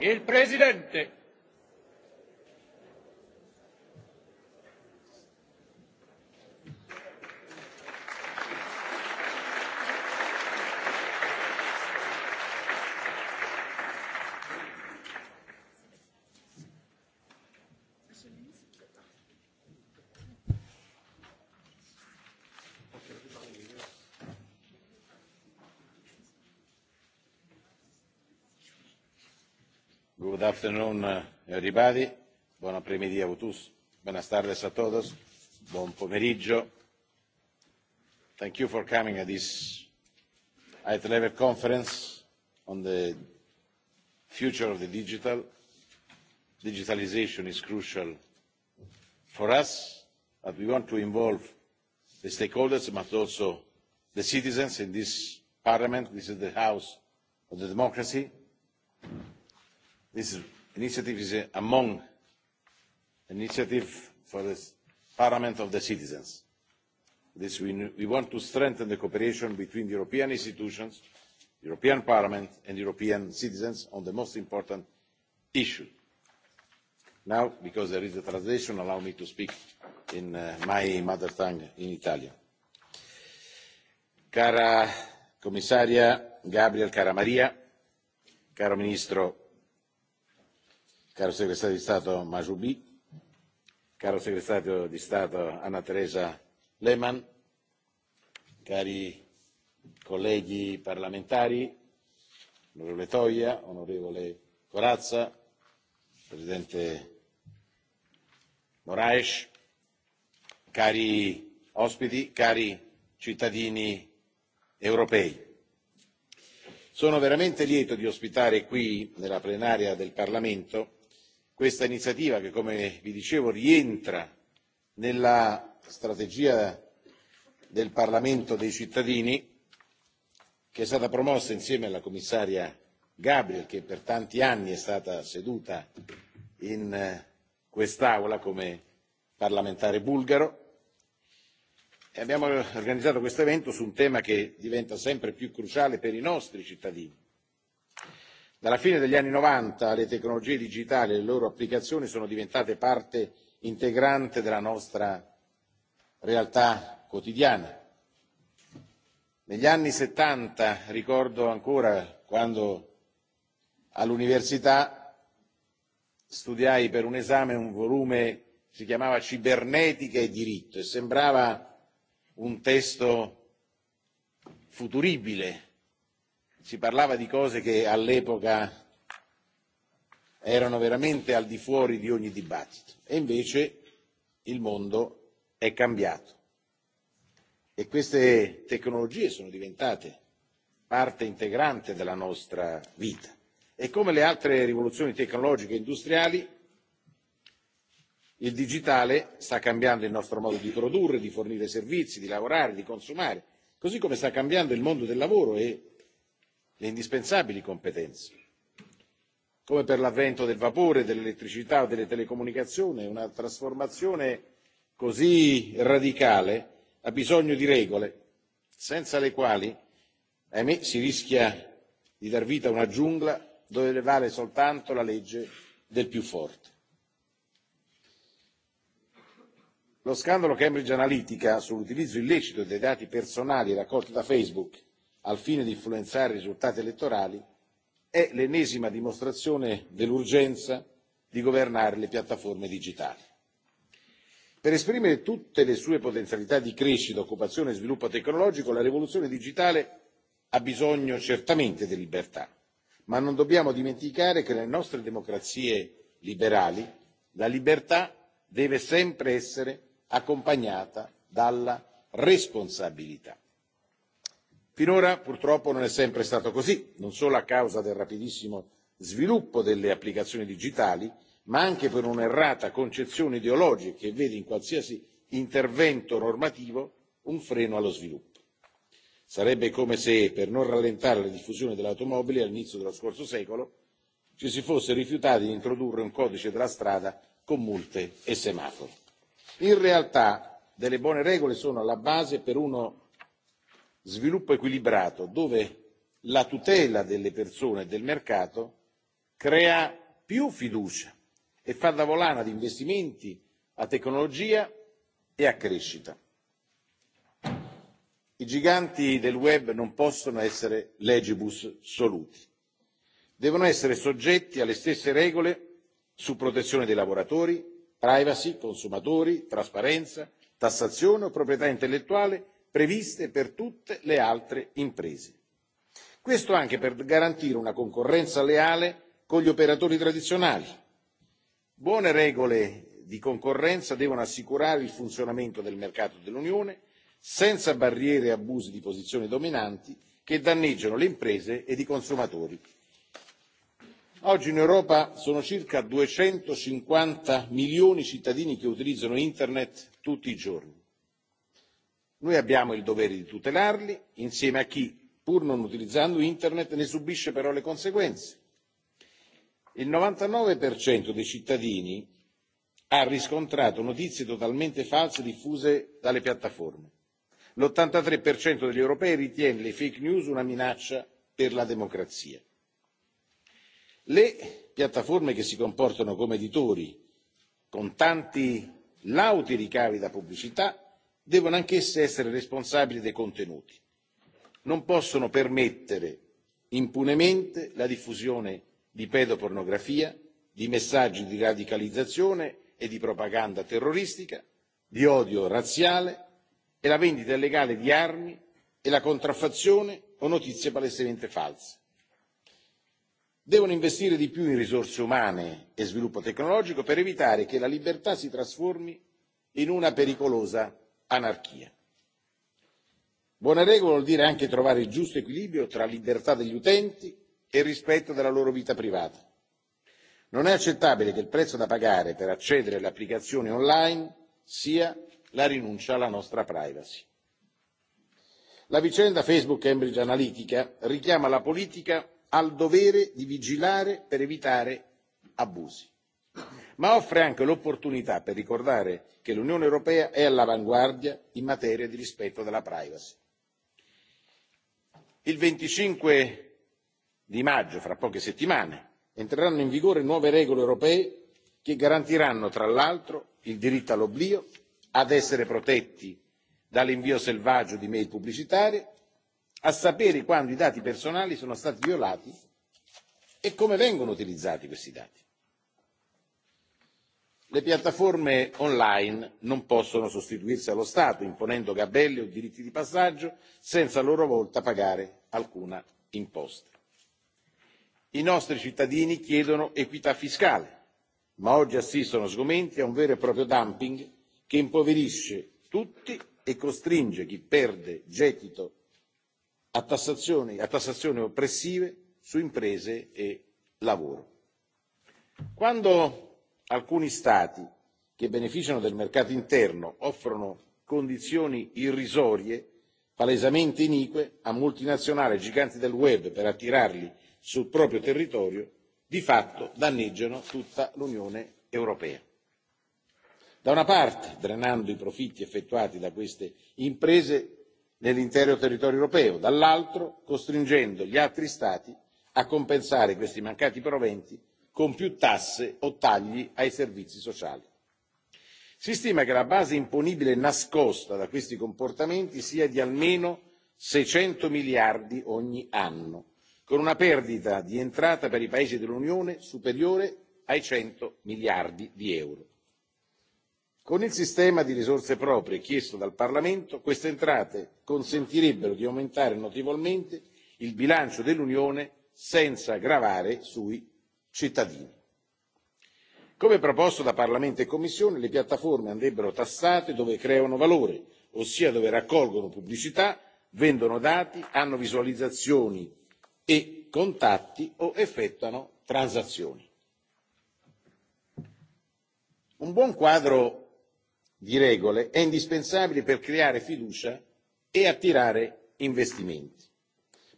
Il Presidente afternoon, everybody. Buon a Buenas tardes a todos. Buon pomeriggio. Thank you for coming at this high-level conference on the future of the digital. Digitalization is crucial for us, but we want to involve the stakeholders, but also the citizens in this parliament. This is the house of the democracy This initiative is among initiative for the Parliament of the Citizens. This we, we want to strengthen the cooperation between the European institutions, the European Parliament and European citizens on the most important issue. Now, because there is a translation, allow me to speak in uh, my mother tongue, in Italian. Cara commissaria Gabriel Cara Maria, caro ministro caro segretario di Stato Majoubi, caro segretario di Stato Anna Teresa Lehmann, cari colleghi parlamentari, onorevole Toia, onorevole Corazza, presidente Moraes, cari ospiti, cari cittadini europei. Sono veramente lieto di ospitare qui, nella plenaria del Parlamento, questa iniziativa che come vi dicevo rientra nella strategia del Parlamento dei cittadini che è stata promossa insieme alla commissaria Gabriel che per tanti anni è stata seduta in quest'Aula come parlamentare bulgaro e abbiamo organizzato questo evento su un tema che diventa sempre più cruciale per i nostri cittadini dalla fine degli anni novanta le tecnologie digitali e le loro applicazioni sono diventate parte integrante della nostra realtà quotidiana. Negli anni settanta ricordo ancora quando all'università studiai per un esame un volume che si chiamava Cibernetica e diritto e sembrava un testo futuribile, si parlava di cose che all'epoca erano veramente al di fuori di ogni dibattito e invece il mondo è cambiato e queste tecnologie sono diventate parte integrante della nostra vita e come le altre rivoluzioni tecnologiche e industriali il digitale sta cambiando il nostro modo di produrre di fornire servizi di lavorare di consumare così come sta cambiando il mondo del lavoro e le indispensabili competenze come per l'avvento del vapore dell'elettricità o delle telecomunicazioni una trasformazione così radicale ha bisogno di regole senza le quali ahimè si rischia di dar vita a una giungla dove vale soltanto la legge del più forte. lo scandalo cambridge analytica sull'utilizzo illecito dei dati personali raccolti da facebook al fine di influenzare i risultati elettorali è l'ennesima dimostrazione dell'urgenza di governare le piattaforme digitali. per esprimere tutte le sue potenzialità di crescita occupazione e sviluppo tecnologico la rivoluzione digitale ha bisogno certamente di libertà ma non dobbiamo dimenticare che nelle nostre democrazie liberali la libertà deve sempre essere accompagnata dalla responsabilità finora purtroppo non è sempre stato così non solo a causa del rapidissimo sviluppo delle applicazioni digitali ma anche per un'errata concezione ideologica che vede in qualsiasi intervento normativo un freno allo sviluppo. sarebbe come se per non rallentare la diffusione delle automobili all'inizio dello scorso secolo ci si fosse rifiutati di introdurre un codice della strada con multe e semafori. in realtà delle buone regole sono alla base per uno sviluppo equilibrato dove la tutela delle persone e del mercato crea più fiducia e fa da volana ad investimenti a tecnologia e a crescita. i giganti del web non possono essere legibus soluti devono essere soggetti alle stesse regole su protezione dei lavoratori privacy consumatori trasparenza tassazione o proprietà intellettuale previste per tutte le altre imprese. questo anche per garantire una concorrenza leale con gli operatori tradizionali. buone regole di concorrenza devono assicurare il funzionamento del mercato dell'unione senza barriere e abusi di posizioni dominanti che danneggiano le imprese ed i consumatori. oggi in europa sono circa duecentocinquanta milioni i cittadini che utilizzano internet tutti i giorni Noi abbiamo il dovere di tutelarli insieme a chi, pur non utilizzando internet, ne subisce però le conseguenze. Il novantanove dei cittadini ha riscontrato notizie totalmente false diffuse dalle piattaforme. l' ottantatré degli europei ritiene le fake news una minaccia per la democrazia. le piattaforme che si comportano come editori con tanti lauti ricavi da pubblicità devono anch'esse essere responsabili dei contenuti non possono permettere impunemente la diffusione di pedopornografia di messaggi di radicalizzazione e di propaganda terroristica di odio razziale e la vendita illegale di armi e la contraffazione o notizie palesemente false. devono investire di più in risorse umane e sviluppo tecnologico per evitare che la libertà si trasformi in una pericolosa anarchia. Buone regole vuol dire anche trovare il giusto equilibrio tra libertà degli utenti e rispetto della loro vita privata. Non è accettabile che il prezzo da pagare per accedere alle applicazioni online sia la rinuncia alla nostra privacy. La vicenda Facebook Cambridge Analytica richiama la politica al dovere di vigilare per evitare abusi ma offre anche l'opportunità per ricordare che l'unione europea è all'avanguardia in materia di rispetto della privacy. il venticinque maggio fra poche settimane entreranno in vigore nuove regole europee che garantiranno tra l'altro il diritto all'oblio ad essere protetti dall'invio selvaggio di mail pubblicitarie a sapere quando i dati personali sono stati violati e come vengono utilizzati questi dati le piattaforme online non possono sostituirsi allo stato imponendo gabelli o diritti di passaggio senza a loro volta pagare alcuna imposta. i nostri cittadini chiedono equità fiscale ma oggi assistono sgomenti a un vero e proprio dumping che impoverisce tutti e costringe chi perde gettito a tassazioni, a tassazioni oppressive su imprese e lavoro. Quando alcuni stati che beneficiano del mercato interno offrono condizioni irrisorie palesemente inique a multinazionali e giganti del web per attirarli sul proprio territorio di fatto danneggiano tutta l'unione europea da una parte drenando i profitti effettuati da queste imprese nell'intero territorio europeo dall'altro costringendo gli altri stati a compensare questi mancati proventi con più tasse o tagli ai servizi sociali. Si stima che la base imponibile nascosta da questi comportamenti sia di almeno seicento miliardi ogni anno, con una perdita di entrata per i paesi dell'Unione superiore ai cento miliardi di euro. Con il sistema di risorse proprie chiesto dal Parlamento, queste entrate consentirebbero di aumentare notevolmente il bilancio dell'Unione senza gravare sui cittadini. come proposto da parlamento e commissione le piattaforme andrebbero tassate dove creano valore ossia dove raccolgono pubblicità vendono dati hanno visualizzazioni e contatti o effettuano transazioni. un buon quadro di regole è indispensabile per creare fiducia e attirare investimenti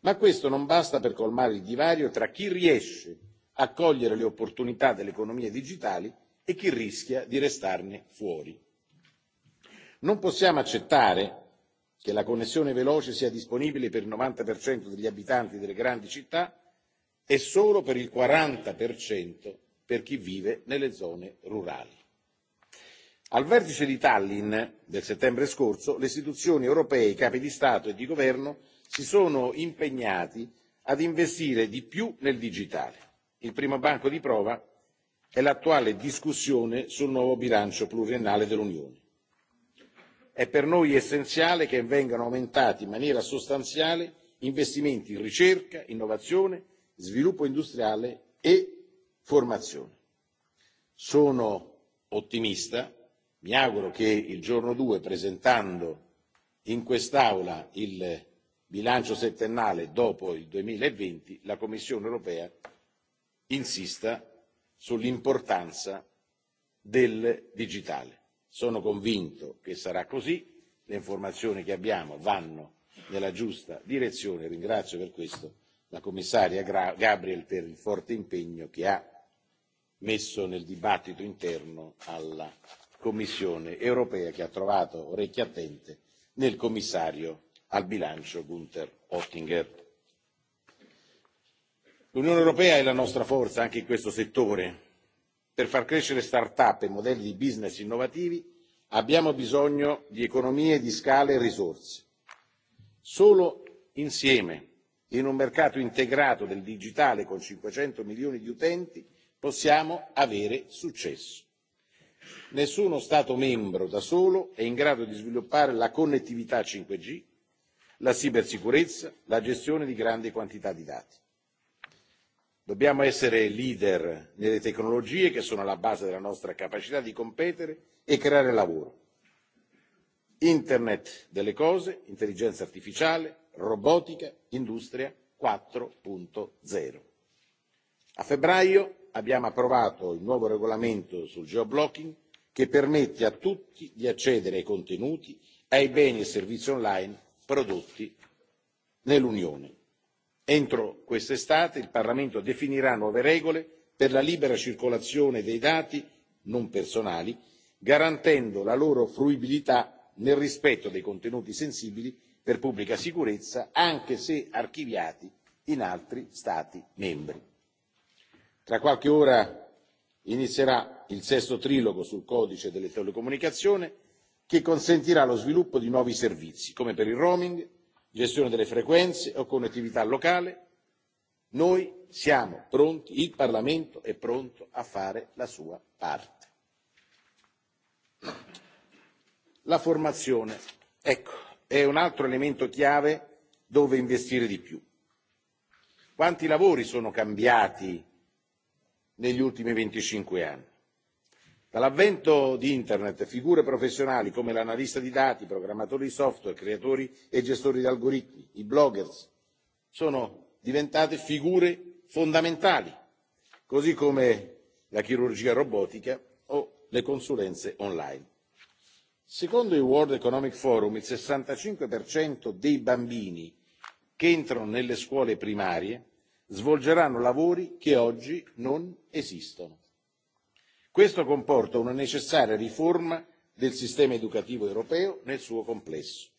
ma questo non basta per colmare il divario tra chi riesce a cogliere le opportunità delle economie digitali e chi rischia di restarne fuori. non possiamo accettare che la connessione veloce sia disponibile per il novanta degli abitanti delle grandi città e solo per il quaranta per chi vive nelle zone rurali. Al vertice di Tallinn del settembre scorso le istituzioni europee, i capi di Stato e di Governo si sono impegnati ad investire di più nel digitale il primo banco di prova è l'attuale discussione sul nuovo bilancio pluriennale dell'unione. è per noi essenziale che vengano aumentati in maniera sostanziale investimenti in ricerca innovazione sviluppo industriale e formazione. sono ottimista mi auguro che il giorno due presentando in quest'aula il bilancio settennale dopo il duemilaventi la commissione europea insista sull'importanza del digitale. Sono convinto che sarà così, le informazioni che abbiamo vanno nella giusta direzione e ringrazio per questo la commissaria Gabriel per il forte impegno che ha messo nel dibattito interno alla Commissione europea che ha trovato orecchie attente nel commissario al bilancio Gunther Oettinger l'unione europea è la nostra forza anche in questo settore per far crescere start up e modelli di business innovativi abbiamo bisogno di economie di scala e risorse. solo insieme in un mercato integrato del digitale con cinquecento milioni di utenti possiamo avere successo. nessuno stato membro da solo è in grado di sviluppare la connettività cinque g la cibersicurezza la gestione di grandi quantità di dati dobbiamo essere leader nelle tecnologie che sono alla base della nostra capacità di competere e creare lavoro internet delle cose intelligenza artificiale robotica industria. quattro zero a febbraio abbiamo approvato il nuovo regolamento sul geoblocking che permette a tutti di accedere ai contenuti ai beni e servizi online prodotti nell'unione entro quest'estate il parlamento definirà nuove regole per la libera circolazione dei dati non personali garantendo la loro fruibilità nel rispetto dei contenuti sensibili per pubblica sicurezza anche se archiviati in altri stati membri. tra qualche ora inizierà il sesto trilogo sul codice delle telecomunicazioni che consentirà lo sviluppo di nuovi servizi come per il roaming gestione delle frequenze o connettività locale noi siamo pronti il parlamento è pronto a fare la sua parte. la formazione ecco è un altro elemento chiave dove investire di più. quanti lavori sono cambiati negli ultimi venticinque anni? dall'avvento di internet figure professionali come l'analista di dati i programmatori di software creatori e gestori di algoritmi i blogger sono diventate figure fondamentali così come la chirurgia robotica o le consulenze online. secondo il world economic forum il sessantacinque dei bambini che entrano nelle scuole primarie svolgeranno lavori che oggi non esistono questo comporta una necessaria riforma del sistema educativo europeo nel suo complesso.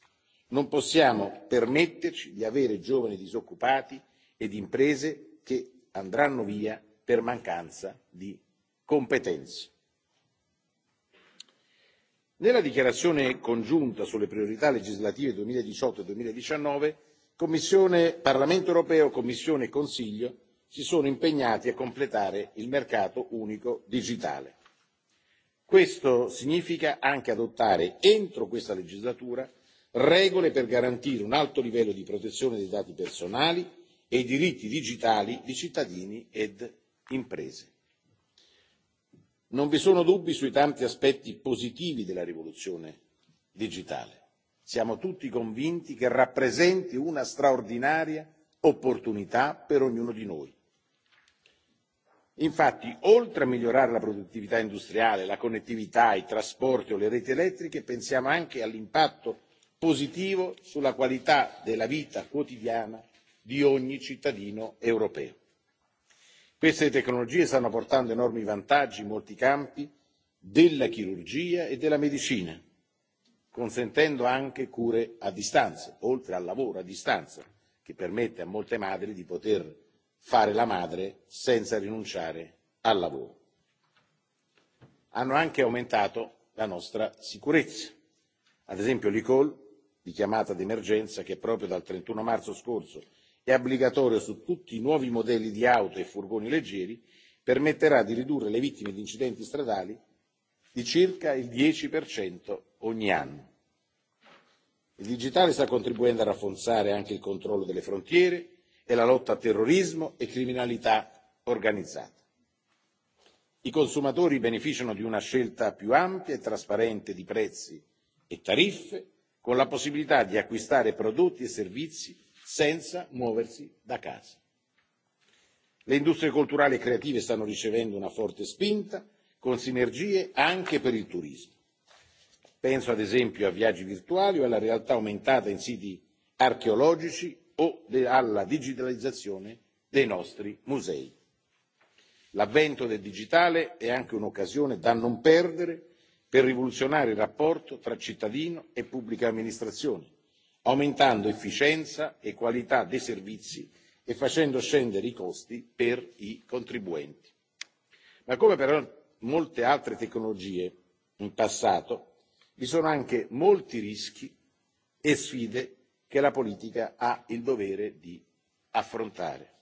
non possiamo permetterci di avere giovani disoccupati ed imprese che andranno via per mancanza di competenze. nella dichiarazione congiunta sulle priorità legislative duemiladiciotto duemiladiciannove commissione parlamento europeo commissione e consiglio si sono impegnati a completare il mercato unico digitale. Questo significa anche adottare entro questa legislatura regole per garantire un alto livello di protezione dei dati personali e i diritti digitali di cittadini ed imprese. Non vi sono dubbi sui tanti aspetti positivi della rivoluzione digitale. Siamo tutti convinti che rappresenti una straordinaria opportunità per ognuno di noi Infatti, oltre a migliorare la produttività industriale, la connettività, i trasporti o le reti elettriche, pensiamo anche all'impatto positivo sulla qualità della vita quotidiana di ogni cittadino europeo. Queste tecnologie stanno portando enormi vantaggi in molti campi della chirurgia e della medicina, consentendo anche cure a distanza, oltre al lavoro a distanza, che permette a molte madri di poter fare la madre senza rinunciare al lavoro. Hanno anche aumentato la nostra sicurezza. Ad esempio l'e-call di chiamata d'emergenza che proprio dal 31 marzo scorso è obbligatorio su tutti i nuovi modelli di auto e furgoni leggeri permetterà di ridurre le vittime di incidenti stradali di circa il 10% ogni anno. Il digitale sta contribuendo a rafforzare anche il controllo delle frontiere e la lotta a terrorismo e criminalità organizzata. I consumatori beneficiano di una scelta più ampia e trasparente di prezzi e tariffe, con la possibilità di acquistare prodotti e servizi senza muoversi da casa. Le industrie culturali e creative stanno ricevendo una forte spinta, con sinergie anche per il turismo. Penso ad esempio a viaggi virtuali o alla realtà aumentata in siti archeologici o alla digitalizzazione dei nostri musei. l'avvento del digitale è anche un'occasione da non perdere per rivoluzionare il rapporto tra cittadino e pubblica amministrazione aumentando efficienza e qualità dei servizi e facendo scendere i costi per i contribuenti. ma come per molte altre tecnologie in passato vi sono anche molti rischi e sfide che la politica ha il dovere di affrontare.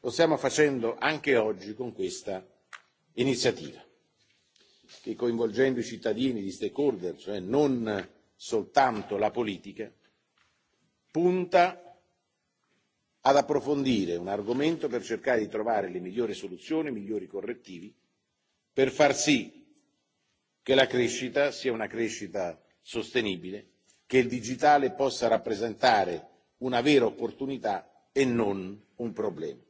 Lo stiamo facendo anche oggi con questa iniziativa, che coinvolgendo i cittadini, gli stakeholder, cioè non soltanto la politica, punta ad approfondire un argomento per cercare di trovare le migliori soluzioni, i migliori correttivi, per far sì che la crescita sia una crescita sostenibile che il digitale possa rappresentare una vera opportunità e non un problema.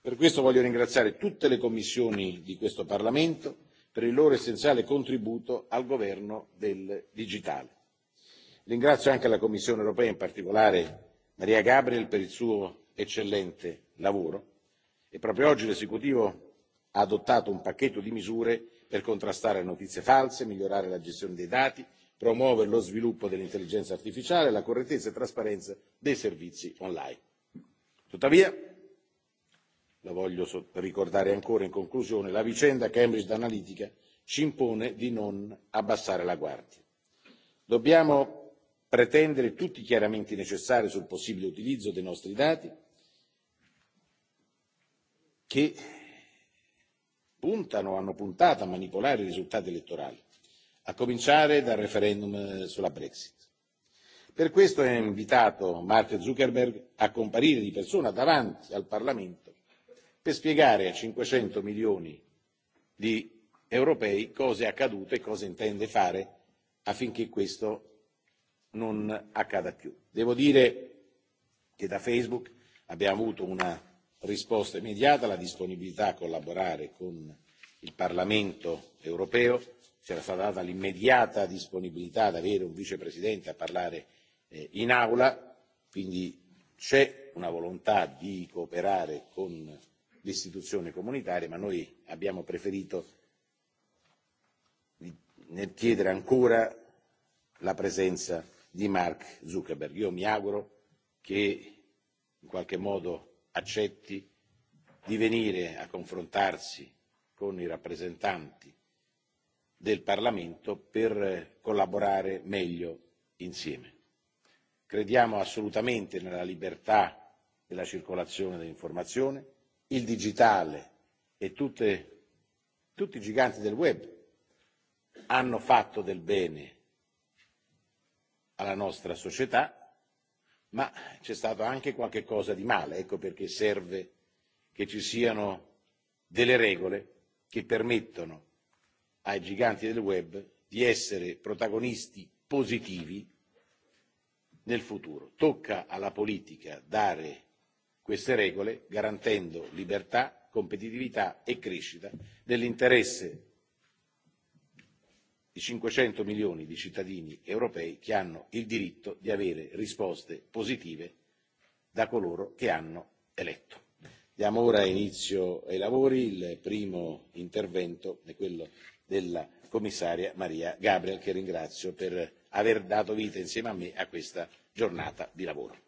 Per questo voglio ringraziare tutte le commissioni di questo Parlamento per il loro essenziale contributo al governo del digitale. Ringrazio anche la Commissione europea, in particolare Maria Gabriel, per il suo eccellente lavoro e proprio oggi l'esecutivo ha adottato un pacchetto di misure per contrastare notizie false, migliorare la gestione dei dati promuovere lo sviluppo dell'intelligenza artificiale e la correttezza e trasparenza dei servizi online. tuttavia la voglio ricordare ancora in conclusione la vicenda cambridge analytica ci impone di non abbassare la guardia. dobbiamo pretendere tutti i chiarimenti necessari sul possibile utilizzo dei nostri dati che puntano o hanno puntato a manipolare i risultati elettorali a cominciare dal referendum sulla Brexit. Per questo ho invitato Mark Zuckerberg a comparire di persona davanti al Parlamento per spiegare a 500 milioni di europei cosa è accaduto e cosa intende fare affinché questo non accada più. Devo dire che da Facebook abbiamo avuto una risposta immediata, la disponibilità a collaborare con il Parlamento europeo c'era stata data l'immediata disponibilità ad avere un vicepresidente a parlare eh, in aula, quindi c'è una volontà di cooperare con l'istituzione comunitaria, ma noi abbiamo preferito nel chiedere ancora la presenza di Mark Zuckerberg. Io mi auguro che in qualche modo accetti di venire a confrontarsi con i rappresentanti del Parlamento per collaborare meglio insieme. Crediamo assolutamente nella libertà della circolazione dell'informazione, il digitale e tutte, tutti i giganti del web hanno fatto del bene alla nostra società, ma c'è stato anche qualche cosa di male, ecco perché serve che ci siano delle regole che permettono ai giganti del web di essere protagonisti positivi nel futuro. Tocca alla politica dare queste regole garantendo libertà, competitività e crescita nell'interesse di 500 milioni di cittadini europei che hanno il diritto di avere risposte positive da coloro che hanno eletto. Diamo ora inizio ai lavori. Il primo intervento è quello della commissaria Maria Gabriel, che ringrazio per aver dato vita insieme a me a questa giornata di lavoro.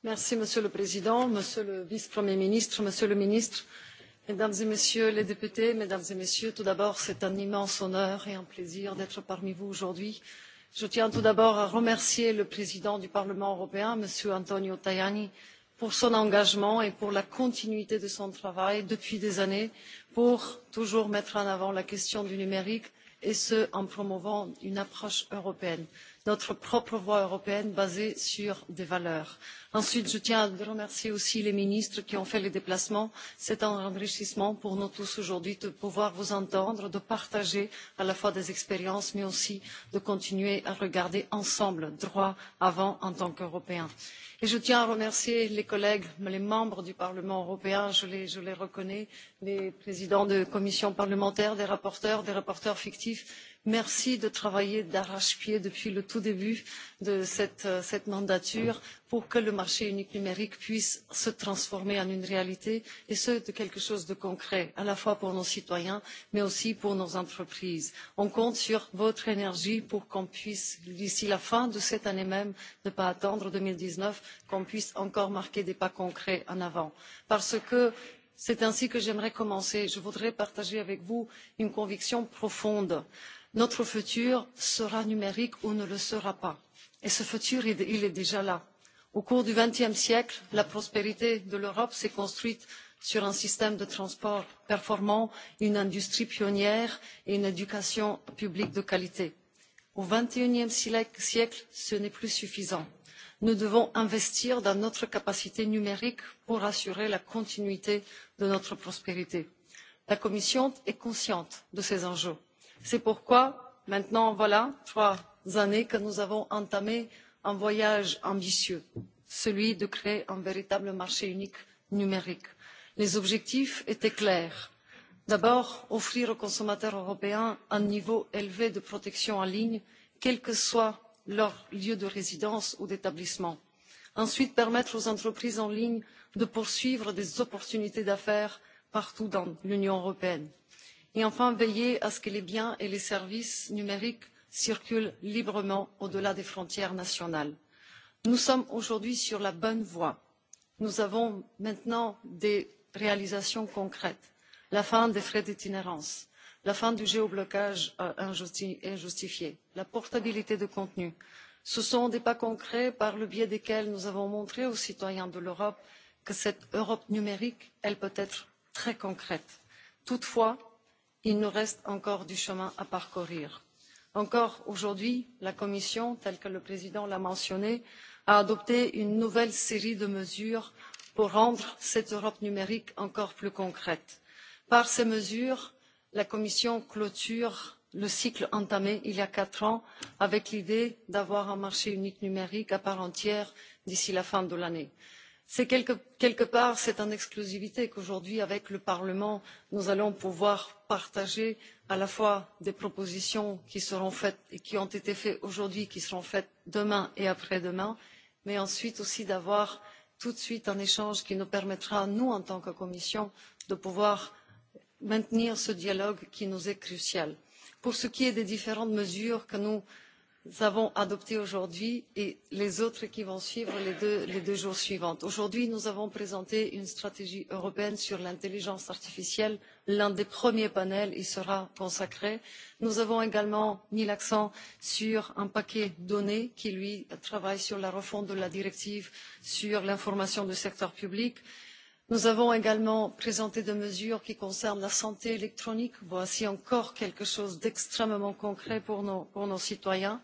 monsieur le président monsieur le vice premier ministre monsieur le ministre mesdames et messieurs les députés mesdames et messieurs tout d'abord c'est un immense honneur et un plaisir d'être parmi vous aujourd'hui je tiens tout d'abord à remercier le président du parlement européen m. antonio tajani pour son engagement et pour la continuité de son travail depuis des années pour toujours mettre en avant la question du numérique et ce en promouvant une approche européenne notre propre voie européenne basée sur des valeurs. ensuite je tiens à remercier aussi les ministres qui ont fait les déplacements. c'est un enrichissement pour nous tous aujourd'hui de pouvoir vous entendre de partager à la fois des expériences mais aussi de continuer à regarder ensemble droit avant en tant qu'européens. et je tiens à remercier les collègues les membres du parlement européen je les reconnais les présidents de commissions parlementaires des rapporteurs des rapporteurs fictifs Merci de travailler d'arrache-pied depuis le tout début de cette, mandature pour que le marché unique numérique puisse se transformer en une réalité et ce, de quelque chose de concret, à la fois pour nos citoyens, mais aussi pour nos entreprises. On compte sur votre énergie pour qu'on puisse, d'ici la fin de cette année même, ne pas attendre deux mille dix neuf, qu'on puisse encore marquer des pas concrets en avant. Parce que c'est ainsi que j'aimerais commencer. Je voudrais partager avec vous une conviction profonde notre futur sera numérique ou ne le sera pas. Et ce futur, il est déjà là. Au cours du XXe siècle, la prospérité de l'Europe s'est construite sur un système de transport performant, une industrie pionnière et une éducation publique de qualité. Au XXIe siècle, ce n'est plus suffisant. Nous devons investir dans notre capacité numérique pour assurer la continuité de notre prospérité. La Commission est consciente de ces enjeux c'est pourquoi maintenant voilà trois années que nous avons entamé un voyage ambitieux celui de créer un véritable marché unique numérique. les objectifs étaient clairs d'abord offrir aux consommateurs européens un niveau élevé de protection en ligne quel que soit leur lieu de résidence ou d'établissement ensuite permettre aux entreprises en ligne de poursuivre des opportunités d'affaires partout dans l'union européenne; et enfin veiller à ce que les biens et les services numériques circulent librement au delà des frontières nationales. nous sommes aujourd'hui sur la bonne voie. nous avons maintenant des réalisations concrètes la fin des frais d'itinérance la fin du géoblocage injustifié la portabilité des contenus ce sont des pas concrets par le biais desquels nous avons montré aux citoyens de l'europe que cette europe numérique peut être très concrète. toutefois il nous reste encore du chemin à parcourir. encore aujourd'hui la commission telle que le président l'a mentionné a adopté une nouvelle série de mesures pour rendre cette europe numérique encore plus concrète. par ces mesures la commission clôture le cycle entamé il y a quatre ans avec l'idée d'avoir un marché unique numérique à part entière d'ici la fin de l'année c'est quelque part c'est en exclusivité qu'aujourd'hui avec le parlement nous allons pouvoir partager à la fois des propositions qui seront faites et qui ont été faites aujourd'hui qui seront faites demain et après demain mais ensuite aussi d'avoir tout de suite un échange qui nous permettra nous en tant que commission de pouvoir maintenir ce dialogue qui nous est crucial. pour ce qui est des différentes mesures que nous nous avons adopté aujourd'hui et les autres qui vont suivre les deux, jours suivants. Aujourd'hui, nous avons présenté une stratégie européenne sur l'intelligence artificielle. L'un des premiers panels y sera consacré. Nous avons également mis l'accent sur un paquet données qui, lui, travaille sur la refonte de la directive sur l'information du secteur public. Nous avons également présenté des mesures qui concernent la santé électronique. Voici encore quelque chose d'extrêmement concret pour nos, citoyens.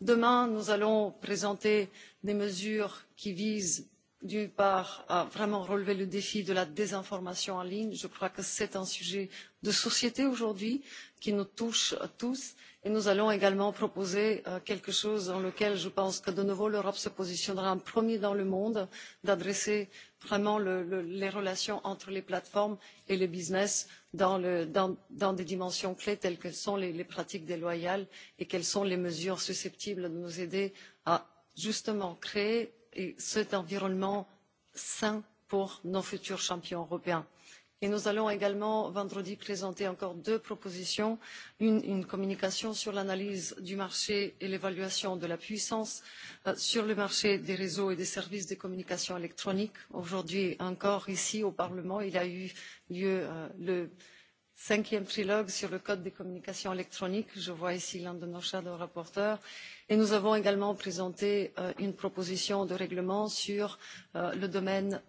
Demain, nous allons présenter des mesures qui visent d'une part à vraiment relever le défi de la désinformation en ligne je crois que c'est un sujet de société aujourd'hui qui nous touche tous et nous allons également proposer quelque chose dans lequel je pense que de nouveau l'europe se positionnera en premier dans le monde d'adresser vraiment les relations entre les plateformes et les business dans des dimensions clés telles que sont les pratiques déloyales et quelles sont les mesures susceptibles de nous aider à justement créer cet environnement sain pour nos futurs champions européens. Et nous allons également vendredi présenter encore deux propositions une, communication sur l'analyse du marché et l'évaluation de la puissance sur le marché des réseaux et des services de communication électronique. Aujourd'hui encore, ici au Parlement, il a eu lieu le cinquième trilogue sur le code des communications électroniques je vois ici l'un de nos rapporteurs fictifs et nous avons également présenté une proposition de règlement sur le domaine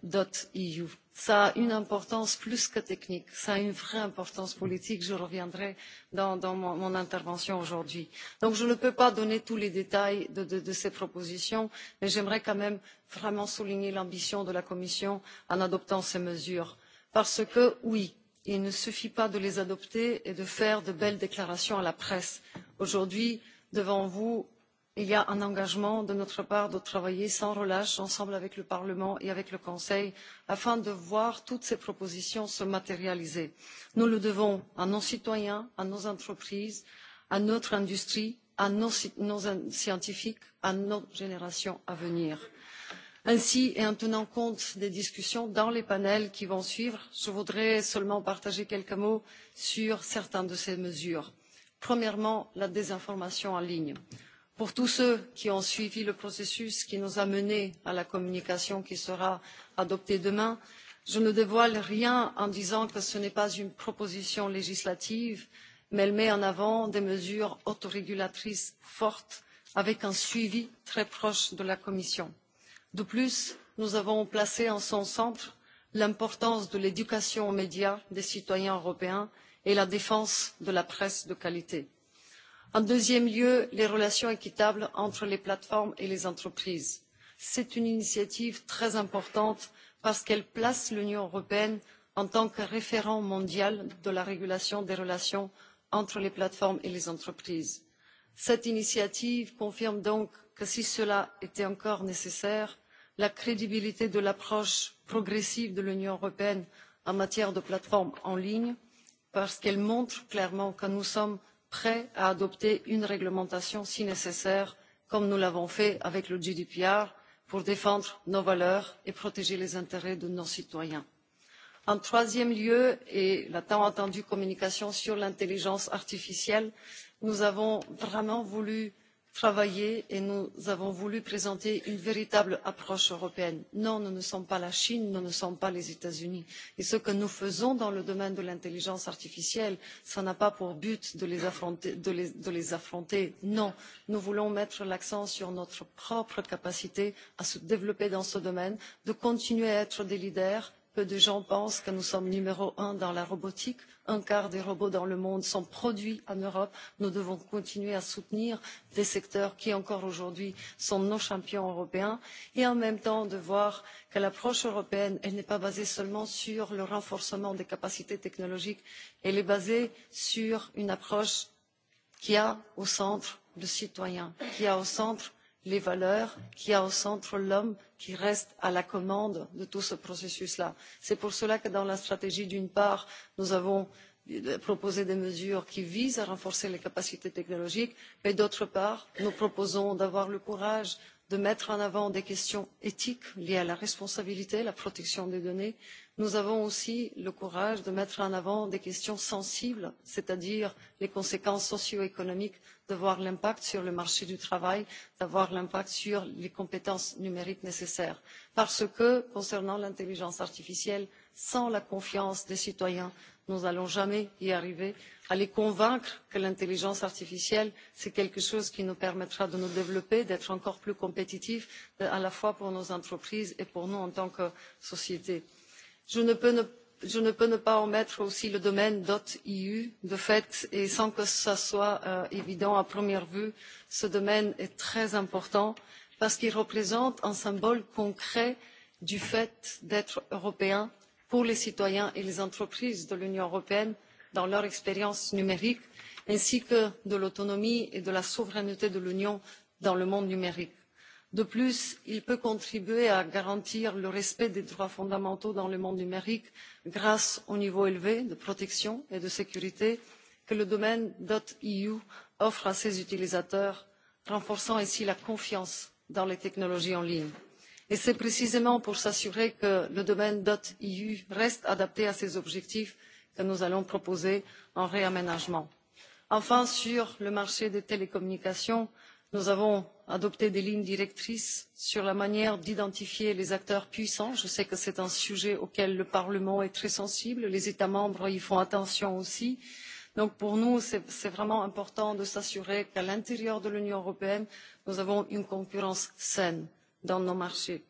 eu. cela a une importance plus que technique cela a une vraie importance politique j'y reviendrai dans mon intervention aujourd'hui. donc je ne peux pas donner tous les détails de ces propositions mais j'aimerais quand même vraiment souligner l'ambition de la commission en adoptant ces mesures parce que oui il ne suffit pas de les adopter et de faire de belles déclarations à la presse. Aujourd'hui, devant vous, il y a un engagement de notre part de travailler sans relâche ensemble avec le Parlement et avec le Conseil afin de voir toutes ces propositions se matérialiser. Nous le devons à nos citoyens, à nos entreprises, à notre industrie, à nos, scientifiques, à nos générations à venir ainsi et en tenant compte des discussions dans les panels qui vont suivre je voudrais seulement partager quelques mots sur certaines de ces mesures. premièrement la désinformation en ligne. pour tous ceux qui ont suivi le processus qui nous a menés à la communication qui sera adoptée demain je ne dévoile rien en disant que ce n'est pas une proposition législative mais elle met en avant des mesures autorégulatrices fortes avec un suivi très proche de la commission De plus, nous avons placé en son centre l'importance de l'éducation aux médias des citoyens européens et la défense de la presse de qualité. En deuxième lieu, les relations équitables entre les plateformes et les entreprises. C'est une initiative très importante parce qu'elle place l'Union européenne en tant que référent mondial de la régulation des relations entre les plateformes et les entreprises cette initiative confirme donc que si cela était encore nécessaire la crédibilité de l'approche progressive de l'union européenne en matière de plateformes en ligne parce qu'elle montre clairement que nous sommes prêts à adopter une réglementation si nécessaire comme nous l'avons fait avec le gdpr pour défendre nos valeurs et protéger les intérêts de nos citoyens. en troisième lieu et la tant attendue communication sur l'intelligence artificielle nous avons vraiment voulu travailler et nous avons voulu présenter une véritable approche européenne. non nous ne sommes pas la chine nous ne sommes pas les états unis et ce que nous faisons dans le domaine de l'intelligence artificielle n'a pas pour but de les affronter non nous voulons mettre l'accent sur notre propre capacité à nous développer dans ce domaine de continuer à être des leaders peu de gens pensent que nous sommes numéro un dans la robotique un quart des robots dans le monde sont produits en europe nous devons continuer à soutenir des secteurs qui encore aujourd'hui sont nos champions européens et en même temps de voir que l'approche européenne n'est pas basée seulement sur le renforcement des capacités technologiques elle est basée sur une approche qui a au centre le citoyen qui a au centre les valeurs qui a au centre l'homme qui reste à la commande de tout ce processus là. c'est pour cela que dans la stratégie d'une part nous avons proposé des mesures qui visent à renforcer les capacités technologiques mais d'autre part nous proposons d'avoir le courage de mettre en avant des questions éthiques liées à la responsabilité à la protection des données nous avons aussi le courage de mettre en avant des questions sensibles c'est à dire les conséquences socio économiques de voir l'impact sur le marché du travail d'avoir l'impact sur les compétences numériques nécessaires parce que concernant l'intelligence artificielle sans la confiance des citoyens nous n'allons jamais y arriver à les convaincre que l'intelligence artificielle c'est quelque chose qui nous permettra de nous développer d'être encore plus compétitifs à la fois pour nos entreprises et pour nous en tant que société je ne peux ne pas omettre aussi le domaine .eu. De fait, et sans que ce soit évident à première vue, ce domaine est très important parce qu'il représente un symbole concret du fait d'être européen pour les citoyens et les entreprises de l'Union européenne dans leur expérience numérique, ainsi que de l'autonomie et de la souveraineté de l'Union dans le monde numérique de plus il peut contribuer à garantir le respect des droits fondamentaux dans le monde numérique grâce au niveau élevé de protection et de sécurité que le domaine eu offre à ses utilisateurs renforçant ainsi la confiance dans les technologies en ligne. et c'est précisément pour s'assurer que le domaine eu reste adapté à ces objectifs que nous allons proposer un réaménagement. enfin sur le marché des télécommunications nous avons adopter des lignes directrices sur la manière d'identifier les acteurs puissants. Je sais que c'est un sujet auquel le Parlement est très sensible, les États membres y font attention aussi. Donc pour nous, c'est vraiment important de s'assurer qu'à l'intérieur de l'Union européenne, nous avons une concurrence saine dans nos marchés.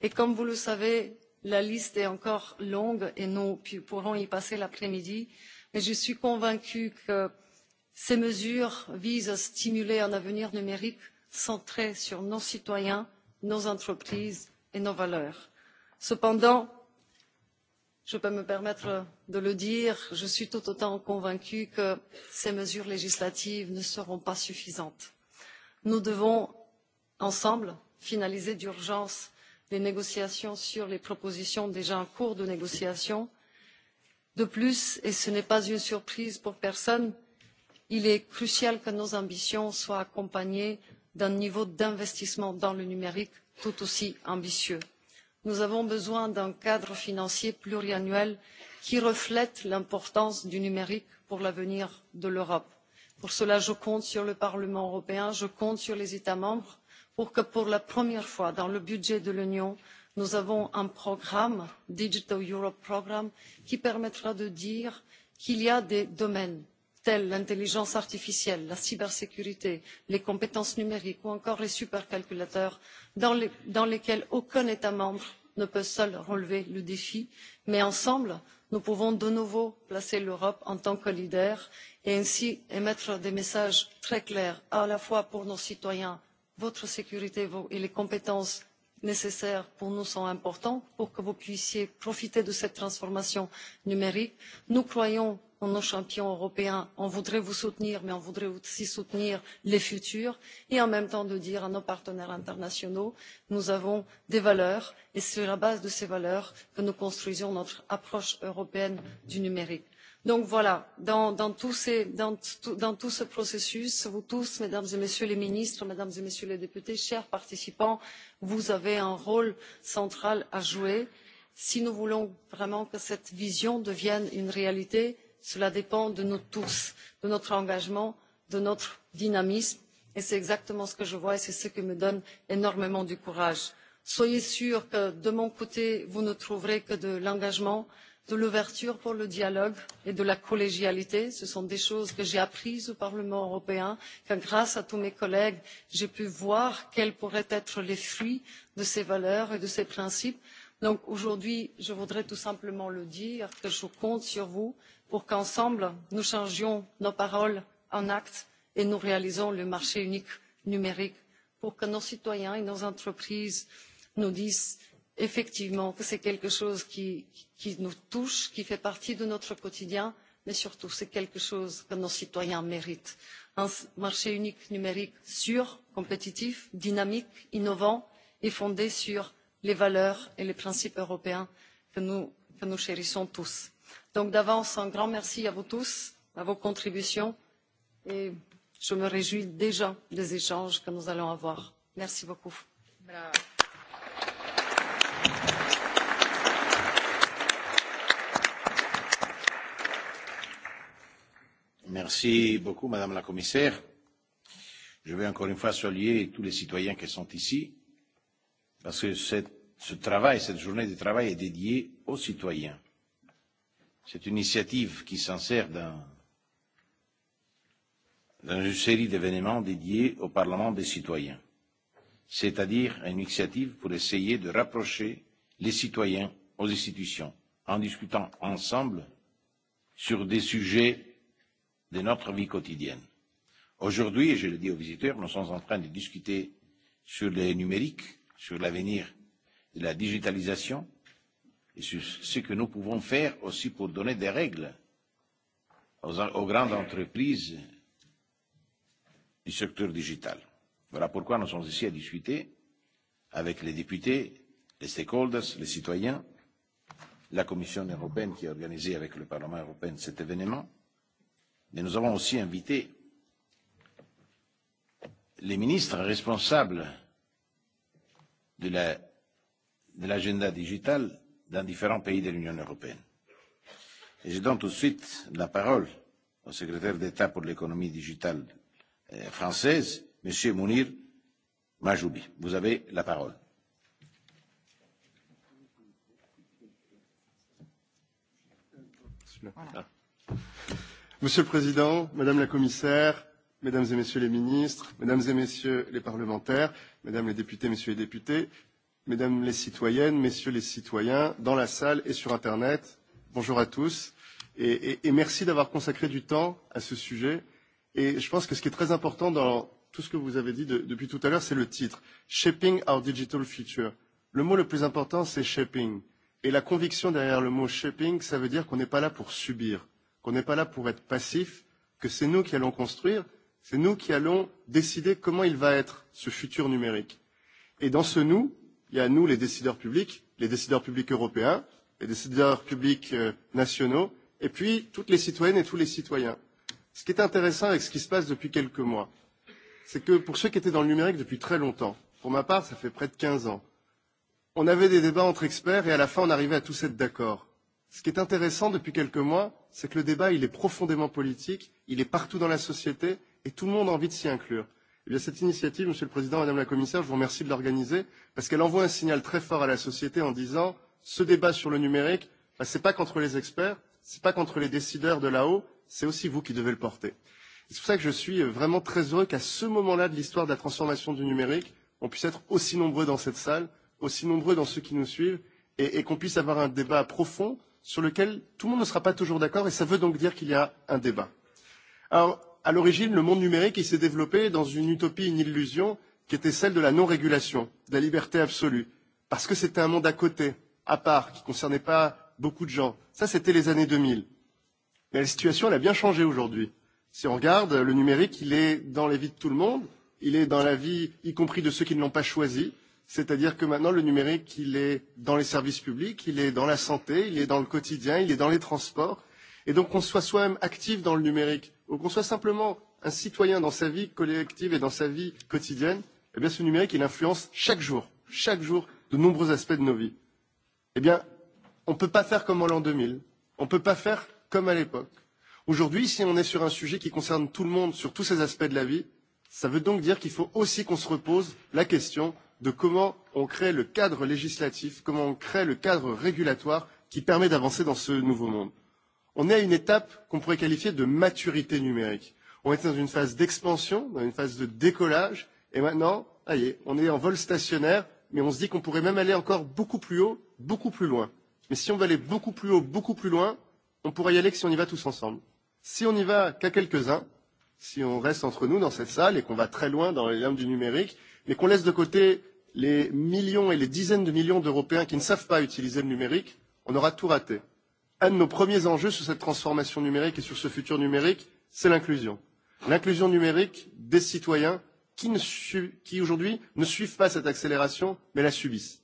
Et comme vous le savez, la liste est encore longue et nous pourrons y passer l'après-midi. Mais je suis convaincue que ces mesures visent à stimuler un avenir numérique centrée sur nos citoyens, nos entreprises et nos valeurs. Cependant, je peux me permettre de le dire, je suis tout autant convaincue que ces mesures législatives ne seront pas suffisantes. Nous devons, ensemble, finaliser d'urgence les négociations sur les propositions déjà en cours de négociation. De plus, et ce n'est pas une surprise pour personne, il est crucial que nos ambitions soient accompagnées d'un niveau d'investissement dans le numérique tout aussi ambitieux. Nous avons besoin d'un cadre financier pluriannuel qui reflète l'importance du numérique pour l'avenir de l'Europe. Pour cela, je compte sur le Parlement européen, je compte sur les États membres pour que pour la première fois dans le budget de l'Union, nous ayons un programme, Digital Europe Programme, qui permettra de dire qu'il y a des domaines telles l'intelligence artificielle la cybersécurité les compétences numériques ou encore les supercalculateurs dans lesquels aucun état membre ne peut seul relever le défi mais ensemble nous pouvons de nouveau placer l'europe en tant que leader et ainsi émettre des messages très clairs à la fois pour nos citoyens votre sécurité et les compétences nécessaires pour nous sont importants pour que vous puissiez profiter de cette transformation numérique. nous croyons en nos champions européens on voudrait vous soutenir mais on voudrait aussi soutenir les futurs et en même temps dire à nos partenaires internationaux nous avons des valeurs et c'est sur la base de ces valeurs que nous construisons notre approche européenne du numérique donc voilà dans, tout ce processus vous tous mesdames et messieurs les ministres mesdames et messieurs les députés chers participants vous avez un rôle central à jouer. si nous voulons vraiment que cette vision devienne une réalité cela dépend de nous tous de notre engagement de notre dynamisme et c'est exactement ce que je vois et c'est ce qui me donne énormément de courage. soyez sûrs que de mon côté vous ne trouverez que de l'engagement de l'ouverture pour le dialogue et de la collégialité. Ce sont des choses que j'ai apprises au Parlement européen, que grâce à tous mes collègues, j'ai pu voir quels pourraient être les fruits de ces valeurs et de ces principes. Donc aujourd'hui, je voudrais tout simplement le dire, que je compte sur vous pour qu'ensemble, nous changions nos paroles en actes et nous réalisions le marché unique numérique pour que nos citoyens et nos entreprises nous disent effectivement que c'est quelque chose qui, nous touche, qui fait partie de notre quotidien, mais surtout c'est quelque chose que nos citoyens méritent. Un marché unique numérique sûr, compétitif, dynamique, innovant et fondé sur les valeurs et les principes européens que nous, chérissons tous. Donc d'avance, un grand merci à vous tous, à vos contributions et je me réjouis déjà des échanges que nous allons avoir. Merci beaucoup. Merci beaucoup, Madame la Commissaire. Je veux encore une fois saluer tous les citoyens qui sont ici, parce que cette, ce travail, cette journée de travail est dédiée aux citoyens. C'est une initiative qui s'insère dans, dans une série d'événements dédiés au Parlement des citoyens, c'est-à-dire une initiative pour essayer de rapprocher les citoyens aux institutions en discutant ensemble sur des sujets de notre vie quotidienne. Aujourd'hui, et je le dis aux visiteurs, nous sommes en train de discuter sur le numérique, sur l'avenir de la digitalisation et sur ce que nous pouvons faire aussi pour donner des règles aux, aux grandes entreprises du secteur digital. Voilà pourquoi nous sommes ici à discuter avec les députés, les stakeholders, les citoyens, la Commission européenne qui a organisé avec le Parlement européen cet événement Mais nous avons aussi invité les ministres responsables de l'agenda la, de digital dans différents pays de l'Union européenne. Et je donne tout de suite la parole au secrétaire d'État pour l'économie digitale française, M. Mounir Majoubi. Vous avez la parole. Voilà. Monsieur le Président, Madame la Commissaire, Mesdames et Messieurs les ministres, Mesdames et Messieurs les parlementaires, Mesdames les députés, Messieurs les députés, Mesdames les citoyennes, Messieurs les citoyens, dans la salle et sur Internet, bonjour à tous et, et, et merci d'avoir consacré du temps à ce sujet. Et je pense que ce qui est très important dans tout ce que vous avez dit de, depuis tout à l'heure, c'est le titre Shaping Our Digital Future. Le mot le plus important, c'est shaping. Et la conviction derrière le mot shaping, ça veut dire qu'on n'est pas là pour subir qu'on n'est pas là pour être passif, que c'est nous qui allons construire, c'est nous qui allons décider comment il va être, ce futur numérique. Et dans ce nous, il y a nous, les décideurs publics, les décideurs publics européens, les décideurs publics nationaux, et puis toutes les citoyennes et tous les citoyens. Ce qui est intéressant avec ce qui se passe depuis quelques mois, c'est que pour ceux qui étaient dans le numérique depuis très longtemps, pour ma part, ça fait près de 15 ans, on avait des débats entre experts et à la fin, on arrivait à tous être d'accord. Ce qui est intéressant depuis quelques mois, c'est que le débat il est profondément politique, il est partout dans la société et tout le monde a envie de s'y inclure. Et bien, cette initiative, Monsieur le Président, Madame la Commissaire, je vous remercie de l'organiser parce qu'elle envoie un signal très fort à la société en disant ce débat sur le numérique, ben, ce n'est pas contre les experts, ce n'est pas contre les décideurs de là-haut, c'est aussi vous qui devez le porter. C'est pour ça que je suis vraiment très heureux qu'à ce moment-là de l'histoire de la transformation du numérique, on puisse être aussi nombreux dans cette salle, aussi nombreux dans ceux qui nous suivent, et, et qu'on puisse avoir un débat profond sur lequel tout le monde ne sera pas toujours d'accord, et ça veut donc dire qu'il y a un débat. Alors, à l'origine, le monde numérique s'est développé dans une utopie, une illusion, qui était celle de la non-régulation, de la liberté absolue, parce que c'était un monde à côté, à part, qui ne concernait pas beaucoup de gens. Ça, c'était les années 2000. Mais la situation, elle a bien changé aujourd'hui. Si on regarde, le numérique, il est dans la vie de tout le monde, il est dans la vie, y compris de ceux qui ne l'ont pas choisi, C'est-à-dire que maintenant, le numérique, il est dans les services publics, il est dans la santé, il est dans le quotidien, il est dans les transports. Et donc, qu'on soit soi-même actif dans le numérique, ou qu'on soit simplement un citoyen dans sa vie collective et dans sa vie quotidienne, eh bien, ce numérique, il influence chaque jour, chaque jour, de nombreux aspects de nos vies. Eh bien, on ne peut pas faire comme en l'an 2000. On ne peut pas faire comme à l'époque. Aujourd'hui, si on est sur un sujet qui concerne tout le monde, sur tous ces aspects de la vie, ça veut donc dire qu'il faut aussi qu'on se repose la question de comment on crée le cadre législatif, comment on crée le cadre régulatoire qui permet d'avancer dans ce nouveau monde. On est à une étape qu'on pourrait qualifier de maturité numérique. On était dans une phase d'expansion, dans une phase de décollage, et maintenant, allez, on est en vol stationnaire, mais on se dit qu'on pourrait même aller encore beaucoup plus haut, beaucoup plus loin. Mais si on veut aller beaucoup plus haut, beaucoup plus loin, on pourrait y aller que si on y va tous ensemble. Si on n'y va qu'à quelques-uns, si on reste entre nous dans cette salle et qu'on va très loin dans les limbes du numérique, mais qu'on laisse de côté les millions et les dizaines de millions d'Européens qui ne savent pas utiliser le numérique, on aura tout raté. Un de nos premiers enjeux sur cette transformation numérique et sur ce futur numérique, c'est l'inclusion. L'inclusion numérique des citoyens qui, qui aujourd'hui ne suivent pas cette accélération, mais la subissent.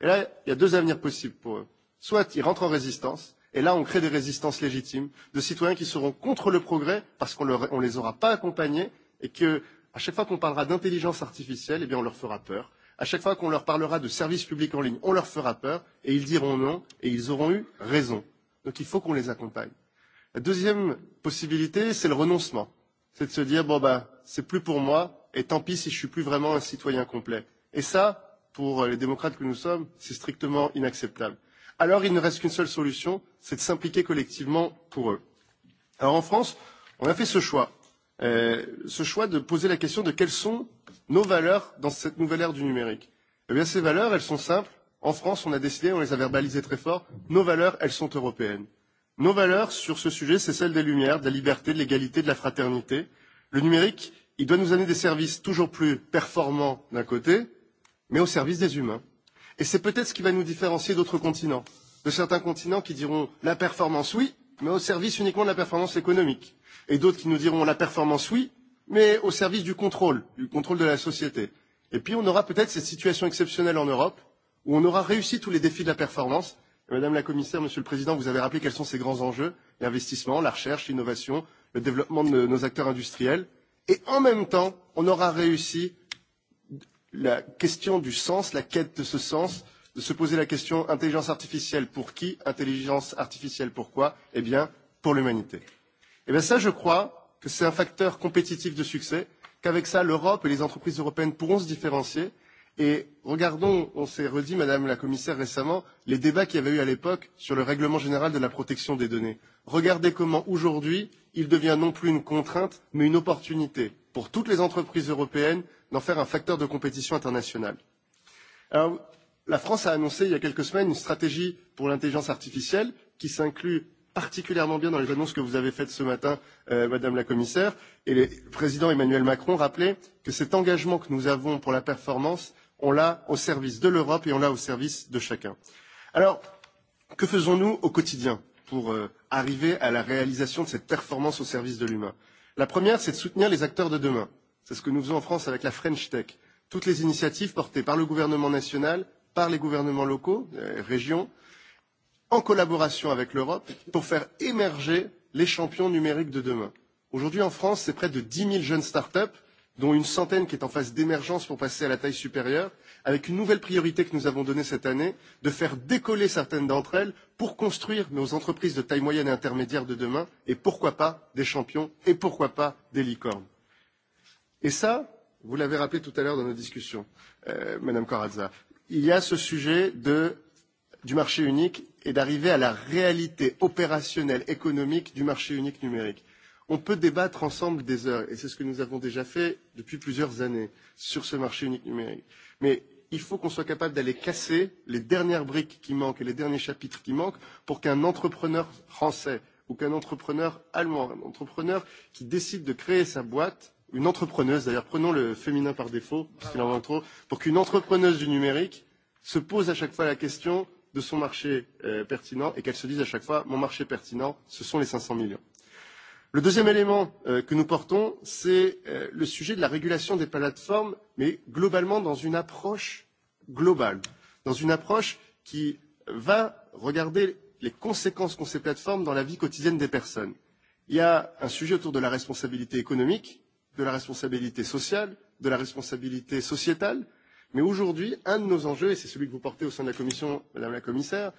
Et là, il y a deux avenirs possibles pour eux. Soit ils rentrent en résistance, et là on crée des résistances légitimes, de citoyens qui seront contre le progrès parce qu'on ne les aura pas accompagnés et que À chaque fois qu'on parlera d'intelligence artificielle, eh bien on leur fera peur. À chaque fois qu'on leur parlera de services publics en ligne, on leur fera peur et ils diront non et ils auront eu raison. Donc il faut qu'on les accompagne. La deuxième possibilité, c'est le renoncement. C'est de se dire bon ben, c'est plus pour moi et tant pis si je ne suis plus vraiment un citoyen complet. Et ça, pour les démocrates que nous sommes, c'est strictement inacceptable. Alors il ne reste qu'une seule solution, c'est de s'impliquer collectivement pour eux. Alors en France, on a fait ce choix ce choix de poser la question de quelles sont nos valeurs dans cette nouvelle ère du numérique. Eh bien, ces valeurs, elles sont simples. En France, on a décidé, on les a verbalisées très fort, nos valeurs, elles sont européennes. Nos valeurs sur ce sujet, c'est celle des lumières, de la liberté, de l'égalité, de la fraternité. Le numérique, il doit nous amener des services toujours plus performants d'un côté, mais au service des humains. Et c'est peut-être ce qui va nous différencier d'autres continents, de certains continents qui diront la performance oui, mais au service uniquement de la performance économique. Et d'autres qui nous diront la performance, oui, mais au service du contrôle, du contrôle de la société. Et puis on aura peut-être cette situation exceptionnelle en Europe où on aura réussi tous les défis de la performance. Et Madame la Commissaire, Monsieur le Président, vous avez rappelé quels sont ces grands enjeux l'investissement, la recherche, l'innovation, le développement de nos acteurs industriels. Et en même temps, on aura réussi la question du sens, la quête de ce sens, De se poser la question intelligence artificielle pour qui, intelligence artificielle pourquoi Eh bien, pour l'humanité. Eh bien ça, je crois que c'est un facteur compétitif de succès, qu'avec ça, l'Europe et les entreprises européennes pourront se différencier. Et regardons, on s'est redit, Madame la Commissaire, récemment, les débats qu'il y avait eu à l'époque sur le règlement général de la protection des données. Regardez comment aujourd'hui, il devient non plus une contrainte, mais une opportunité pour toutes les entreprises européennes d'en faire un facteur de compétition internationale. Alors, la France a annoncé il y a quelques semaines une stratégie pour l'intelligence artificielle qui s'inclut particulièrement bien dans les annonces que vous avez faites ce matin, euh, Madame la Commissaire, et le président Emmanuel Macron rappelait que cet engagement que nous avons pour la performance, on l'a au service de l'Europe et on l'a au service de chacun. Alors, que faisons-nous au quotidien pour euh, arriver à la réalisation de cette performance au service de l'humain La première, c'est de soutenir les acteurs de demain. C'est ce que nous faisons en France avec la French Tech. Toutes les initiatives portées par le gouvernement national, par les gouvernements locaux, les régions, en collaboration avec l'Europe, pour faire émerger les champions numériques de demain. Aujourd'hui, en France, c'est près de 10 000 jeunes start-up, dont une centaine qui est en phase d'émergence pour passer à la taille supérieure, avec une nouvelle priorité que nous avons donnée cette année, de faire décoller certaines d'entre elles pour construire nos entreprises de taille moyenne et intermédiaire de demain, et pourquoi pas des champions, et pourquoi pas des licornes. Et ça, vous l'avez rappelé tout à l'heure dans nos discussions, euh, Madame Corazza, il y a ce sujet de, du marché unique et d'arriver à la réalité opérationnelle économique du marché unique numérique. On peut débattre ensemble des heures, et c'est ce que nous avons déjà fait depuis plusieurs années sur ce marché unique numérique. Mais il faut qu'on soit capable d'aller casser les dernières briques qui manquent et les derniers chapitres qui manquent pour qu'un entrepreneur français ou qu'un entrepreneur allemand, un entrepreneur qui décide de créer sa boîte, une entrepreneuse, d'ailleurs prenons le féminin par défaut, puisqu'il en manque trop, pour qu'une entrepreneuse du numérique se pose à chaque fois la question de son marché euh, pertinent et qu'elle se dise à chaque fois mon marché pertinent, ce sont les 500 millions. Le deuxième élément euh, que nous portons, c'est euh, le sujet de la régulation des plateformes, mais globalement dans une approche globale, dans une approche qui va regarder les conséquences qu'ont ces plateformes dans la vie quotidienne des personnes. Il y a un sujet autour de la responsabilité économique de la responsabilité sociale, de la responsabilité sociétale. Mais aujourd'hui, un de nos enjeux, et c'est celui que vous portez au sein de la Commission, Madame la Commissaire,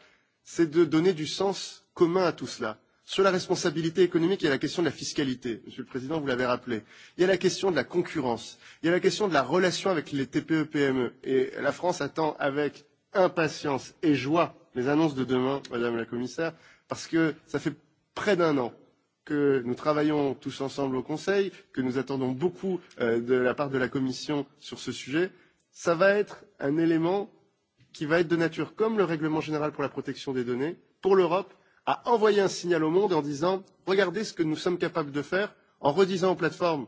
c'est de donner du sens commun à tout cela. Sur la responsabilité économique, il y a la question de la fiscalité, Monsieur le Président, vous l'avez rappelé. Il y a la question de la concurrence. Il y a la question de la relation avec les TPE-PME. Et la France attend avec impatience et joie les annonces de demain, Madame la Commissaire, parce que ça fait près d'un an que nous travaillons tous ensemble au Conseil, que nous attendons beaucoup de la part de la Commission sur ce sujet, ça va être un élément qui va être de nature, comme le règlement général pour la protection des données, pour l'Europe, à envoyer un signal au monde en disant regardez ce que nous sommes capables de faire, en redisant aux plateformes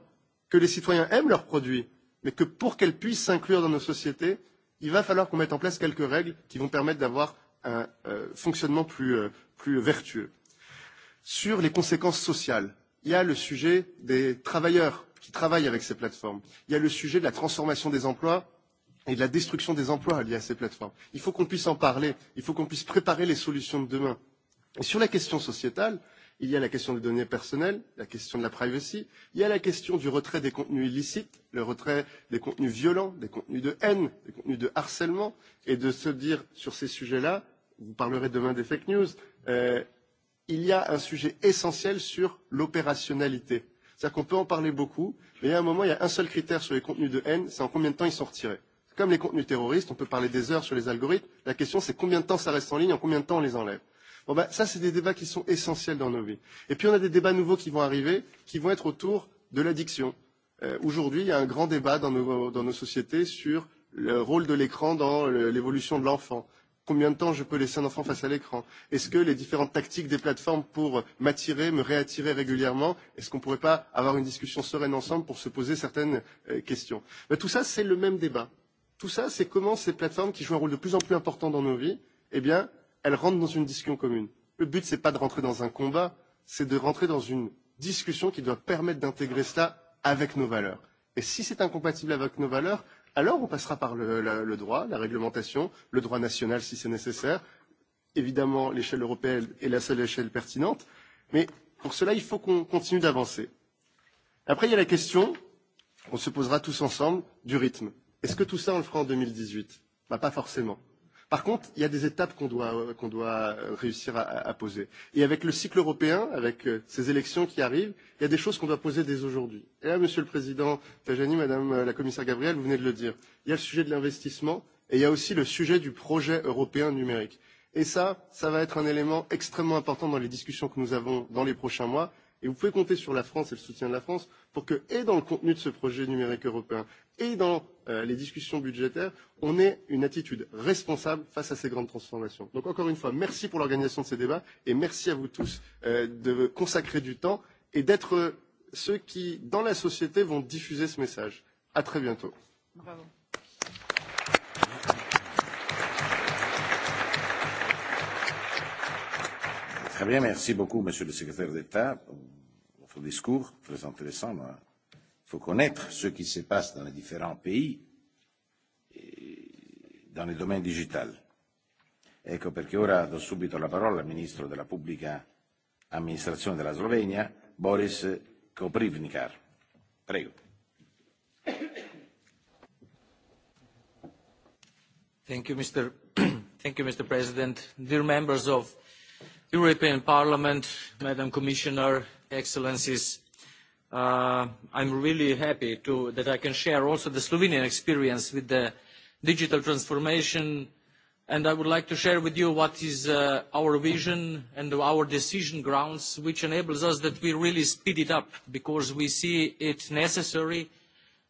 que les citoyens aiment leurs produits, mais que pour qu'elles puissent s'inclure dans nos sociétés, il va falloir qu'on mette en place quelques règles qui vont permettre d'avoir un euh, fonctionnement plus, euh, plus vertueux sur les conséquences sociales. Il y a le sujet des travailleurs qui travaillent avec ces plateformes. Il y a le sujet de la transformation des emplois et de la destruction des emplois liés à ces plateformes. Il faut qu'on puisse en parler, il faut qu'on puisse préparer les solutions de demain. Et sur la question sociétale, il y a la question des données personnelles, la question de la privacy, il y a la question du retrait des contenus illicites, le retrait des contenus violents, des contenus de haine, des contenus de harcèlement, et de se dire sur ces sujets-là, vous parlerez demain des fake news, euh, il y a un sujet essentiel sur l'opérationnalité. C'est-à-dire qu'on peut en parler beaucoup, mais il y a un moment, il y a un seul critère sur les contenus de haine, c'est en combien de temps ils sont retirés. Comme les contenus terroristes, on peut parler des heures sur les algorithmes, la question c'est combien de temps ça reste en ligne, en combien de temps on les enlève. Bon ben, ça, c'est des débats qui sont essentiels dans nos vies. Et puis, on a des débats nouveaux qui vont arriver, qui vont être autour de l'addiction. Euh, Aujourd'hui, il y a un grand débat dans nos, dans nos sociétés sur le rôle de l'écran dans l'évolution de l'enfant, Combien de temps je peux laisser un enfant face à l'écran Est-ce que les différentes tactiques des plateformes pour m'attirer, me réattirer régulièrement, est-ce qu'on ne pourrait pas avoir une discussion sereine ensemble pour se poser certaines questions Mais Tout ça, c'est le même débat. Tout ça, c'est comment ces plateformes qui jouent un rôle de plus en plus important dans nos vies, eh bien, elles rentrent dans une discussion commune. Le but, ce n'est pas de rentrer dans un combat, c'est de rentrer dans une discussion qui doit permettre d'intégrer cela avec nos valeurs. Et si c'est incompatible avec nos valeurs, alors on passera par le, le, le droit, la réglementation, le droit national si c'est nécessaire, évidemment l'échelle européenne est la seule échelle pertinente, mais pour cela il faut qu'on continue d'avancer. Après il y a la question on se posera tous ensemble du rythme. Est-ce que tout ça on le fera en 2018 bah, Pas forcément. Par contre, il y a des étapes qu'on doit, qu doit réussir à, à poser. Et avec le cycle européen, avec ces élections qui arrivent, il y a des choses qu'on doit poser dès aujourd'hui. Et là, Monsieur le Président Tajani, Madame la Commissaire Gabriel, vous venez de le dire, il y a le sujet de l'investissement et il y a aussi le sujet du projet européen numérique. Et ça, ça va être un élément extrêmement important dans les discussions que nous avons dans les prochains mois Et vous pouvez compter sur la France et le soutien de la France pour que, et dans le contenu de ce projet numérique européen, et dans euh, les discussions budgétaires, on ait une attitude responsable face à ces grandes transformations. Donc encore une fois, merci pour l'organisation de ces débats et merci à vous tous euh, de consacrer du temps et d'être ceux qui, dans la société, vont diffuser ce message. À très bientôt. Bravo. Très bien, merci beaucoup, Monsieur le Secrétaire d'État, pour votre discours très intéressant. Il faut connaître ce qui se passe dans les différents pays dans le domaine digital. Ecco perché ora do subito la parola al Ministro della Pubblica Amministrazione della Slovenia, Boris Koprivnikar. Prego. Thank you, Mr. Thank you, Mr. President. Dear members of European Parliament, Madam Commissioner, Excellencies, uh, I'm really happy to, that I can share also the Slovenian experience with the digital transformation and I would like to share with you what is uh, our vision and our decision grounds which enables us that we really speed it up because we see it necessary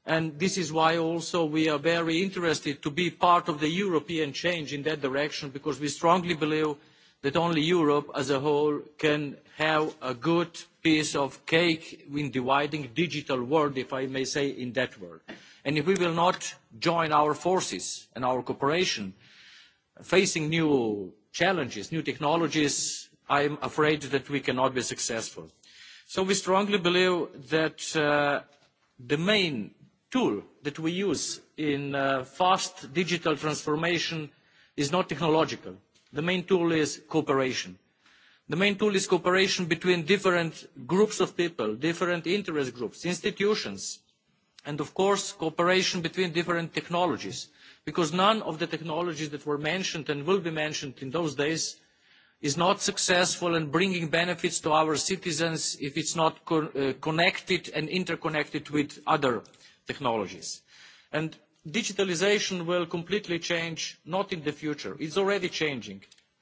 and this is why also we are very interested to be part of the European change in that direction because we strongly believe that only Europe as a whole can have a good piece of cake in dividing digital world, if I may say, in that world. And if we will not join our forces and our cooperation, facing new challenges, new technologies, I am afraid that we cannot be successful. So we strongly believe that uh, the main tool that we use in uh, fast digital transformation is not technological The main tool is cooperation. The main tool is cooperation between different groups of people, different interest groups, institutions, and of course cooperation between different technologies, because none of the technologies that were mentioned and will be mentioned in those days is not successful in bringing benefits to our citizens if it's not connected and interconnected with other technologies. And digitalization will completely change, not in the future, it's already changing.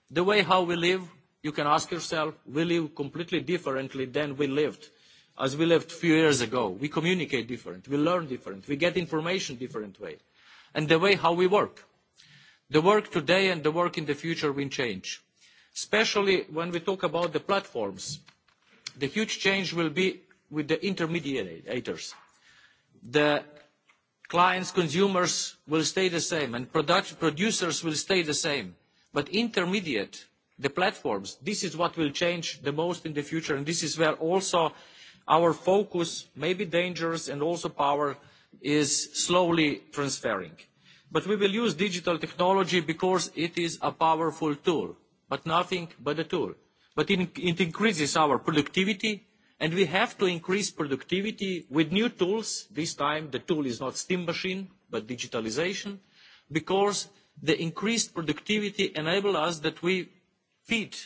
The way how we live, you can ask yourself, we live completely differently than we lived, as we lived a few years ago. We communicate different, we learn different, we get information different way. And the way how we work. The work today and the work in the future will change. Especially when we talk about the platforms, the huge change will be with the intermediators. The clients, consumers will stay the same, and producers will stay the same. But intermediate, the platforms, this is what will change the most in the future, and this is where also our focus, may be dangerous and also power, is slowly transferring. But we will use digital technology because it is a powerful tool, but nothing but a tool. But it increases our productivity, and we have to increase productivity with new tools. This time the tool is not steam machine, but digitalization, because the increased productivity enables us that we feed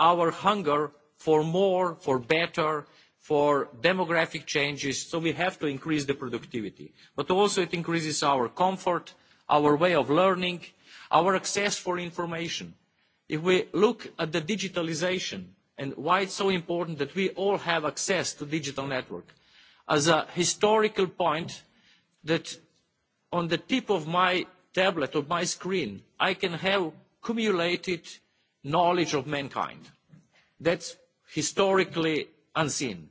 our hunger for more, for better, for demographic changes, so we have to increase the productivity. But also it increases our comfort, our way of learning, our access for information. If we look at the digitalization, and why it's so important that we all have access to digital network. As a historical point, that on the tip of my tablet or my screen, I can have accumulated knowledge of mankind. That's historically unseen.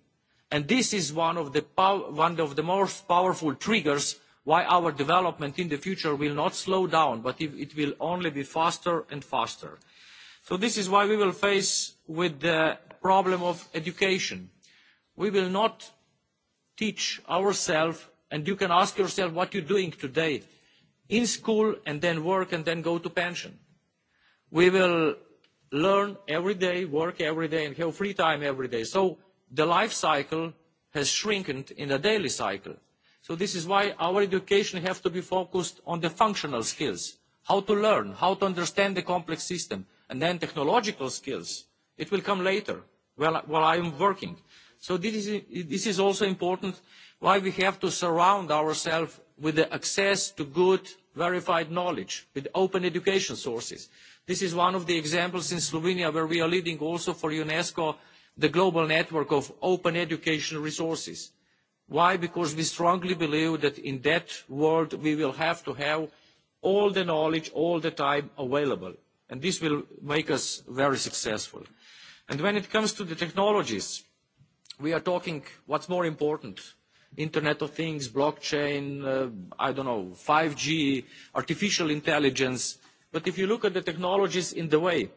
And this is one of the, pow- one of the most powerful triggers why our development in the future will not slow down, but it will only be faster and faster. So this is why we will face with the problem of education. We will not teach ourselves, and you can ask yourself what you're doing today, in school and then work and then go to pension. We will learn every day, work every day, and have free time every day. So the life cycle has shrinked in the daily cycle. So this is why our education has to be focused on the functional skills, how to learn, how to understand the complex system, and then technological skills It will come later while, while I am working. So this is, this is also important why we have to surround ourselves with the access to good verified knowledge, with open education sources. This is one of the examples in Slovenia where we are leading also for UNESCO the global network of open education resources. Why? Because we strongly believe that in that world we will have to have all the knowledge all the time available. And this will make us very successful. And when it comes to the technologies, we are talking what's more important, Internet of Things, blockchain, uh, I don't know, 5G, artificial intelligence. But if you look at the technologies in the way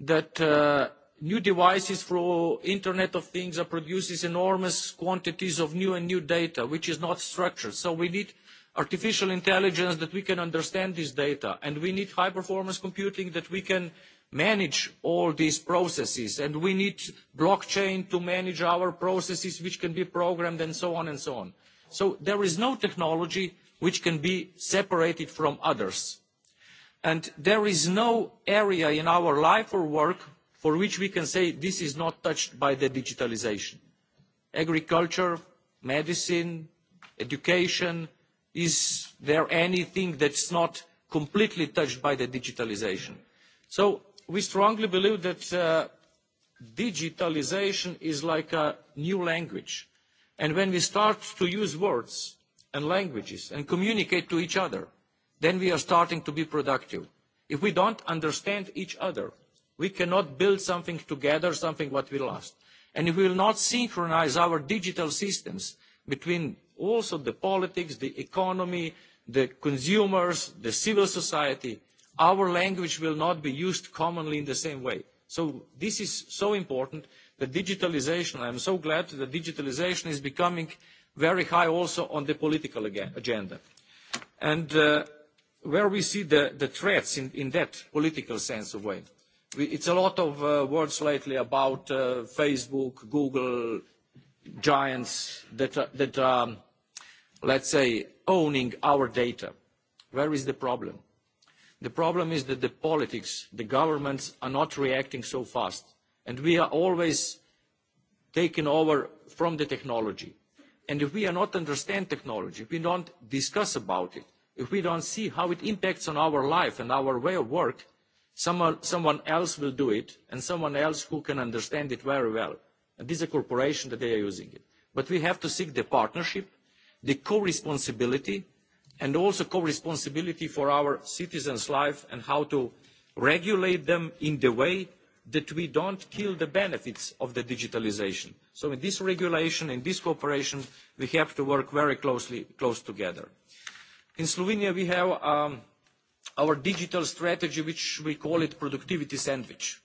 that uh, new devices through Internet of Things are produces enormous quantities of new and new data, which is not structured. So we need artificial intelligence that we can understand this data, and we need high-performance computing that we can manage all these processes and we need blockchain to manage our processes which can be programmed and so on and so on. So there is no technology which can be separated from others. And there is no area in our life or work for which we can say this is not touched by the digitalization. Agriculture, medicine, education, is there anything that's not completely touched by the digitalization? So we strongly believe that digitalisation is like a new language. And when we start to use words and languages and communicate to each other, then we are starting to be productive. If we don't understand each other, we cannot build something together, something what we lost. And if we will not synchronise our digital systems between also the politics, the economy, the consumers, the civil society, our language will not be used commonly in the same way. So this is so important, the digitalization, I'm so glad that digitalization is becoming very high also on the political agenda. And uh, where we see the, the threats in, in that political sense of way, we, it's a lot of uh, words lately about uh, Facebook, Google, giants that are, that are, let's say, owning our data. Where is the problem? The problem is that the politics, the governments are not reacting so fast. And we are always taken over from the technology. And if we are not understand technology, if we don't discuss about it, if we don't see how it impacts on our life and our way of work, someone, someone else will do it and someone else who can understand it very well. And this is a corporation that they are using it. But we have to seek the partnership, the co-responsibility, and also co-responsibility for our citizens' life and how to regulate them in the way that we don't kill the benefits of the So in this regulation, in this cooperation, we have to work very closely close together. In Slovenia, we have um, our digital strategy, which we call it productivity sandwich.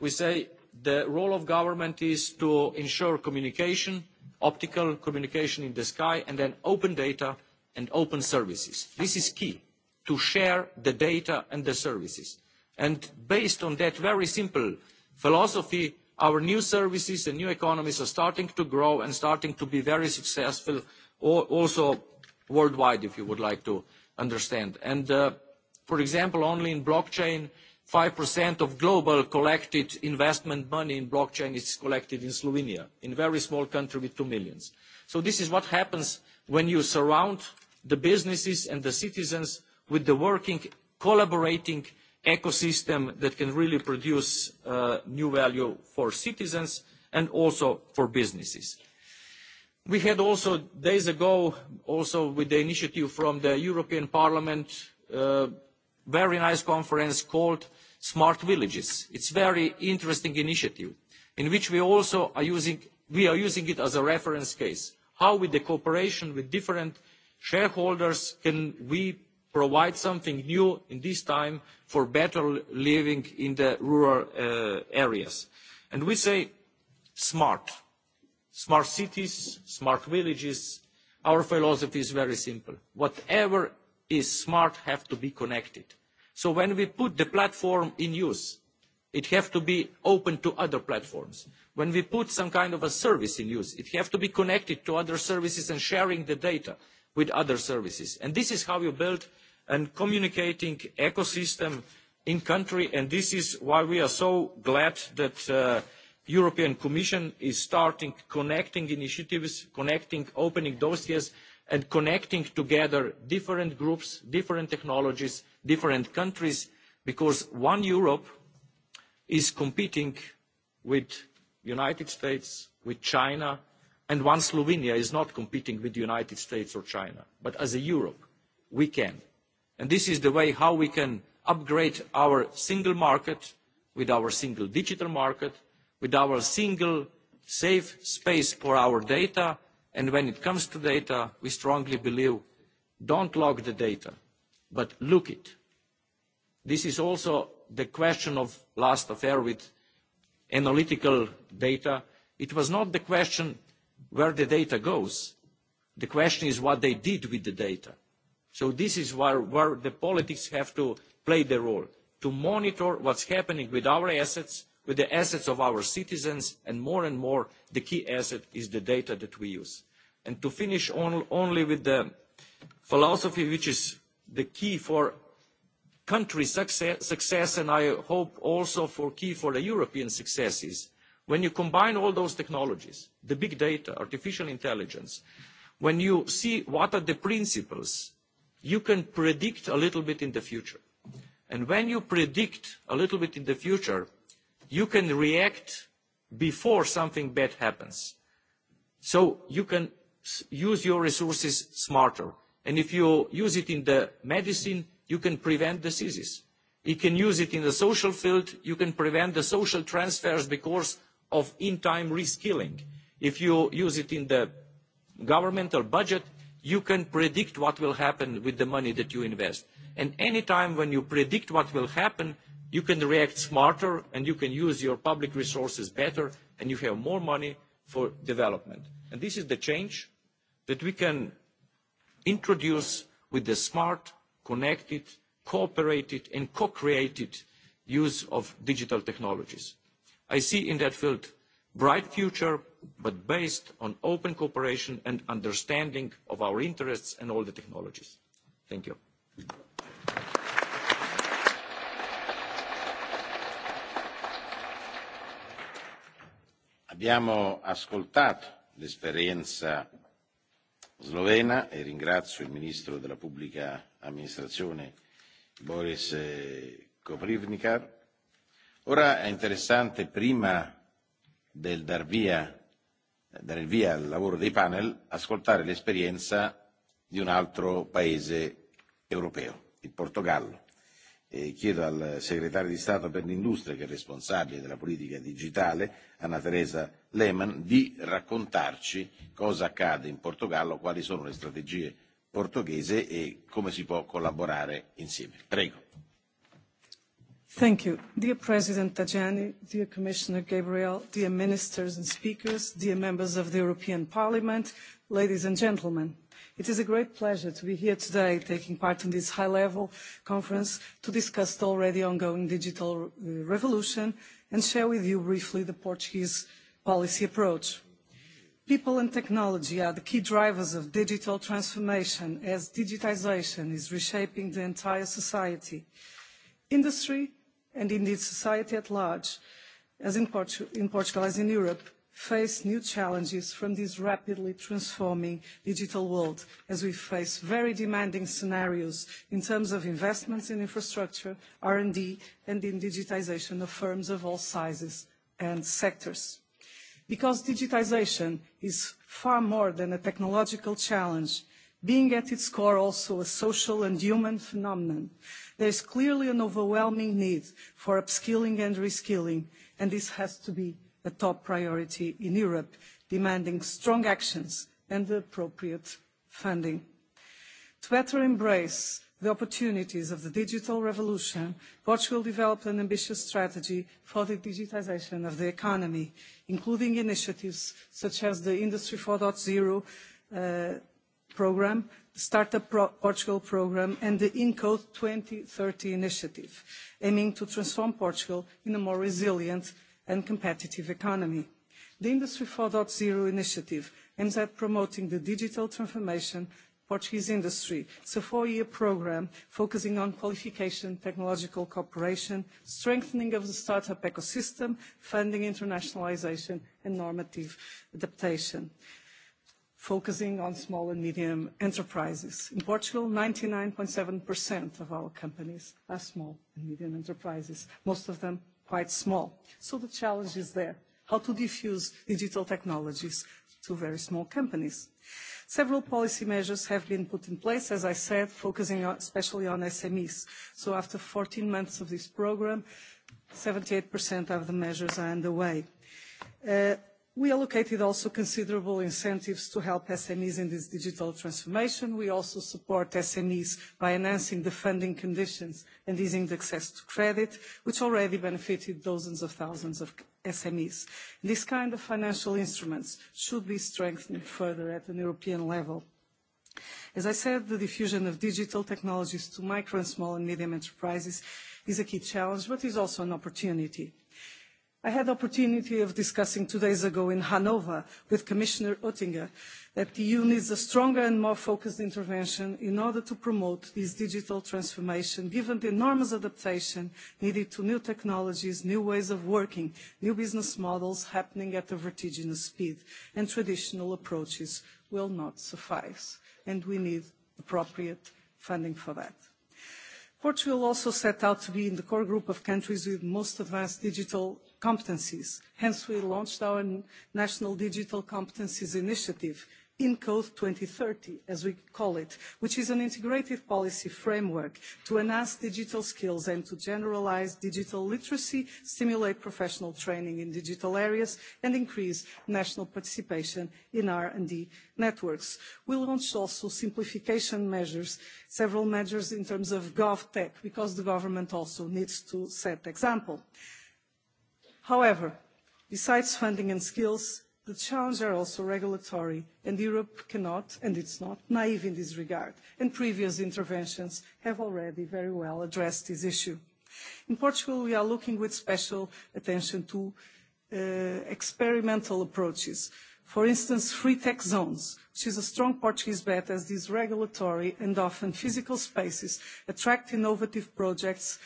We say the role of government is to ensure communication, optical communication in the sky, and then open data and open services. This is key, to share the data and the services. And based on that very simple philosophy, our new services and new economies are starting to grow and starting to be very successful also worldwide, if you would like to understand. And for example, only in blockchain, 5% of global collected investment money in blockchain is collected in Slovenia, in a very small country with 2 million. So this is what happens when you surround the businesses and the citizens with the working, collaborating ecosystem that can really produce uh, new value for citizens and also for businesses. We had also days ago, also with the initiative from the European Parliament, a very nice conference called Smart Villages. It's a very interesting initiative in which we also are using, we are using it as a reference case, how with the cooperation with different shareholders, can we provide something new in this time for better living in the rural areas? And we say smart, smart cities, smart villages. Our philosophy is very simple. Whatever is smart have to be connected. So when we put the platform in use, it has to be open to other platforms. When we put some kind of a service in use, it has to be connected to other services and sharing the data with other services. And this is how you build a communicating ecosystem in country, and this is why we are so glad that the European Commission is starting connecting initiatives, connecting, opening dossiers, and connecting together different groups, different technologies, different countries, because one Europe is competing with the United States, with China, And once Slovenia is not competing with the United States or China, but as a Europe, we can. And this is the way how we can upgrade our single market with our single digital market, with our single safe space for our data. And when it comes to data, we strongly believe don't log the data, but look it. This is also the question of last affair with analytical data. It was not the question where the data goes. The question is what they did with the data. So this is where, where the politics have to play their role, to monitor what's happening with our assets, with the assets of our citizens, and more and more the key asset is the data that we use. And to finish on, only with the philosophy which is the key for country success, success and I hope also for key for the European successes When you combine all those technologies, the big data, artificial intelligence, when you see what are the principles, you can predict a little bit in the future. And when you predict a little bit in the future, you can react before something bad happens. So you can use your resources smarter. And if you use it in the medicine, you can prevent diseases. You can use it in the social field, you can prevent the social transfers because of in-time reskilling. If you use it in the governmental budget, you can predict what will happen with the money that you invest. And any time when you predict what will happen, you can react smarter and you can use your public resources better and you have more money for development. And this is the change that we can introduce with the smart, connected, cooperated and co-created use of digital technologies I see in that field bright future, but based on open cooperation and understanding of our interests and all the technologies. Thank you. Abbiamo ascoltato l'esperienza slovena e ringrazio il ministro della pubblica amministrazione Boris Koprivnikar Ora è interessante, prima del dar via, dare il via al lavoro dei panel, ascoltare l'esperienza di un altro paese europeo, il Portogallo. E chiedo al segretario di Stato per l'Industria, che è responsabile della politica digitale, Anna Teresa Lehmann, di raccontarci cosa accade in Portogallo, quali sono le strategie portoghese e come si può collaborare insieme. Prego. Thank you. Dear President Tajani, dear Commissioner Gabriel, dear ministers and speakers, dear members of the European Parliament, ladies and gentlemen. It is a great pleasure to be here today taking part in this high-level conference to discuss the already ongoing digital revolution and share with you briefly the Portuguese policy approach. People and technology are the key drivers of digital transformation as digitization is reshaping the entire society. Industry and indeed society at large, as in, Portugal as in Europe, face new challenges from this rapidly transforming digital world as we face very demanding scenarios in terms of investments in infrastructure, R&D and in digitisation of firms of all sizes and sectors. Because digitisation is far more than a technological challenge, being at its core also a social and human phenomenon. There is clearly an overwhelming need for upskilling and reskilling, and this has to be a top priority in Europe, demanding strong actions and appropriate funding. To better embrace the opportunities of the digital revolution, Portugal developed an ambitious strategy for the digitisation of the economy, including initiatives such as the Industry 4.0 programme, the Startup Portugal programme and the InCode thirty initiative, aiming to transform Portugal into a more resilient and competitive economy. The Industry 4.0 initiative aims at promoting the digital transformation Portuguese industry. It's a four-year programme focusing on qualification, technological cooperation, strengthening of the startup ecosystem, funding internationalisation and normative adaptation focusing on small and medium enterprises. In Portugal, 99.7% of our companies are small and medium enterprises, most of them quite small. So the challenge is there, how to diffuse digital technologies to very small companies. Several policy measures have been put in place, as I said, focusing especially on SMEs. So after 14 months of this program, 78% of the measures are underway We allocated also considerable incentives to help SMEs in this digital transformation. We also support SMEs by enhancing the funding conditions and easing the access to credit, which already benefited dozens of thousands of SMEs. This kind of financial instruments should be strengthened further at an European level. As I said, the diffusion of digital technologies to micro and small and medium enterprises is a key challenge, but is also an opportunity I had the opportunity of discussing two days ago in Hanover with Commissioner Oettinger that the EU needs a stronger and more focused intervention in order to promote this digital transformation, given the enormous adaptation needed to new technologies, new ways of working, new business models happening at a vertiginous speed, and traditional approaches will not suffice, and we need appropriate funding for that. Portugal also set out to be in the core group of countries with most advanced digital competencies. Hence, we launched our National Digital Competencies Initiative, INCODE 2030, as we call it, which is an integrated policy framework to enhance digital skills and to generalize digital literacy, stimulate professional training in digital areas, and increase national participation in R&D networks. We launched also simplification measures, several measures in terms of GovTech, because the government also needs to set example. However, besides funding and skills, the challenges are also regulatory, and Europe cannot, and it's not, naive in this regard, and previous interventions have already very well addressed this issue. In Portugal, we are looking with special attention to experimental approaches. For instance, free tech zones, which is a strong Portuguese bet as these regulatory and often physical spaces attract innovative projects,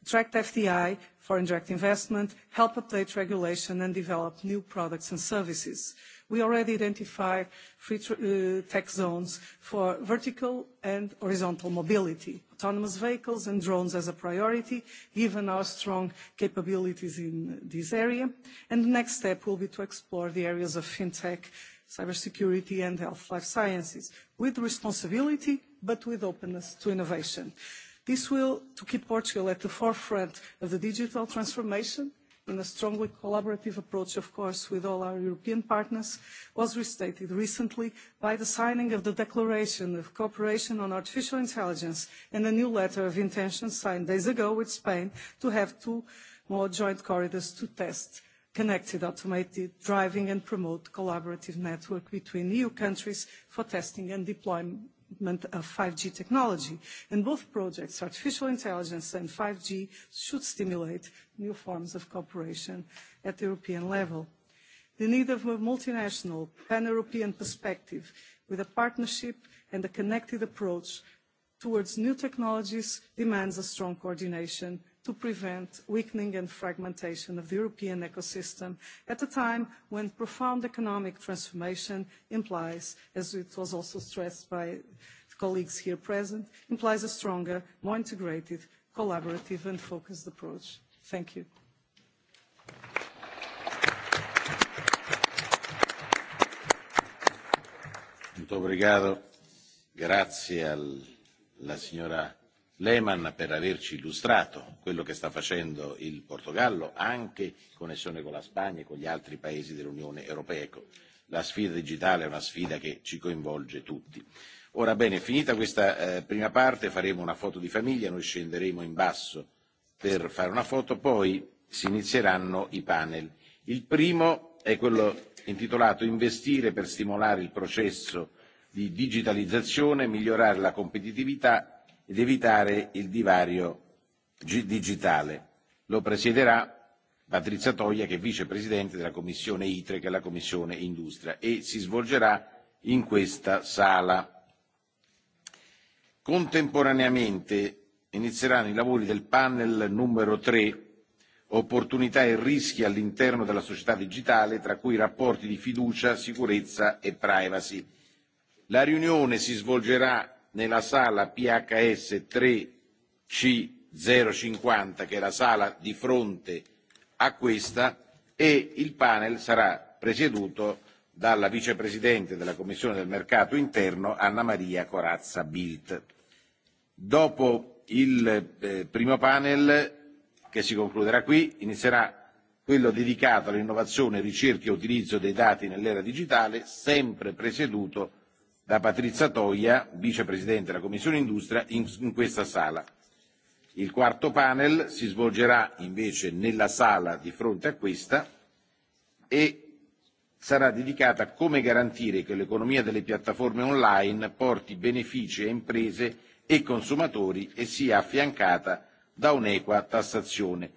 attract FDI, foreign direct investment, help update regulation and develop new products and services. We already identify free tech zones for vertical and horizontal mobility, autonomous vehicles and drones as a priority, given our strong capabilities in this area. And the next step will be to explore the areas of fintech, cybersecurity and health life sciences, with responsibility but with openness to innovation. This will to keep Portugal at the forefront of the digital transformation in a strongly collaborative approach, of course, with all our European partners, was restated recently by the signing of the Declaration of Cooperation on Artificial Intelligence and a new letter of intention signed days ago with Spain to have two more joint corridors to test connected automated driving and promote collaborative network between EU countries for testing and deployment development of 5G technology. And both projects, artificial intelligence and 5G, should stimulate new forms of cooperation at the European level. The need of a multinational, pan-European perspective with a partnership and a connected approach towards new technologies demands a strong coordination to prevent weakening and fragmentation of the European ecosystem at a time when profound economic transformation implies, as it was also stressed by colleagues here present, implies a stronger, more integrated, collaborative and focused approach. Thank you. Muito obrigado. Grazie alla signora Lehmann per averci illustrato quello che sta facendo il Portogallo, anche in connessione con la Spagna e con gli altri paesi dell'Unione Europea. La sfida digitale è una sfida che ci coinvolge tutti. Ora bene, finita questa eh, prima parte faremo una foto di famiglia, noi scenderemo in basso per fare una foto, poi si inizieranno i panel. Il primo è quello intitolato Investire per stimolare il processo di digitalizzazione, migliorare la competitività ed evitare il divario digitale. Lo presiederà Patrizia Toia, che è vicepresidente della Commissione ITRE, che è la Commissione Industria, e si svolgerà in questa sala. Contemporaneamente inizieranno i lavori del panel numero 3, opportunità e rischi all'interno della società digitale, tra cui rapporti di fiducia, sicurezza e privacy. La riunione si svolgerà nella sala PHS 3C050, che è la sala di fronte a questa, e il panel sarà presieduto dalla vicepresidente della Commissione del Mercato Interno, Anna Maria Corazza Bildt. Dopo il primo panel, che si concluderà qui, inizierà quello dedicato all'innovazione, ricerca e utilizzo dei dati nell'era digitale, sempre presieduto da Patrizia Toia, vicepresidente della Commissione Industria, in, in questa sala. Il quarto panel si svolgerà invece nella sala di fronte a questa e sarà dedicata a come garantire che l'economia delle piattaforme online porti benefici a imprese e consumatori e sia affiancata da un'equa tassazione.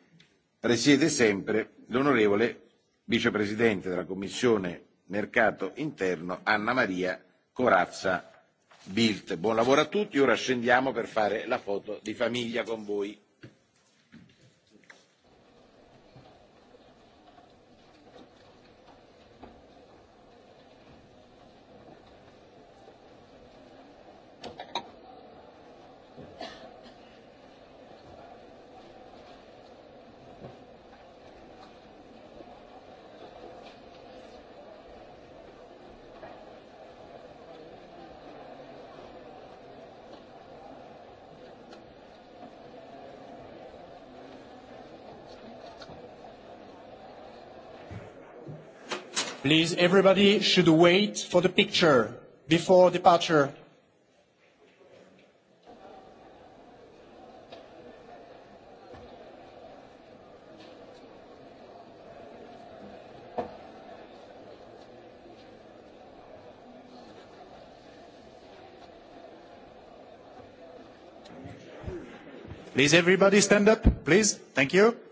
Presiede sempre l'onorevole vicepresidente della Commissione Mercato Interno Anna Maria Corazza Bildt. Buon lavoro a tutti, ora scendiamo per fare la foto di famiglia con voi. Please, everybody should wait for the picture before departure. Please, everybody stand up, please. Thank you.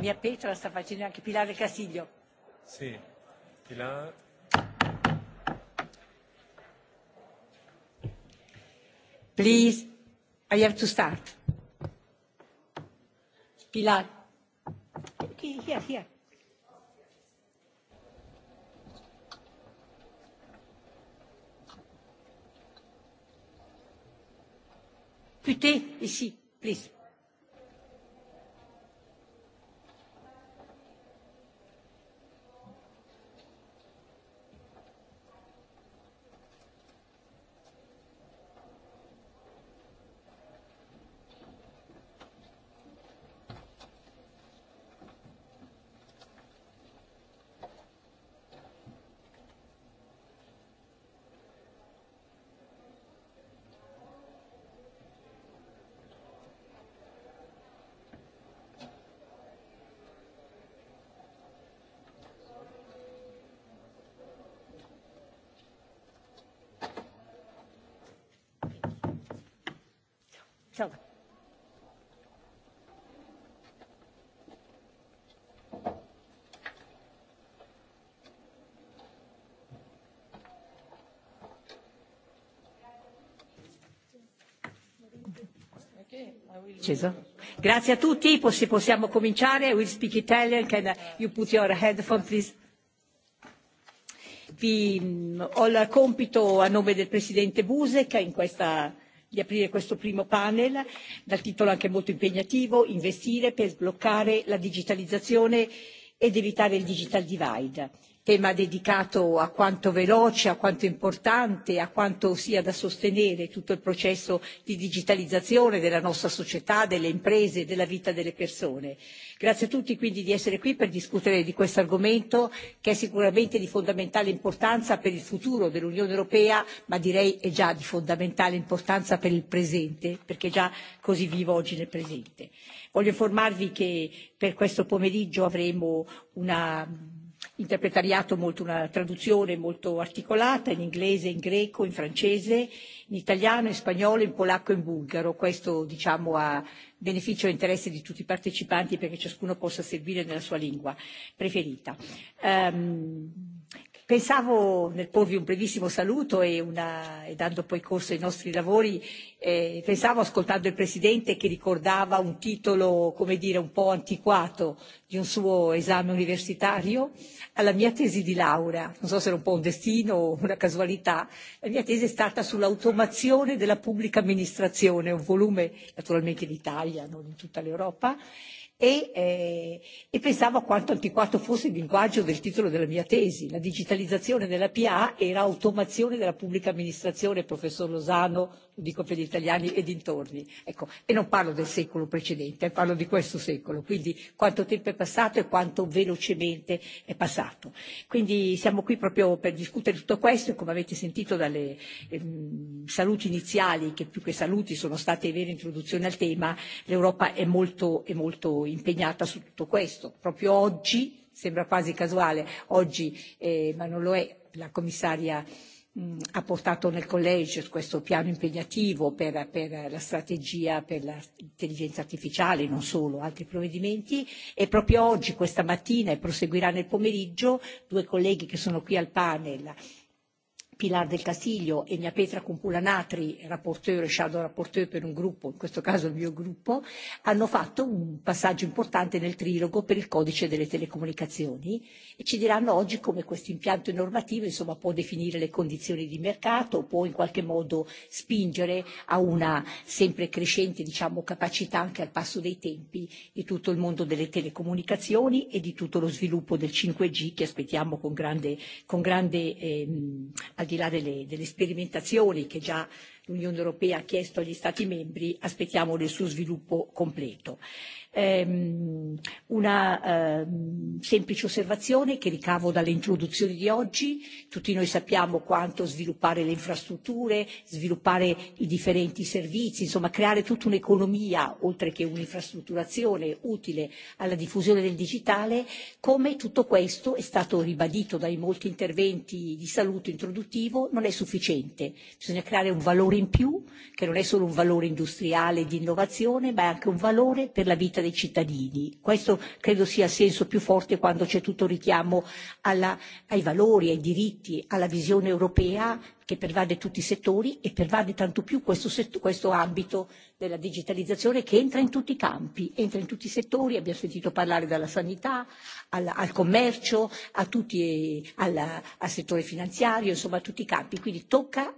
Mia Petra sta facendo anche Pilare Castiglio. Sì, Pilare. Please, I have to start. Pilar. Okay, here, here. Putain, ici, please. Grazie a tutti, se possiamo cominciare. We'll speak Italian. Can you put your headphone, please? Vi, ho il compito a nome del Presidente Busek in questa, di aprire questo primo panel, dal titolo anche molto impegnativo, Investire per sbloccare la digitalizzazione ed evitare il digital divide tema dedicato a quanto veloce, a quanto importante, a quanto sia da sostenere tutto il processo di digitalizzazione della nostra società, delle imprese, della vita delle persone. Grazie a tutti quindi di essere qui per discutere di questo argomento che è sicuramente di fondamentale importanza per il futuro dell'Unione Europea, ma direi è già di fondamentale importanza per il presente, perché è già così vivo oggi nel presente. Voglio informarvi che per questo pomeriggio avremo una interpretariato molto una traduzione molto articolata in inglese, in greco, in francese, in italiano, in spagnolo, in polacco e in bulgaro. Questo diciamo a beneficio e interesse di tutti i partecipanti perché ciascuno possa seguire nella sua lingua preferita. Um, Pensavo nel porvi un brevissimo saluto e, una, e dando poi corso ai nostri lavori, eh, pensavo ascoltando il Presidente che ricordava un titolo, come dire, un po' antiquato di un suo esame universitario, alla mia tesi di laurea, non so se era un po' un destino o una casualità, la mia tesi è stata sull'automazione della pubblica amministrazione, un volume naturalmente in Italia, non in tutta l'Europa, e, eh, e pensavo a quanto antiquato fosse il linguaggio del titolo della mia tesi. La digitalizzazione della PA era automazione della pubblica amministrazione, professor Lozano, dico per gli italiani e dintorni. Ecco, e non parlo del secolo precedente, parlo di questo secolo, quindi quanto tempo è passato e quanto velocemente è passato. Quindi siamo qui proprio per discutere tutto questo e come avete sentito dalle ehm, saluti iniziali, che più che saluti sono state vere introduzioni al tema, l'Europa è molto, è molto impegnata su tutto questo. Proprio oggi, sembra quasi casuale, oggi, eh, ma non lo è, la commissaria ha portato nel college questo piano impegnativo per, per la strategia per l'intelligenza artificiale, non solo, altri provvedimenti e proprio oggi, questa mattina e proseguirà nel pomeriggio, due colleghi che sono qui al panel Pilar del Castillo e mia Petra Compulanatri, rapporteur e shadow rapporteur per un gruppo, in questo caso il mio gruppo, hanno fatto un passaggio importante nel trilogo per il codice delle telecomunicazioni e ci diranno oggi come questo impianto normativo insomma, può definire le condizioni di mercato, può in qualche modo spingere a una sempre crescente diciamo, capacità anche al passo dei tempi di tutto il mondo delle telecomunicazioni e di tutto lo sviluppo del 5G che aspettiamo con grande, con grande ehm, di là delle, delle sperimentazioni che già l'Unione Europea ha chiesto agli Stati membri, aspettiamo il suo sviluppo completo. Ehm, una ehm, semplice osservazione che ricavo dalle introduzioni di oggi. Tutti noi sappiamo quanto sviluppare le infrastrutture, sviluppare i differenti servizi, insomma creare tutta un'economia, oltre che un'infrastrutturazione utile alla diffusione del digitale, come tutto questo è stato ribadito dai molti interventi di saluto introduttivo, non è sufficiente. Bisogna creare un valore in più, che non è solo un valore industriale di innovazione, ma è anche un valore per la vita vita dei cittadini. Questo credo sia senso più forte quando c'è tutto il richiamo alla, ai valori, ai diritti, alla visione europea che pervade tutti i settori e pervade tanto più questo, questo ambito della digitalizzazione che entra in tutti i campi, entra in tutti i settori, abbiamo sentito parlare dalla sanità al, al commercio, a tutti, al, al settore finanziario, insomma a tutti i campi, quindi tocca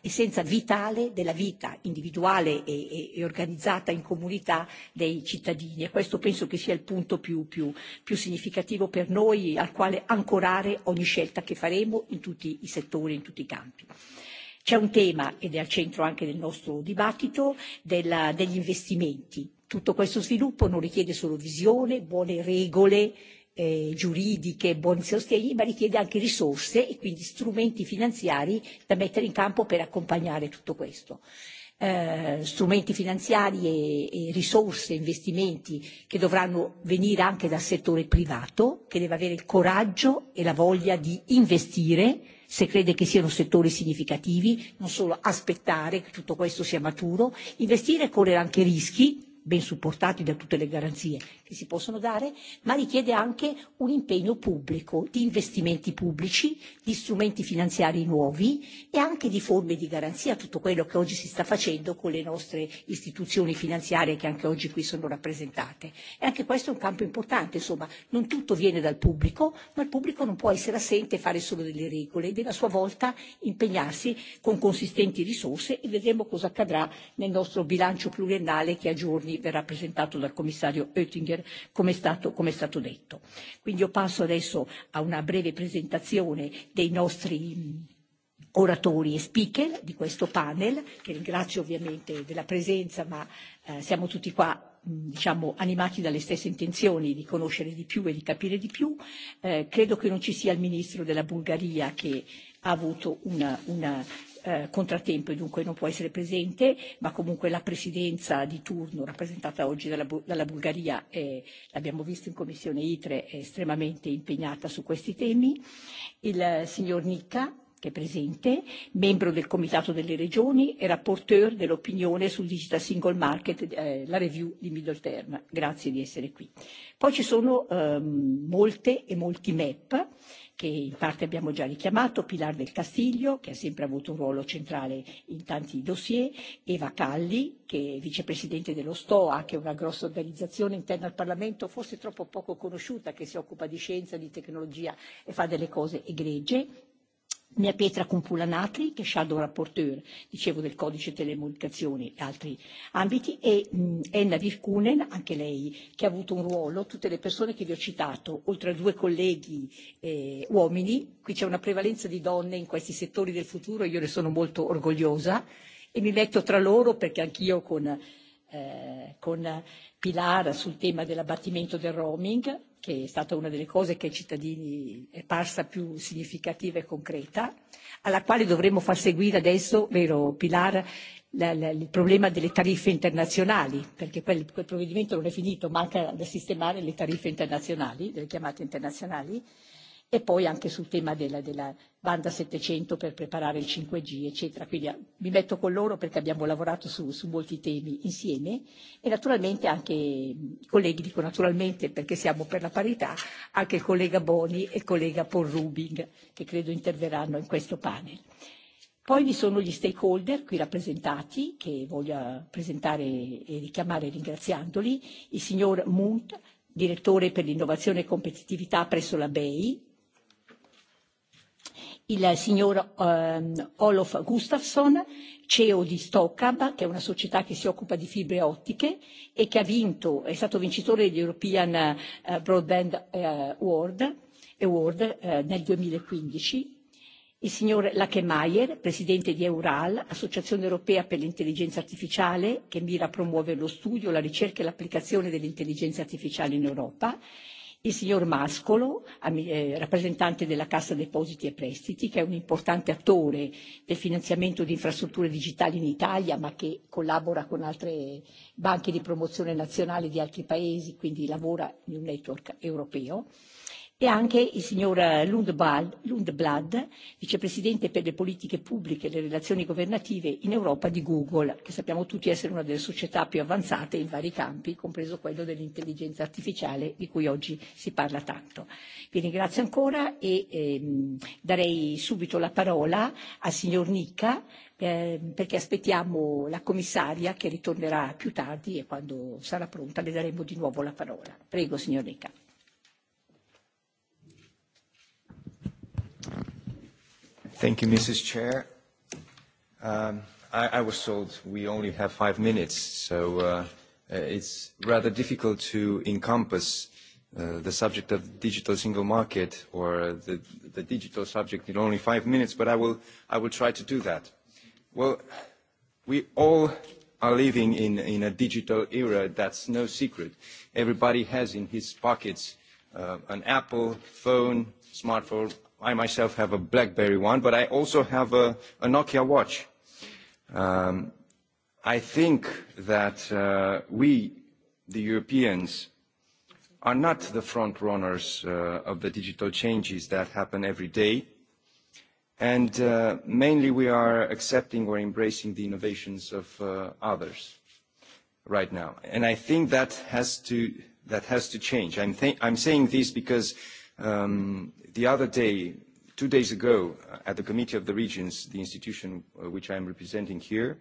l'essenza vitale della vita individuale e, e, e organizzata in comunità dei cittadini e questo penso che sia il punto più, più, più significativo per noi al quale ancorare ogni scelta che faremo in tutti i settori, in tutti i campi. C'è un tema, ed è al centro anche del nostro dibattito, della, degli investimenti. Tutto questo sviluppo non richiede solo visione, buone regole, eh, giuridiche, buoni sostegni, ma richiede anche risorse e quindi strumenti finanziari da mettere in campo per accompagnare tutto questo. Eh, strumenti finanziari e, e risorse, investimenti che dovranno venire anche dal settore privato, che deve avere il coraggio e la voglia di investire se crede che siano settori significativi, non solo aspettare che tutto questo sia maturo, investire e correre anche rischi ben supportati da tutte le garanzie che si possono dare, ma richiede anche un impegno pubblico di investimenti pubblici, di strumenti finanziari nuovi e anche di forme di garanzia, tutto quello che oggi si sta facendo con le nostre istituzioni finanziarie che anche oggi qui sono rappresentate. E anche questo è un campo importante, insomma, non tutto viene dal pubblico, ma il pubblico non può essere assente e fare solo delle regole, deve a sua volta impegnarsi con consistenti risorse e vedremo cosa accadrà nel nostro bilancio pluriennale che a giorni verrà presentato dal commissario Oettinger come è stato, come è stato detto. Quindi io passo adesso a una breve presentazione dei nostri oratori e speaker di questo panel, che ringrazio ovviamente della presenza, ma eh, siamo tutti qua diciamo, animati dalle stesse intenzioni di conoscere di più e di capire di più. Eh, credo che non ci sia il ministro della Bulgaria che ha avuto una, una eh, contrattempo e dunque non può essere presente, ma comunque la presidenza di turno rappresentata oggi dalla, dalla Bulgaria, eh, l'abbiamo visto in commissione ITRE, è estremamente impegnata su questi temi. Il signor Nicca che è presente, membro del Comitato delle Regioni e rapporteur dell'opinione sul Digital Single Market, eh, la review di Middle Term. Grazie di essere qui. Poi ci sono ehm, molte e molti MEP che in parte abbiamo già richiamato, Pilar del Castiglio, che ha sempre avuto un ruolo centrale in tanti dossier, Eva Calli, che è vicepresidente dello STOA, che è una grossa organizzazione interna al Parlamento, forse troppo poco conosciuta, che si occupa di scienza, di tecnologia e fa delle cose egregie, Mia Pietra Pulanatri, che è shadow rapporteur, dicevo, del codice telecomunicazioni e altri ambiti, e mh, Enna Virkunen, anche lei, che ha avuto un ruolo, tutte le persone che vi ho citato, oltre a due colleghi eh, uomini, qui c'è una prevalenza di donne in questi settori del futuro, io ne sono molto orgogliosa e mi metto tra loro perché anch'io con, eh, con Pilar sul tema dell'abbattimento del roaming, che è stata una delle cose che ai cittadini è parsa più significativa e concreta, alla quale dovremmo far seguire adesso, vero Pilar, il problema delle tariffe internazionali, perché quel, quel provvedimento non è finito, manca da sistemare le tariffe internazionali, le chiamate internazionali, e poi anche sul tema della, della banda 700 per preparare il 5G, eccetera. Quindi mi metto con loro perché abbiamo lavorato su, su molti temi insieme e naturalmente anche i colleghi, dico naturalmente perché siamo per la parità, anche il collega Boni e il collega Paul Rubing che credo interverranno in questo panel. Poi vi sono gli stakeholder qui rappresentati che voglio presentare e richiamare ringraziandoli, il signor Munt, direttore per l'innovazione e competitività presso la BEI, il signor um, Olof Gustafsson, CEO di Stockab, che è una società che si occupa di fibre ottiche e che ha vinto, è stato vincitore dell'European European Broadband Award, Award eh, nel 2015, il signor Lachemeyer, presidente di Eural, Associazione Europea per l'Intelligenza Artificiale, che mira a promuovere lo studio, la ricerca e l'applicazione dell'intelligenza artificiale in Europa, il signor Mascolo, rappresentante della Cassa Depositi e Prestiti, che è un importante attore del finanziamento di infrastrutture digitali in Italia, ma che collabora con altre banche di promozione nazionale di altri paesi, quindi lavora in un network europeo e anche il signor Lundblad, vicepresidente per le politiche pubbliche e le relazioni governative in Europa di Google, che sappiamo tutti essere una delle società più avanzate in vari campi, compreso quello dell'intelligenza artificiale di cui oggi si parla tanto. Vi ringrazio ancora e ehm, darei subito la parola al signor Nicca perché aspettiamo la commissaria che ritornerà più tardi e quando sarà pronta le daremo di nuovo la parola. Prego, signor Nicca. Thank you, Mrs. Chair. Um, I, I was told we only have five minutes, so uh, it's rather difficult to encompass uh, the subject of digital single market or the, the digital subject in only five minutes, but I will, I will try to do that. Well, we all are living in, in a digital era that's no secret. Everybody has in his pockets uh, an Apple phone, smartphone, I myself have a BlackBerry one, but I also have a, a Nokia watch. Um, I think that uh, we, the Europeans, are not the front runners uh, of the digital changes that happen every day. And uh, mainly we are accepting or embracing the innovations of uh, others right now. And I think that has to, that has to change. I'm, th- I'm saying this because um, the other day, two days ago, at the Committee of the Regions, the institution which I am representing here,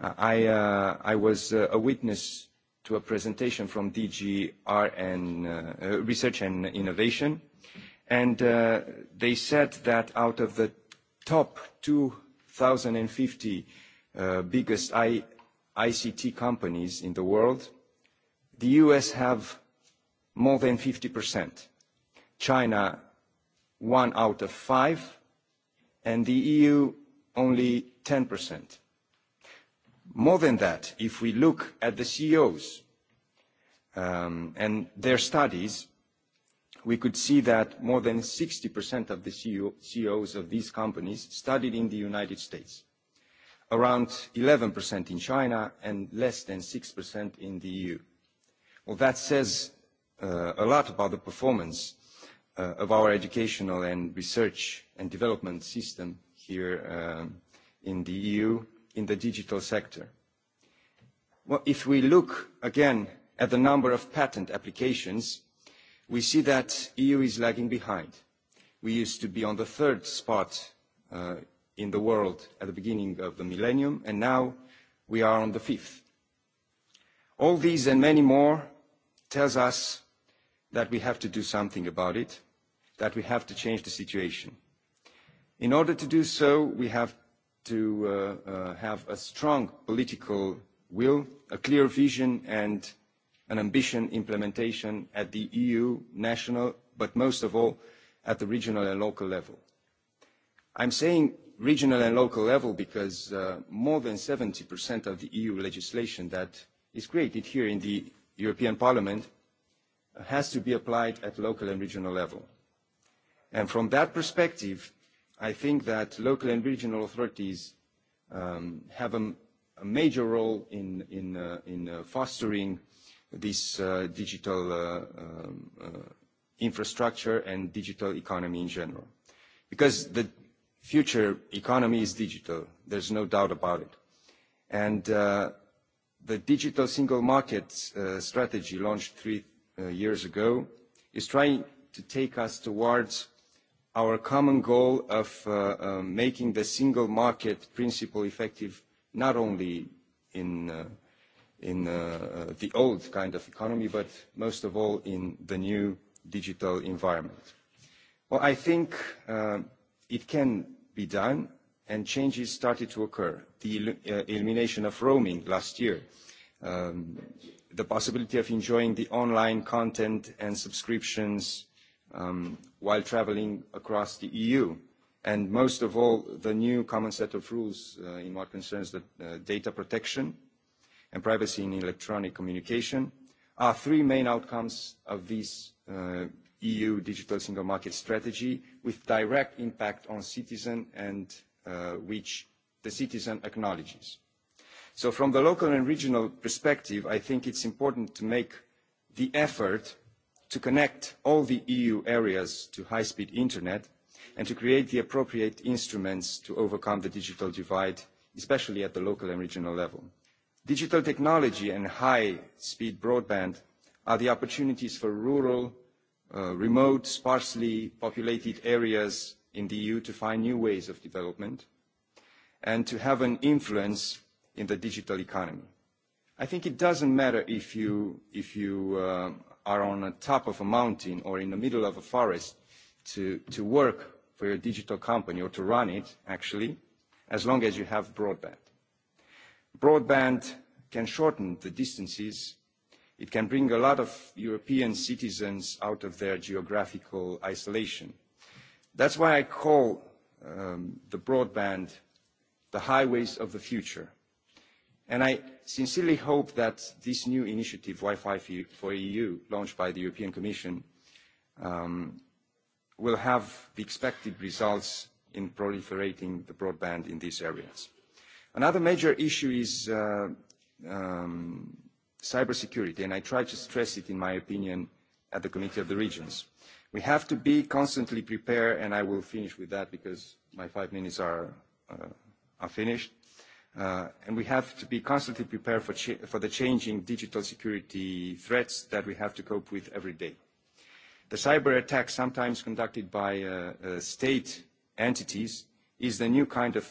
I, uh, I was uh, a witness to a presentation from DG RN, uh, Research and Innovation, and uh, they said that out of the top 2,050 uh, biggest I ICT companies in the world, the US have more than 50%. China one out of five, and the EU only 10%. More than that, if we look at the CEOs um, and their studies, we could see that more than 60% of the CEO, CEOs of these companies studied in the United States, around 11% in China, and less than 6% in the EU. Well, that says uh, a lot about the performance of our educational and research and development system here um, in the EU in the digital sector. Well, if we look again at the number of patent applications, we see that EU is lagging behind. We used to be on the third spot uh, in the world at the beginning of the millennium, and now we are on the fifth. All these and many more tells us that we have to do something about it that we have to change the situation. In order to do so, we have to uh, uh, have a strong political will, a clear vision and an ambition implementation at the EU, national, but most of all at the regional and local level. I'm saying regional and local level because uh, more than 70% of the EU legislation that is created here in the European Parliament has to be applied at local and regional level. And from that perspective, I think that local and regional authorities have a, major role in, fostering this digital infrastructure and digital economy in general. Because the future economy is digital, there's no doubt about it. And the digital single market strategy launched three years ago is trying to take us towards our common goal of making the single market principle effective not only in, the old kind of economy, but most of all in the new digital environment. Well, I think uh, it can be done, and changes started to occur. The uh, elimination of roaming last year, um, the possibility of enjoying the online content and subscriptions um, while travelling across the EU. And most of all, the new common set of rules in what concerns the data protection and privacy in electronic communication are three main outcomes of this EU digital single market strategy with direct impact on citizens and which the citizen acknowledges. So from the local and regional perspective, I think it's important to make the effort to connect all the EU areas to high-speed internet and to create the appropriate instruments to overcome the digital divide, especially at the local and regional level. Digital technology and high-speed broadband are the opportunities for rural, remote, sparsely populated areas in the EU to find new ways of development and to have an influence in the digital economy. I think it doesn't matter if you, if you are on the top of a mountain or in the middle of a forest to, to work for your digital company or to run it, actually, as long as you have broadband. Broadband can shorten the distances. It can bring a lot of European citizens out of their geographical isolation. That's why I call um, the broadband the highways of the future And I sincerely hope that this new initiative, Wi-Fi for EU, launched by the European Commission, um, will have the expected results in proliferating the broadband in these areas. Another major issue is uh, um, cybersecurity, and I try to stress it in my opinion at the Committee of the Regions. We have to be constantly prepared, and I will finish with that because my five minutes are, uh, are finished and we have to be constantly prepared for, ch for the changing digital security threats that we have to cope with every day. The cyber attack, sometimes conducted by state entities, is the new kind of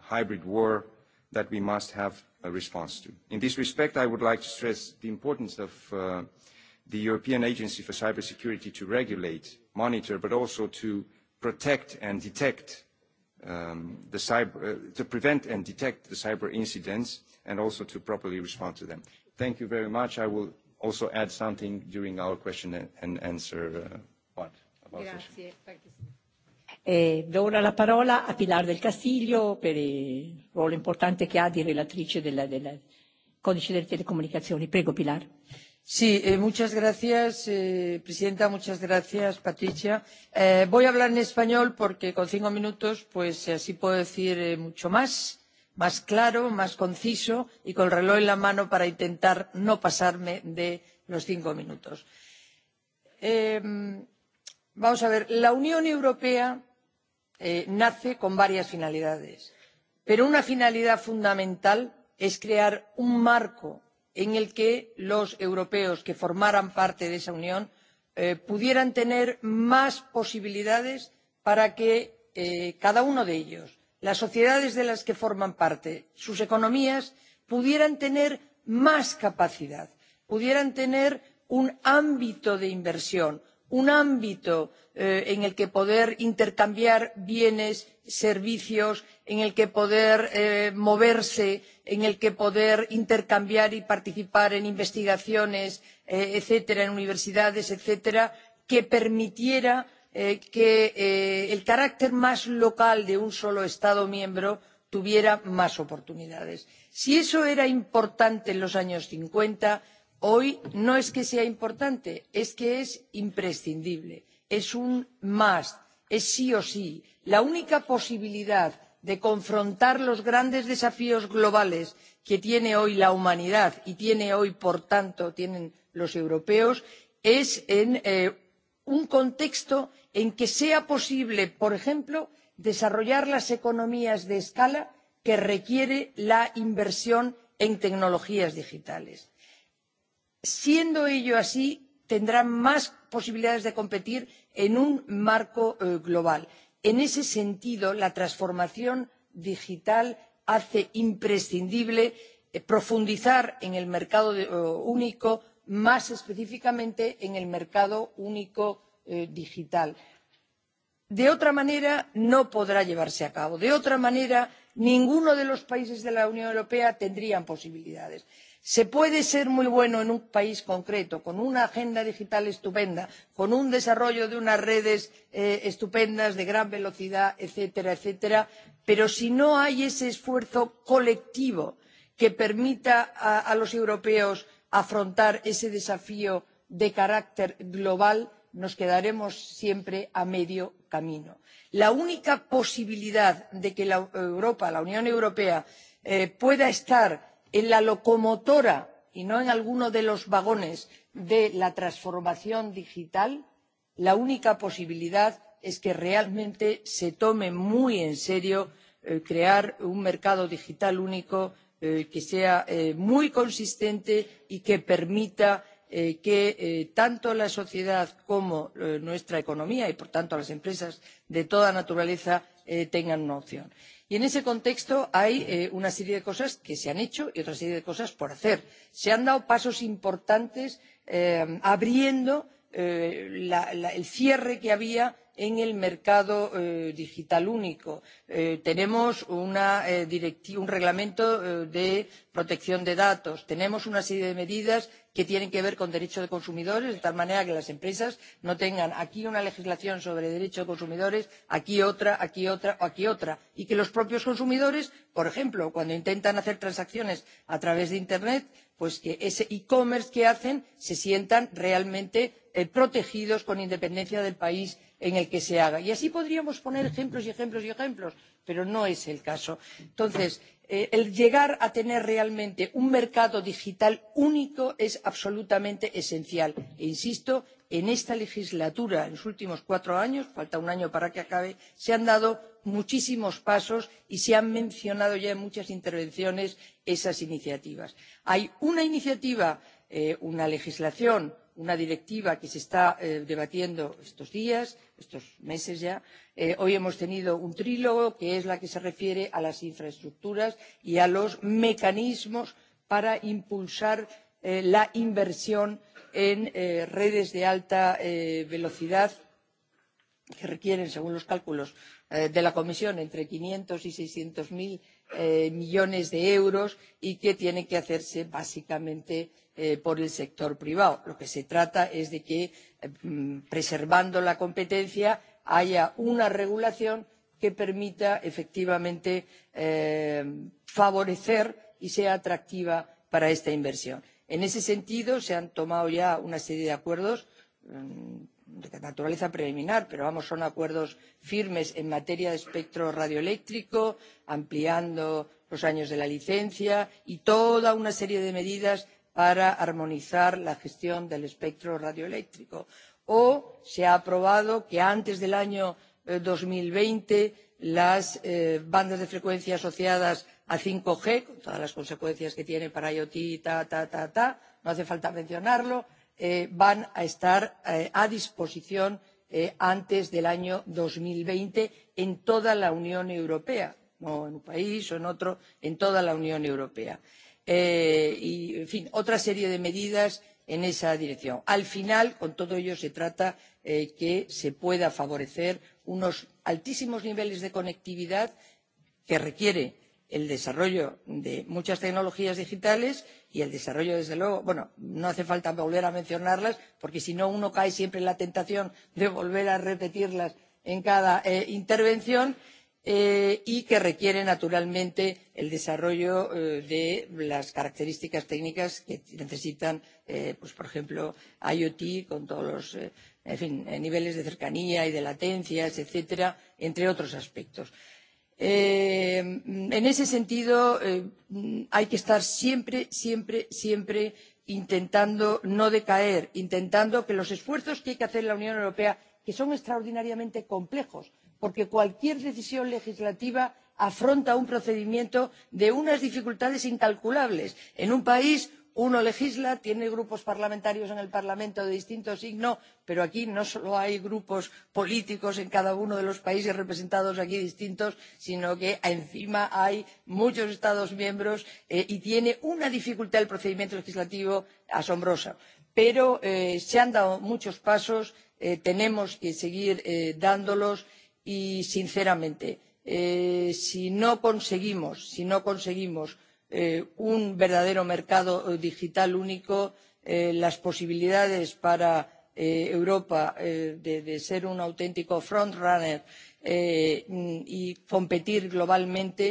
hybrid war that we must have a response to. In this respect, I would like to stress the importance of the European Agency for Cybersecurity to regulate, monitor, but also to protect and detect um, the cyber, uh, to prevent and detect the cyber incidents and also to properly respond to them. Thank you very much. I will also add something during our question and answer uh, part. About Grazie. Eh, do ora la parola a Pilar del Castillo per il ruolo importante che ha di relatrice del codice delle telecomunicazioni. Prego Pilar señora presidenta muchas gracias patricia. voy a hablar en español porque con cinco minutos así puedo decir mucho más más claro más conciso y con el reloj en la mano para intentar no pasarme de los cinco minutos. vamos a ver la unión europea nace con varias finalidades pero una finalidad fundamental es crear un marco en el que los europeos que formaran parte de esa unión pudieran tener más posibilidades para que cada uno de ellos las sociedades de las que forman parte sus economías pudieran tener más capacidad pudieran tener un ámbito de inversión un ámbito en el que poder intercambiar bienes servicios en el que poder moverse en el que poder intercambiar y participar en investigaciones etcétera en universidades etcétera que permitiera que el carácter más local de un solo estado miembro tuviera más oportunidades. si eso era importante en los años cincuenta hoy no es que sea importante es que es imprescindible es un must es sí o sí la única posibilidad de confrontar los grandes desafíos globales que tiene hoy la humanidad y tiene hoy por tanto tienen los europeos es en un contexto en que sea posible por ejemplo desarrollar las economías de escala que requiere la inversión en tecnologías digitales siendo ello así tendrán más posibilidades de competir en un marco global. en ese sentido la transformación digital hace imprescindible profundizar en el mercado único más específicamente en el mercado único digital. de otra manera no podrá llevarse a cabo de otra manera ninguno de los países de la unión europea tendría posibilidades se puede ser muy bueno en un país concreto con una agenda digital estupenda con un desarrollo de unas redes estupendas de gran velocidad etcétera etcétera pero si no hay ese esfuerzo colectivo que permita a los europeos afrontar ese desafío de carácter global nos quedaremos siempre a medio camino. la única posibilidad de que europa la unión europea pueda estar en la locomotora y no en alguno de los vagones de la transformación digital la única posibilidad es que realmente se tome muy en serio crear un mercado digital único que sea muy consistente y que permita que tanto la sociedad como nuestra economía y por tanto las empresas de toda naturaleza tengan una opción. y en ese contexto hay una serie de cosas que se han hecho y otra serie de cosas por hacer. se han dado pasos importantes abriendo el cierre que había en el mercado digital único. tenemos un reglamento de protección de datos, tenemos una serie de medidas que tienen que ver con derechos de consumidores, de tal manera que las empresas no tengan aquí una legislación sobre derechos de consumidores, aquí otra, aquí otra o aquí otra, y que los propios consumidores, por ejemplo, cuando intentan hacer transacciones a través de Internet, pues que ese e-commerce que hacen se sientan realmente protegidos con independencia del país en el que se haga. Y así podríamos poner ejemplos y ejemplos y ejemplos, pero no es el caso. Entonces, el llegar a tener realmente un mercado digital único es absolutamente esencial. E insisto, en esta legislatura, en los últimos cuatro años, falta un año para que acabe, se han dado muchísimos pasos y se han mencionado ya en muchas intervenciones esas iniciativas. Hay una iniciativa, una legislación una directiva que se está debatiendo estos días, estos meses ya. hoy hemos tenido un trílogo que es la que se refiere a las infraestructuras y a los mecanismos para impulsar la inversión en redes de alta velocidad que requieren, según los cálculos de la Comisión, entre quinientos y seiscientos cero millones de euros y que tiene que hacerse básicamente por el sector privado. Lo que se trata es de que, preservando la competencia, haya una regulación que permita efectivamente favorecer y sea atractiva para esta inversión. En ese sentido, se han tomado ya una serie de acuerdos de naturaleza preliminar pero vamos son acuerdos firmes en materia de espectro radioeléctrico ampliando los años de la licencia y toda una serie de medidas para armonizar la gestión del espectro radioeléctrico o se ha aprobado que antes del año dos mil veinte las bandas de frecuencia asociadas a cinco g con todas las consecuencias que tiene para iot y tal no hace falta mencionarlo van a estar a disposición antes del año dos mil veinte en toda la unión europea no en un país o en otro en toda la unión europea y en fin otra serie de medidas en esa dirección. al final con todo ello se trata de que se puedan favorecer unos altísimos niveles de conectividad que requiere el desarrollo de muchas tecnologías digitales y el desarrollo, desde luego, bueno, no hace falta volver a mencionarlas porque si no uno cae siempre en la tentación de volver a repetirlas en cada eh, intervención eh, y que requiere naturalmente el desarrollo eh, de las características técnicas que necesitan, eh, pues, por ejemplo, IoT con todos los eh, en fin, niveles de cercanía y de latencias, etcétera, entre otros aspectos en ese sentido, hay que estar siempre, siempre, siempre intentando no decaer, intentando que los esfuerzos que hay que hacer en la Unión Europea, que son extraordinariamente complejos, porque cualquier decisión legislativa afronta un procedimiento de unas dificultades incalculables. En un país uno legisla tiene grupos parlamentarios en el parlamento de distinto signo pero aquí no solo hay grupos políticos en cada uno de los países representados aquí distintos sino que encima hay muchos estados miembros y tiene una dificultad el procedimiento legislativo asombrosa. pero se han dado muchos pasos tenemos que seguir dándolos y sinceramente si no conseguimos si no conseguimos un verdadero mercado digital único las posibilidades para Europa de, ser un auténtico frontrunner y competir globalmente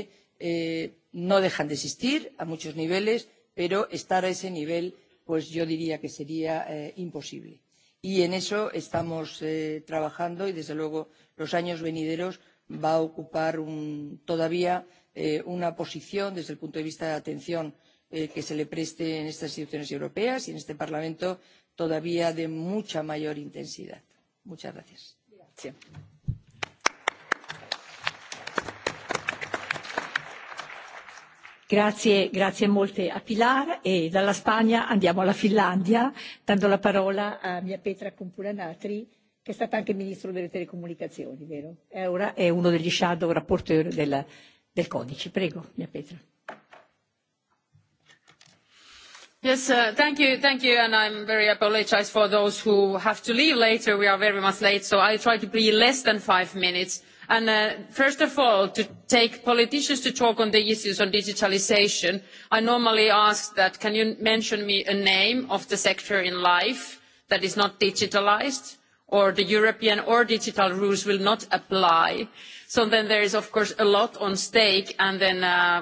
no dejan de existir a muchos niveles, pero estar a ese nivel, pues yo diría que sería imposible. Y en eso estamos trabajando y desde luego los años venideros va a ocupar un, todavía una posición desde el punto de vista de atención que se le preste en estas instituciones europeas y en este Parlamento todavía de mucha mayor intensidad. Muchas gracias. Grazie, grazie molte a Pilar e dalla Spagna andiamo alla Finlandia, dando la parola a mia Petra Compulanatri, che è stata anche Ministro delle Telecomunicazioni, vero? ora, è uno degli shadow rapporteur del codice. Prego, mia Petra. Yes, uh, thank you, thank you, and I'm very apologize for those who have to leave later. We are very much late, so I try to be less than five minutes. And uh, first of all, to take politicians to talk on the issues on digitalization, I normally ask that, can you mention me a name of the sector in life that is not digitalized? or the European or digital rules will not apply. So then there is, of course, a lot on stake, and then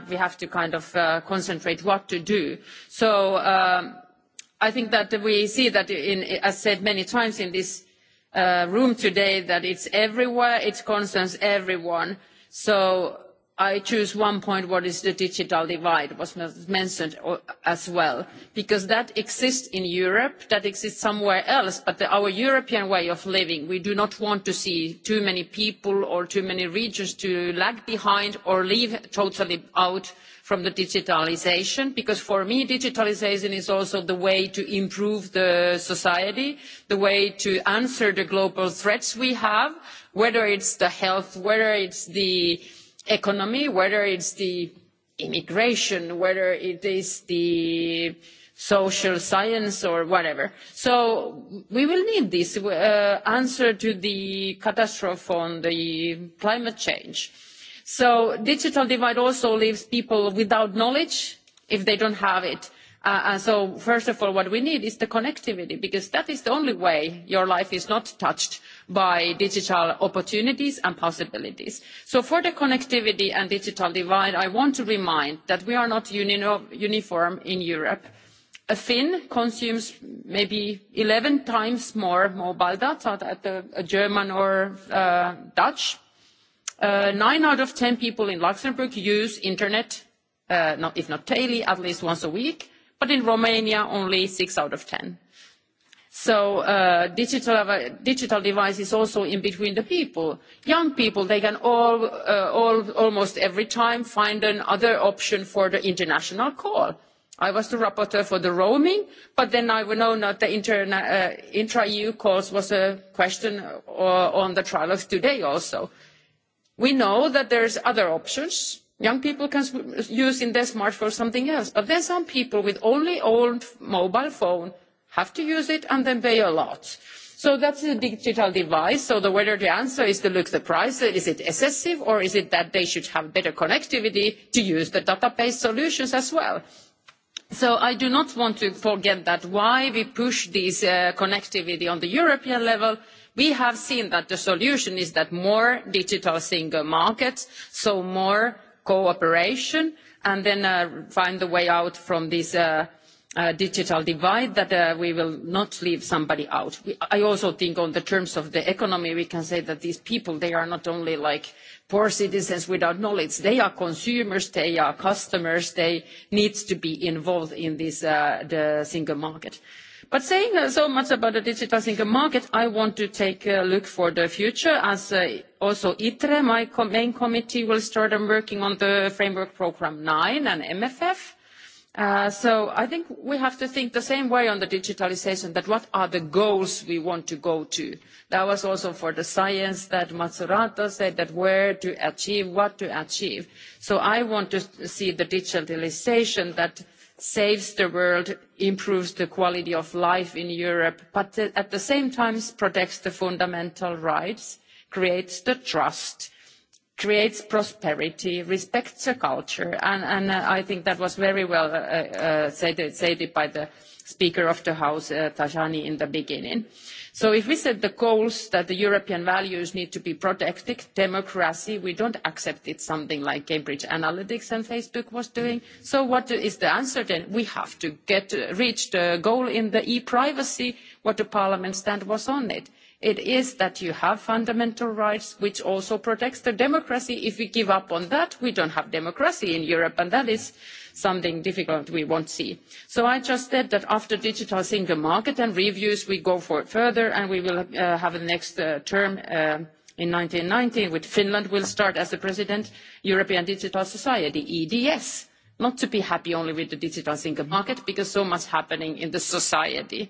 we have to kind of concentrate on what to do. So I think that we see that, in, as said many times in this room today, that it's everywhere, it concerns everyone. So I choose one point, what is the digital divide, was mentioned as well, because that exists in Europe, that exists somewhere else, but our European way of living, we do not want to see too many people or too many regions to lag behind or leave totally out from the digitalisation, because for me, digitalisation is also the way to improve the society, the way to answer the global threats we have, whether it's the health, whether it's the economy, whether it's the immigration, whether it is the social science or whatever. So we will need this answer to the catastrophe on the climate change. So digital divide also leaves people without knowledge if they don't have it and so first of all what we need is the connectivity because that is the only way your life is not touched by digital opportunities and possibilities. so for the connectivity and digital divide i want to remind you that we are not uniform in europe. a finn consumes maybe eleven times more mobile data than a german or a dutch. nine out of ten people in luxembourg use internet if not daily at least once a week but in Romania only six out of ten. So digital, digital devices also in between the people. Young people, they can all, all, almost every time find another option for the international call. I was the rapporteur for the roaming, but then I know that the intra-EU calls was a question on the trilogues today also. We know that there's other options, Young people can use in their smartphone something else, but then some people with only old mobile phone have to use it and then pay a lot. So that's a digital device. So the, whether the answer is to look the price, is it excessive or is it that they should have better connectivity to use the database solutions as well? So I do not want to forget that why we push this connectivity on the European level. We have seen that the solution is that more digital single markets, so more cooperation and then find the way out from this digital divide that we will not leave somebody out. I also think on the terms of the economy, we can say that these people, they are not only like poor citizens without knowledge. They are consumers, they are customers, they need to be involved in this, single market. But saying so much about the digital single market, I want to take a look for the future as also ITRE, my main committee, will start working on the Framework Programme 9 and MFF. So I think we have to think the same way on the digitalization, that what are the goals we want to go to? That was also for the science that Mazzurato said, that where to achieve, what to achieve. So I want to see the digitalization that saves the world, improves the quality of life in Europe, but at the same time protects the fundamental rights, creates the trust, creates prosperity, respects the culture, and, I think that was very well said, by the Speaker of the House, Tajani, in the beginning. So if we set the goals that the European values need to be protected, democracy, we don't accept it something like Cambridge Analytics and Facebook was doing. So what is the answer then? We have to reach the goal in the e-privacy, what the Parliament stand was on it it is that you have fundamental rights which also protects the democracy. If we give up on that, we don't have democracy in Europe, and that is something difficult we won't see. So I just said that after the digital single market and reviews, we go for it further, and we will have the next term in ninety with Finland will start as the president, European Digital Society, EDS. Not to be happy only with the digital single market, because so much is happening in the society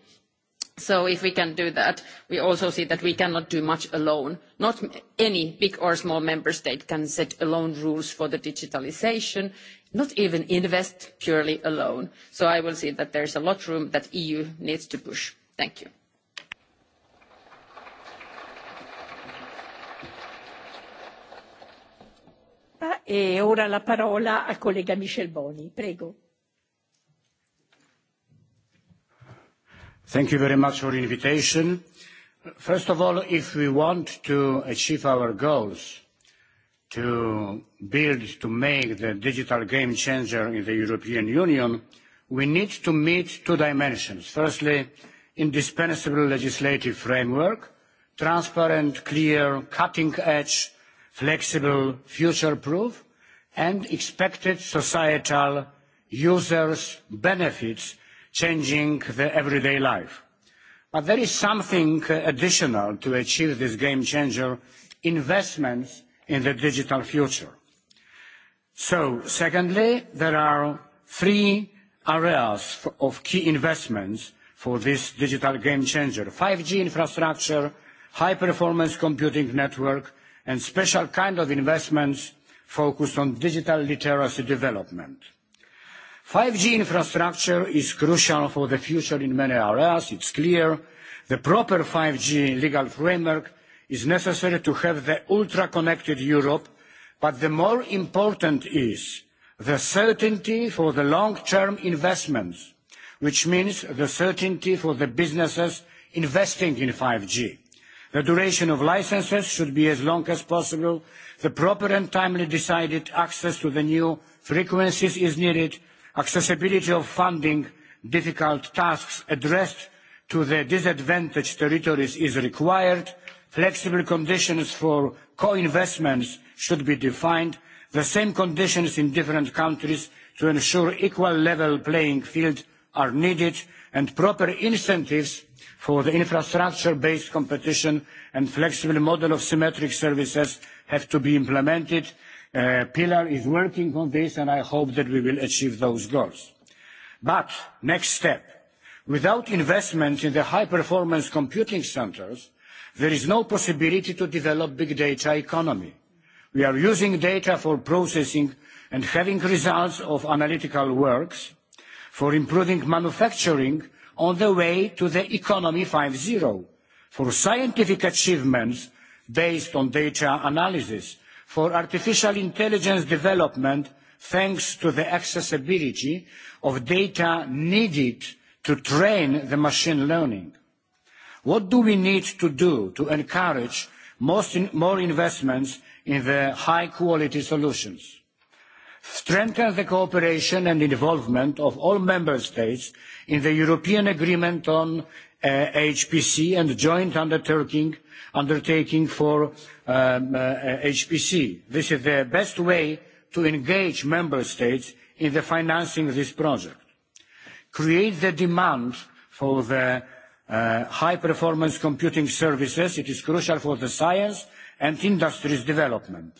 So If we can do that, we also see that we cannot do much alone. Not any big or small member state can set alone rules for the digitalisation not even invest purely alone. So I will see that there is a lot of room that the EU needs to push. Thank you. E ora la parola al collega Michel Boni. Prego. Thank you very much for the invitation. First of all, if we want to achieve our goals, to build, to make the digital game changer in the European Union, we need to meet two dimensions. Firstly, indispensable legislative framework, transparent, clear, cutting-edge, flexible, future-proof, and expected societal users' benefits changing their everyday life. But there is something additional to achieve this game changer, investments in the digital future. So secondly, there are three areas of key investments for this digital game changer: 5G infrastructure, high-performance computing network, and special kind of investments focused on digital literacy development. 5G infrastructure is crucial for the future in many areas. It's clear the proper 5G legal framework is necessary to have the ultra-connected Europe, but the more important is the certainty for the long-term investments, which means the certainty for the businesses investing in 5G. The duration of licenses should be as long as possible. The proper and timely decided access to the new frequencies is needed, accessibility of funding, difficult tasks addressed to the disadvantaged territories is required, flexible conditions for co-investments should be defined, the same conditions in different countries to ensure equal level playing field are needed, and proper incentives for the infrastructure-based competition and flexible model of symmetric services have to be implemented pillar is working on this, and I hope that we will achieve those goals. But next step, without investment in the high-performance computing centers, there is no possibility to develop big data economy. We are using data for processing and having results of analytical works, for improving manufacturing on the way to the economy 5.0, for scientific achievements based on data analysis, for artificial intelligence development thanks to the accessibility of data needed to train the machine learning. What do we need to do to encourage most in, more investments in the high quality solutions? Strengthen the cooperation and involvement of all member states in the European Agreement on uh, HPC and joint undertaking undertaking for HPC. This is the best way to engage member states in the financing of this project. Create the demand for the high performance computing services. It is crucial for the science and industry's development.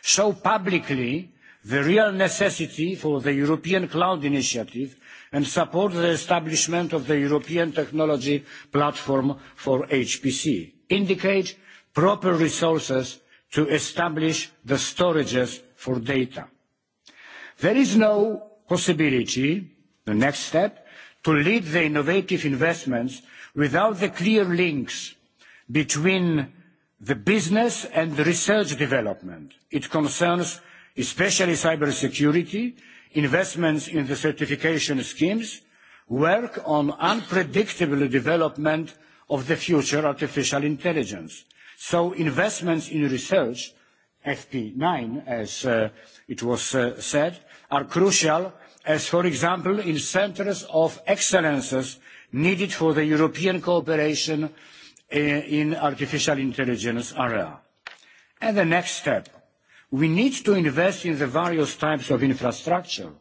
Show publicly the real necessity for the European Cloud Initiative and support the establishment of the European Technology Platform for HPC indicate proper resources to establish the storages for data. There is no possibility, the next step, to lead the innovative investments without the clear links between the business and the research development. It concerns especially cybersecurity, investments in the certification schemes, work on unpredictable development of the future artificial intelligence. So investments in research, FP9 as uh, it was uh, said, are crucial as, for example, in centres of excellences needed for the European cooperation uh, in artificial intelligence area. And the next step, we need to invest in the various types of infrastructure,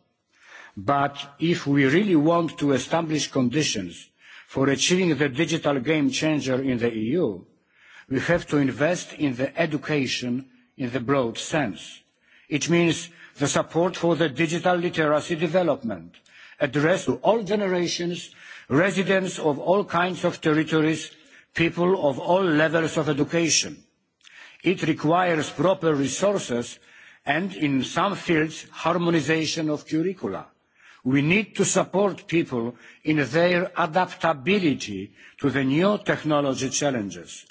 but if we really want to establish conditions For achieving the digital game changer in the EU, we have to invest in the education in the broad sense. It means the support for the digital literacy development addressed to all generations, residents of all kinds of territories, people of all levels of education. It requires proper resources and in some fields harmonisation of curricula We need to support people in their adaptability to the new technology challenges.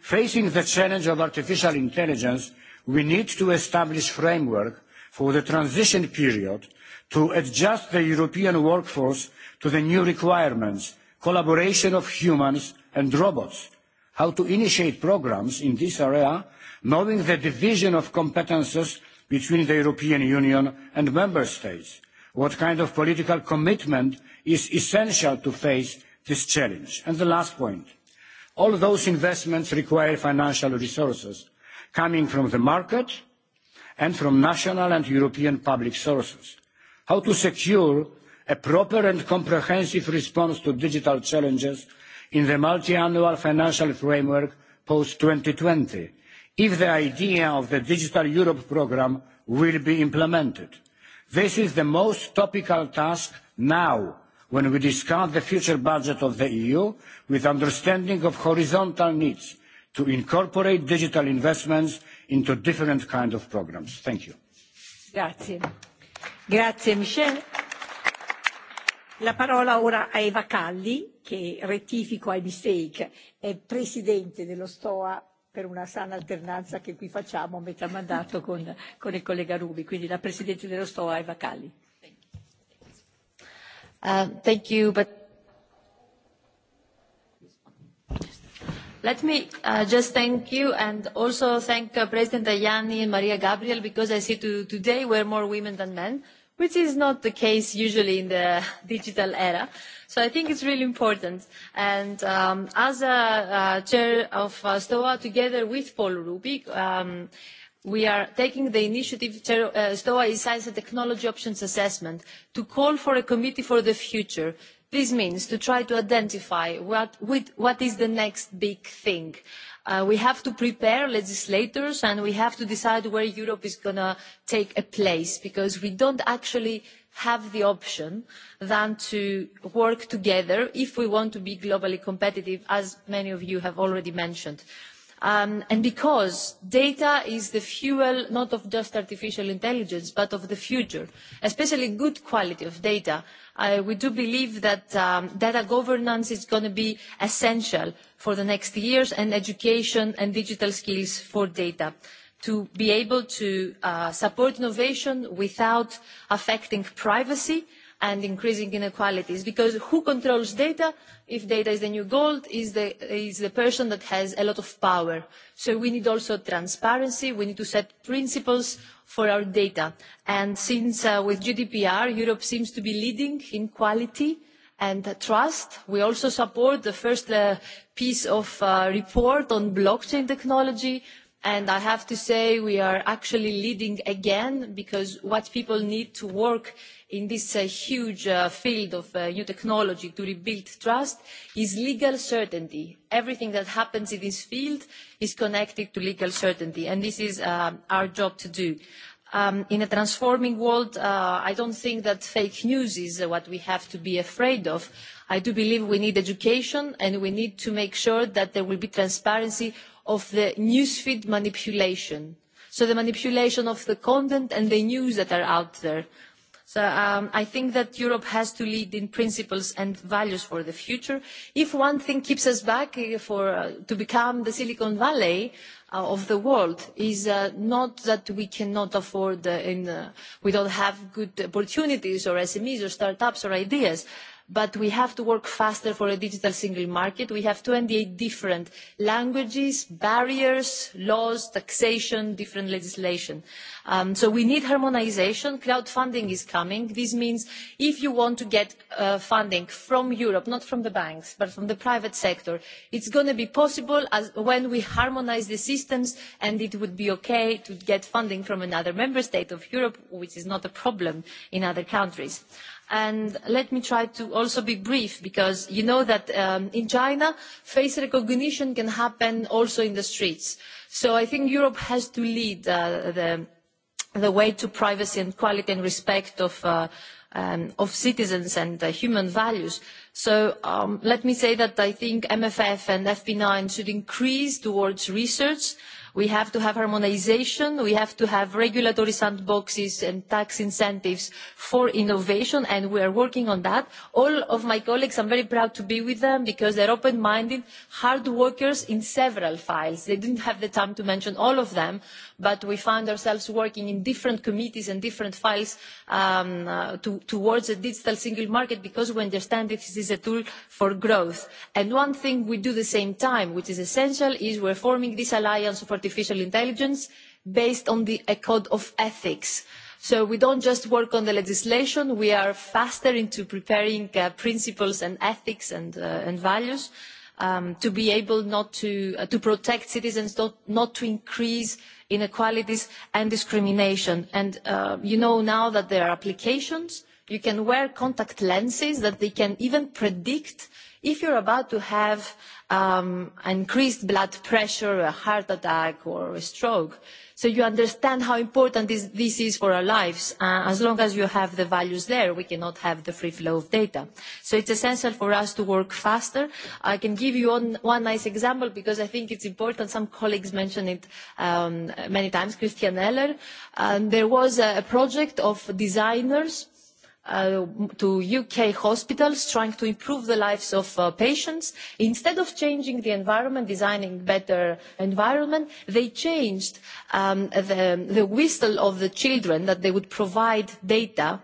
Facing the challenge of artificial intelligence, we need to establish framework for the transition period to adjust the European workforce to the new requirements, collaboration of humans and robots, how to initiate programmes in this area, knowing the division of competences between the European Union and Member States, what kind of political commitment is essential to face this challenge. And the last point, all those investments require financial resources coming from the market and from national and European public sources. How to secure a proper and comprehensive response to digital challenges in the multiannual financial framework post twenty if the idea of the Digital Europe programme will be implemented This is the most topical task now when we discuss the future budget of the EU with understanding of horizontal needs to incorporate digital investments into different kinds of programmes. Thank you. Grazie. Grazie Michel. La parola ora a Eva Calli, che rettifico ai mistake, è presidente dello STOA per una sana alternanza che qui facciamo a metà mandato con, con il collega Rubi. Quindi la Presidente dello Stoa è Vacalli. Uh, thank you, but Let me uh, just thank you and also thank uh, President Ayani and Maria Gabriel because I see to, today we're more women than men, which is not the case usually in the digital era. Uh, So I think it's really important. And um, as a a chair of uh, STOA, together with Paul Rubik, um, we are taking the initiative stoa is science and technology options assessment to call for a committee for the future. this means to try to identify what is the next big thing. we have to prepare legislators and we have to decide where europe is going to take a place because we don't actually have the option than to work together if we want to be globally competitive, as many of you have already mentioned. and because data is the fuel not of just artificial intelligence, but of the future, especially good quality of data, we do believe that data governance is going to be essential for the next years and education and digital skills for data to be able to uh, support innovation without affecting privacy and increasing inequalities because who controls data if data is the new gold is the, is the person that has a lot of power so we need also transparency we need to set principles for our data and since uh, with gdpr europe seems to be leading in quality and trust. We also support the first piece of report on blockchain technology, And I have to say we are actually leading again because what people need to work in this huge field of new technology to rebuild trust is legal certainty. Everything that happens in this field is connected to legal certainty, and this is our job to do. in a transforming world, I don't think that fake news is what we have to be afraid of. I do believe we need education, and we need to make sure that there will be transparency of the newsfeed manipulation. So the manipulation of the content and the news that are out there. So um, I think that Europe has to lead in principles and values for the future. If one thing keeps us back for, uh, to become the Silicon Valley uh, of the world is uh, not that we cannot afford, uh, in, uh, we don't have good opportunities or SMEs or startups or ideas but we have to work faster for a digital single market. We have twenty eight different languages, barriers, laws, taxation, different legislation. so we need harmonisation. Crowdfunding is coming. This means if you want to get funding from Europe, not from the banks, but from the private sector, it is going to be possible when we harmonise the systems and it would be okay to get funding from another member state of Europe, which is not a problem in other countries. And let me try to also be brief because you know that um, in China, face recognition can happen also in the streets. So I think Europe has to lead uh, the, the way to privacy and quality and respect of, uh, um, of citizens and uh, human values. So um, let me say that I think MFF and FP9 should increase towards research We have to have harmonization. We have to have regulatory sandboxes and tax incentives for innovation, and we are working on that. All of my colleagues, I'm very proud to be with them because they're open-minded, hard workers in several files. They didn't have the time to mention all of them, but we found ourselves working in different committees and different files towards a digital single market because we understand that this is a tool for growth. And one thing we do at the same time, which is essential, is we are forming this alliance of artificial intelligence based on the, a code of ethics. So we do not just work on the legislation, we are faster in preparing principles and ethics and, values um, to be able not to, uh, to protect citizens, not, not to increase inequalities and discrimination. And uh, you know now that there are applications, you can wear contact lenses that they can even predict if you're about to have um, increased blood pressure, a heart attack or a stroke So you understand how important this, this is for our lives. Uh, as long as you have the values there, we cannot have the free flow of data. So it's essential for us to work faster. I can give you one, one nice example because I think it's important. Some colleagues mentioned it um, many times, Christian Eller. Um, there was a project of designers to UK hospitals trying to improve the lives of uh, patients. Instead of changing the environment, designing better environment, they changed um, the, the whistle of the children that they would provide data,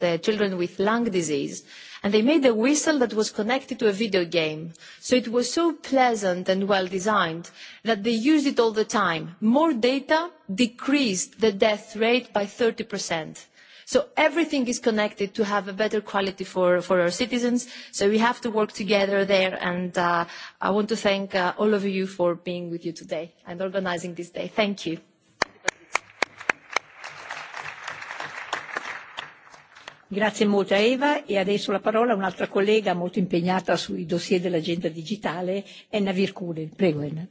the children with lung disease, and they made a whistle that was connected to a video game. So it was so pleasant and well designed that they used it all the time. More data decreased the death rate by 30 percent So everything is connected to have a better quality for, for our citizens. So we have to work together there. And uh, I want to thank uh, all of you for being with you today and organizing this day. Thank you. Grazie molto a Eva e adesso la parola a un'altra collega molto impegnata sui dossier dell'agenda digitale, Enna Virkunen. Prego Enna.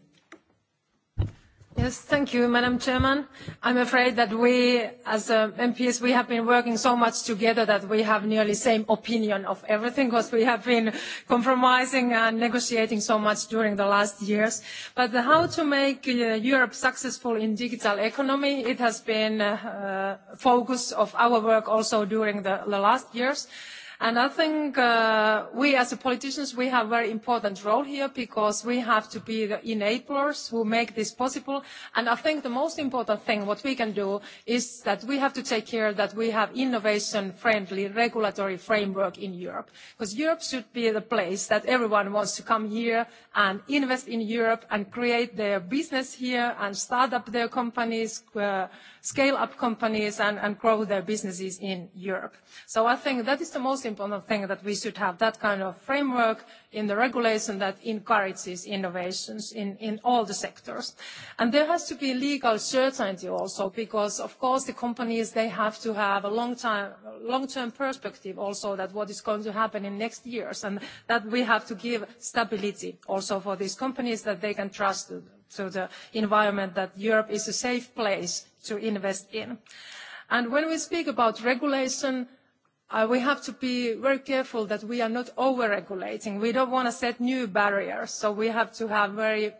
Yes, thank you, Madam Chairman. I'm afraid that we, as MPs, we have been working so much together that we have nearly same opinion of everything because we have been compromising and negotiating so much during the last years. But how to make Europe successful in digital economy, it has been a focus of our work also during the last years. And I think we as politicians, we have a very important role here because we have to be the enablers who make this possible. And I think the most important thing what we can do is that we have to take care that we have innovation-friendly regulatory framework in Europe. Because Europe should be the place that everyone wants to come here and invest in Europe and create their business here and start up their companies, uh, scale up companies and, and grow their businesses in Europe. So I think that is the most important thing that we should have that kind of framework in the regulation that encourages innovations in, in all the sectors. And there has to be legal certainty also because, of course, the companies, they have to have a long-term long -term perspective also that what is going to happen in next years and that we have to give stability also for these companies that they can trust to the environment that Europe is a safe place to invest in. And when we speak about regulation, we have to be very careful that we are not over-regulating. We don't want to set new barriers, so we have to have very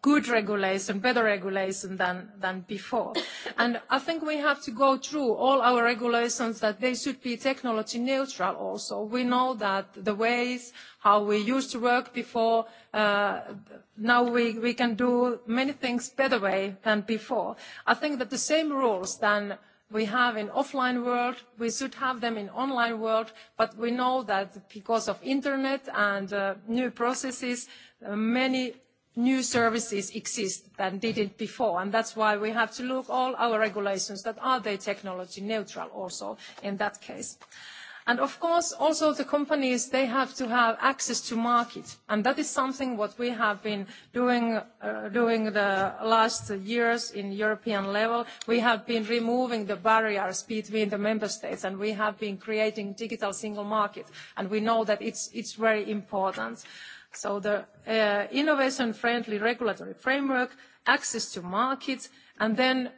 good regulation, better regulation than before. And I think we have to go through all our regulations that they should be technology neutral also. We know that the ways how we used to work before, now we can do many things better way than before. I think that the same rules than we have in offline world, we should have them in online world, but we know that because of internet and uh, new processes, uh, many new services exist that didn't before, and that's why we have to look all our regulations that are they technology neutral also in that case. Uh, of course, also the companies, they have to have access to market, and that is something what we have been doing during the last years in European level. We have been removing the barriers between the member states, and we have been creating digital single market, and we know that it's very important. So the innovation-friendly regulatory framework, access to market and then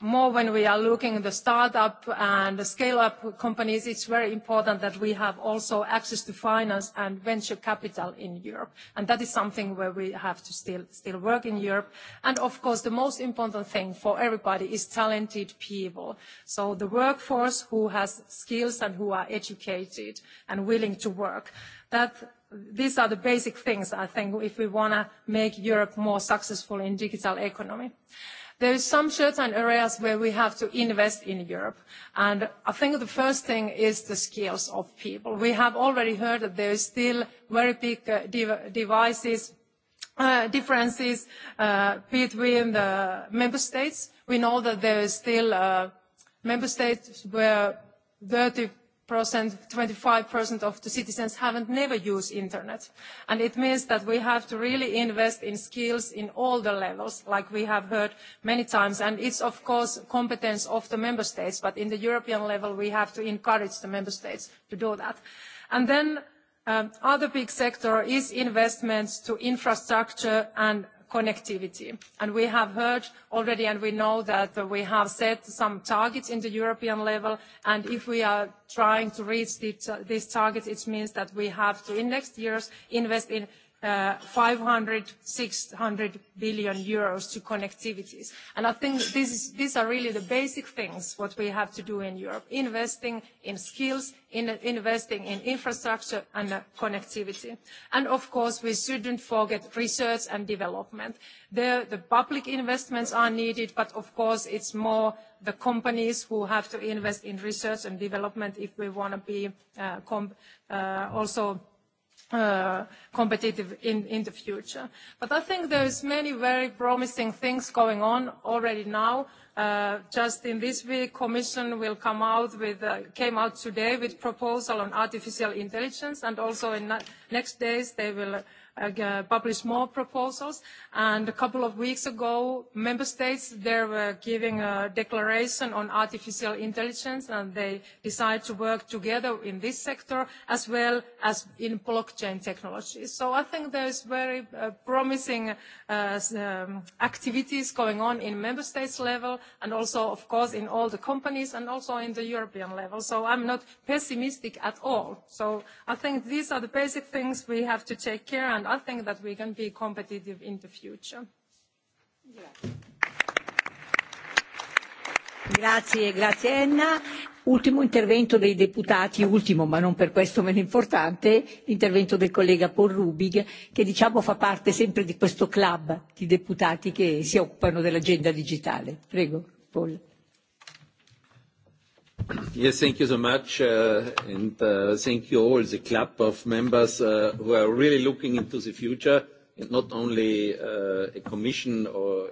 more when we are looking at the startup and the scale-up companies, it's very important that we have also access to finance and venture capital in Europe. And that is something where we have to still, work in Europe. And of course, the most important thing for everybody is talented people. So the workforce who has skills and who are educated and willing to work. these are the basic things, I think, if we want to make Europe more successful in digital economy. There are some certain areas where we have to invest in Europe, and I think the first thing is the skills of people. We have already heard that there is still very big devices differences between the member states. We know that there is still member states where 30 25% of the citizens haven't never used internet. And it means that we have to really invest in skills in all the levels, like we have heard many times. And it's, of course, competence of the member states, but in the European level, we have to encourage the member states to do that. And then other big sector is investments to infrastructure and connectivity. And we have heard already, and we know that we have set some targets in the European level, and if we are trying to reach these targets, it means that we have to, in next years, invest in 500 600 billion euros to connectivities. And I think this is, these are really the basic things what we have to do in Europe, investing in skills, investing in infrastructure and connectivity. And of course, we shouldn't forget research and development. There, the public investments are needed, but of course, it's more the companies who have to invest in research and development if we want to be also uh, competitive in, in the future. But I think there's many very promising things going on already now. Uh, just in this week, Commission will come out with, uh, came out today with proposal on artificial intelligence, and also in next days they will uh, publish more proposals. And a couple of weeks ago, member states, they were giving a declaration on artificial intelligence and they decided to work together in this sector as well as in blockchain technology. So I think there's very uh, promising uh, um, activities going on in member states level and also, of course, in all the companies and also in the European level. So I'm not pessimistic at all. So I think these are the basic things we have to take care and and I think that we can be competitive in the future. Grazie, grazie Enna. Ultimo intervento dei deputati, ultimo ma non per questo meno importante, l'intervento del collega Paul Rubig, che diciamo fa parte sempre di questo club di deputati che si occupano dell'agenda digitale. Prego, Paul. Yes, thank you so much. And thank you all, the club of members who are really looking into the future, and not only a commission or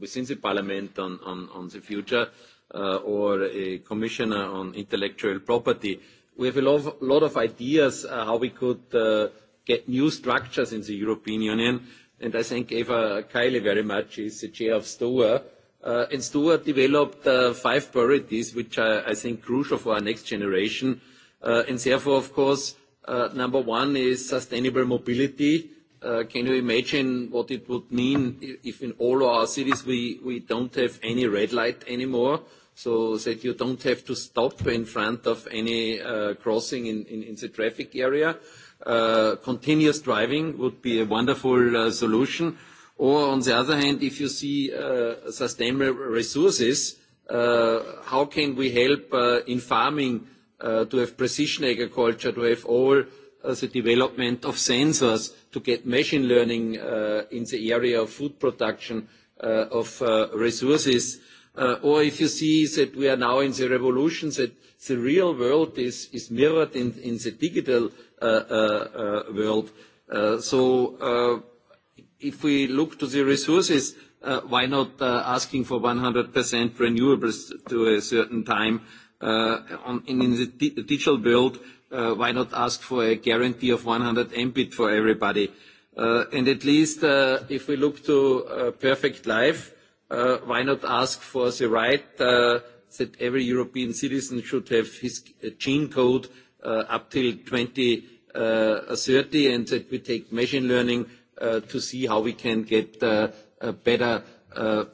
within the parliament on the future, or a commissioner on intellectual property. We have a lot of ideas how we could get new structures in the European Union, and I thank Eva Kaili very much. She's the chair of STOA, and Stuart developed five priorities, which are, I think, crucial for our next generation. And therefore, of course, number one is sustainable mobility. Can you imagine what it would mean if in all our cities we we don't have any red light anymore, so that you don't have to stop in front of any crossing in in the traffic area? Continuous driving would be a wonderful solution Or on the other hand, if you see sustainable resources, how can we help in farming to have precision agriculture, to have all the development of sensors, to get machine learning in the area of food production, of resources, or if you see that we are now in the revolution that the real world is, mirrored in, the digital world. so if we look to the resources, uh why not uh asking for 100% renewables to a certain time? uh on In the digital world, uh why not ask for a guarantee of 100 Mbit for everybody? Uh And at least, uh if we look to uh perfect life, uh why not ask for the right uh that every European citizen should have his gene code uh up till 2030, and that we take machine learning to see how we can get better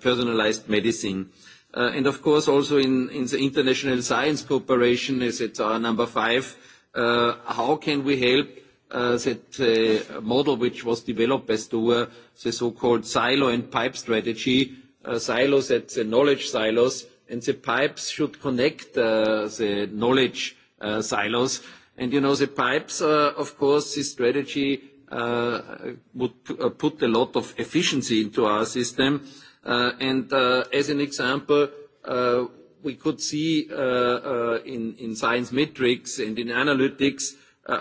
personalized medicine. And of course, also in the international science cooperation, as it's our number five, how can we help that model which was developed by Ströer, the so-called silo and pipe strategy. Silos, that's the knowledge silos, and the pipes should connect the knowledge silos. And you know, the pipes, of course, this strategy would put a lot of efficiency into our system. And as an example, we could see in Science Metrics and in analytics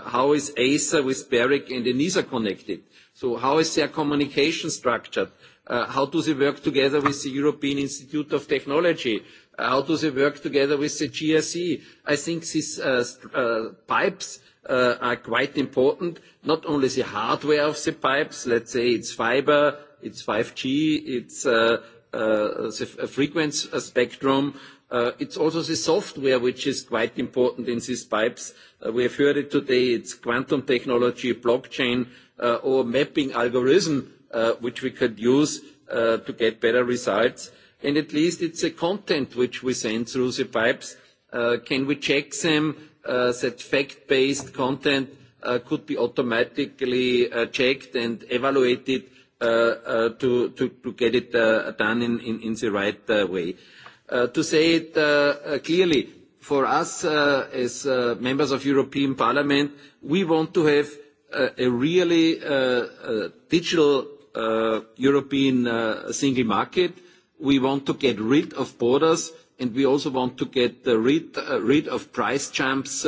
how is ACER with BEREC and ENISA connected? So how is their communication structured? How do they work together with the European Institute of Technology? How do they work together with the GRC? I think these pipes are quite important. Not only the hardware of the pipes, let's say it's fiber, it's 5G, it's the frequency spectrum. It's also the software, which is quite important in these pipes. We have heard it today, it's quantum technology, blockchain, or mapping algorithm, which we could use to get better results. And at least it's the content which we send through the pipes. Can we check them? that fact-based content could be automatically checked and evaluated to get it done in the right way. To say it clearly, for us as members of European Parliament, we want to have a really digital European single market. We want to get rid of borders and we also want to get rid of price jumps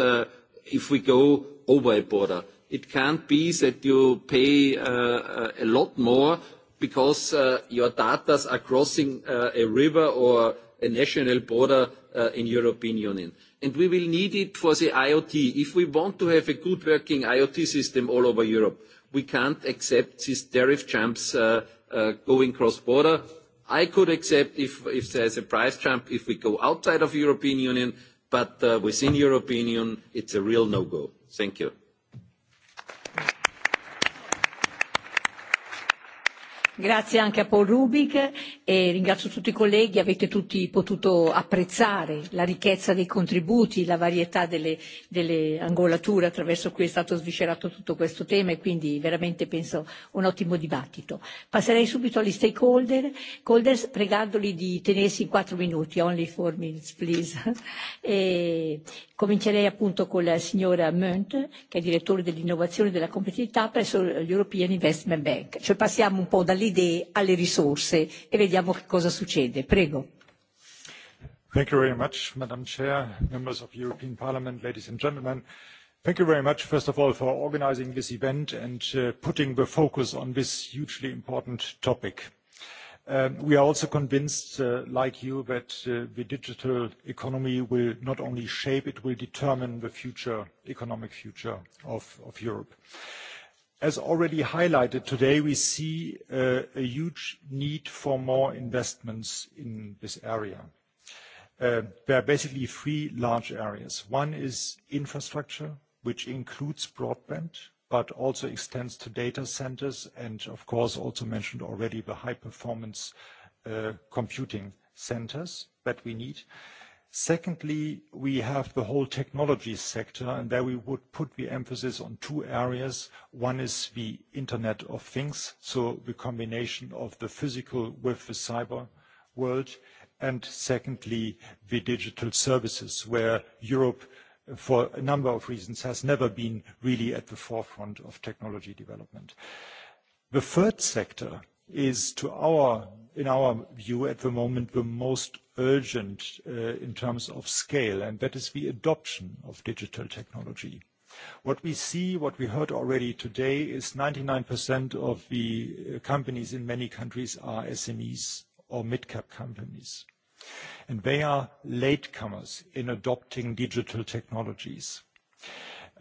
if we go over a border. It can't be that you pay a lot more because your data are crossing a river or a national border in the European Union. And we will need it for the IoT. If we want to have a good working IoT system all over Europe, we can't accept these tariff jumps going cross-border I could accept if, if there's a price jump if we go outside of European Union, but uh, within European Union, it's a real no-go. Thank you. Grazie anche a Paul Rubig e ringrazio tutti i colleghi, avete tutti potuto apprezzare la ricchezza dei contributi, la varietà delle, delle angolature attraverso cui è stato sviscerato tutto questo tema e quindi veramente penso un ottimo dibattito. Passerei subito agli stakeholder, pregandoli di tenersi in quattro minuti, only four minutes please. E comincerei appunto con la signora Munt, che è direttore dell'innovazione e della competitività presso l'European Investment Bank. Cioè passiamo un po' dall'idea idee, alle risorse e vediamo che cosa succede. Prego. Thank you very much, Madam Chair, members of European Parliament, ladies and gentlemen. Thank you very much, first of all, for organizing this event and uh, putting the focus on this hugely important topic. We are also convinced, like you, that the digital economy will not only shape, it will determine the future, economic future of Europe. As already highlighted today, we see a huge need for more investments in this area. There are basically three large areas. One is infrastructure, which includes broadband, but also extends to data centers and of course, also mentioned already the high-performance computing centers that we need. Secondly, we have the whole technology sector, and there we would put the emphasis on two areas. One is the Internet of Things, so the combination of the physical with the cyber world. and Secondly, the digital services, where Europe, for a number of reasons, has never been really at the forefront of technology development. The third sector is, to our in our view at the moment, the most urgent in terms of scale, and that is the adoption of digital technology. What we see, what we heard already today, is 99% of the companies in many countries are SMEs or mid-cap companies, and they are latecomers in adopting digital technologies.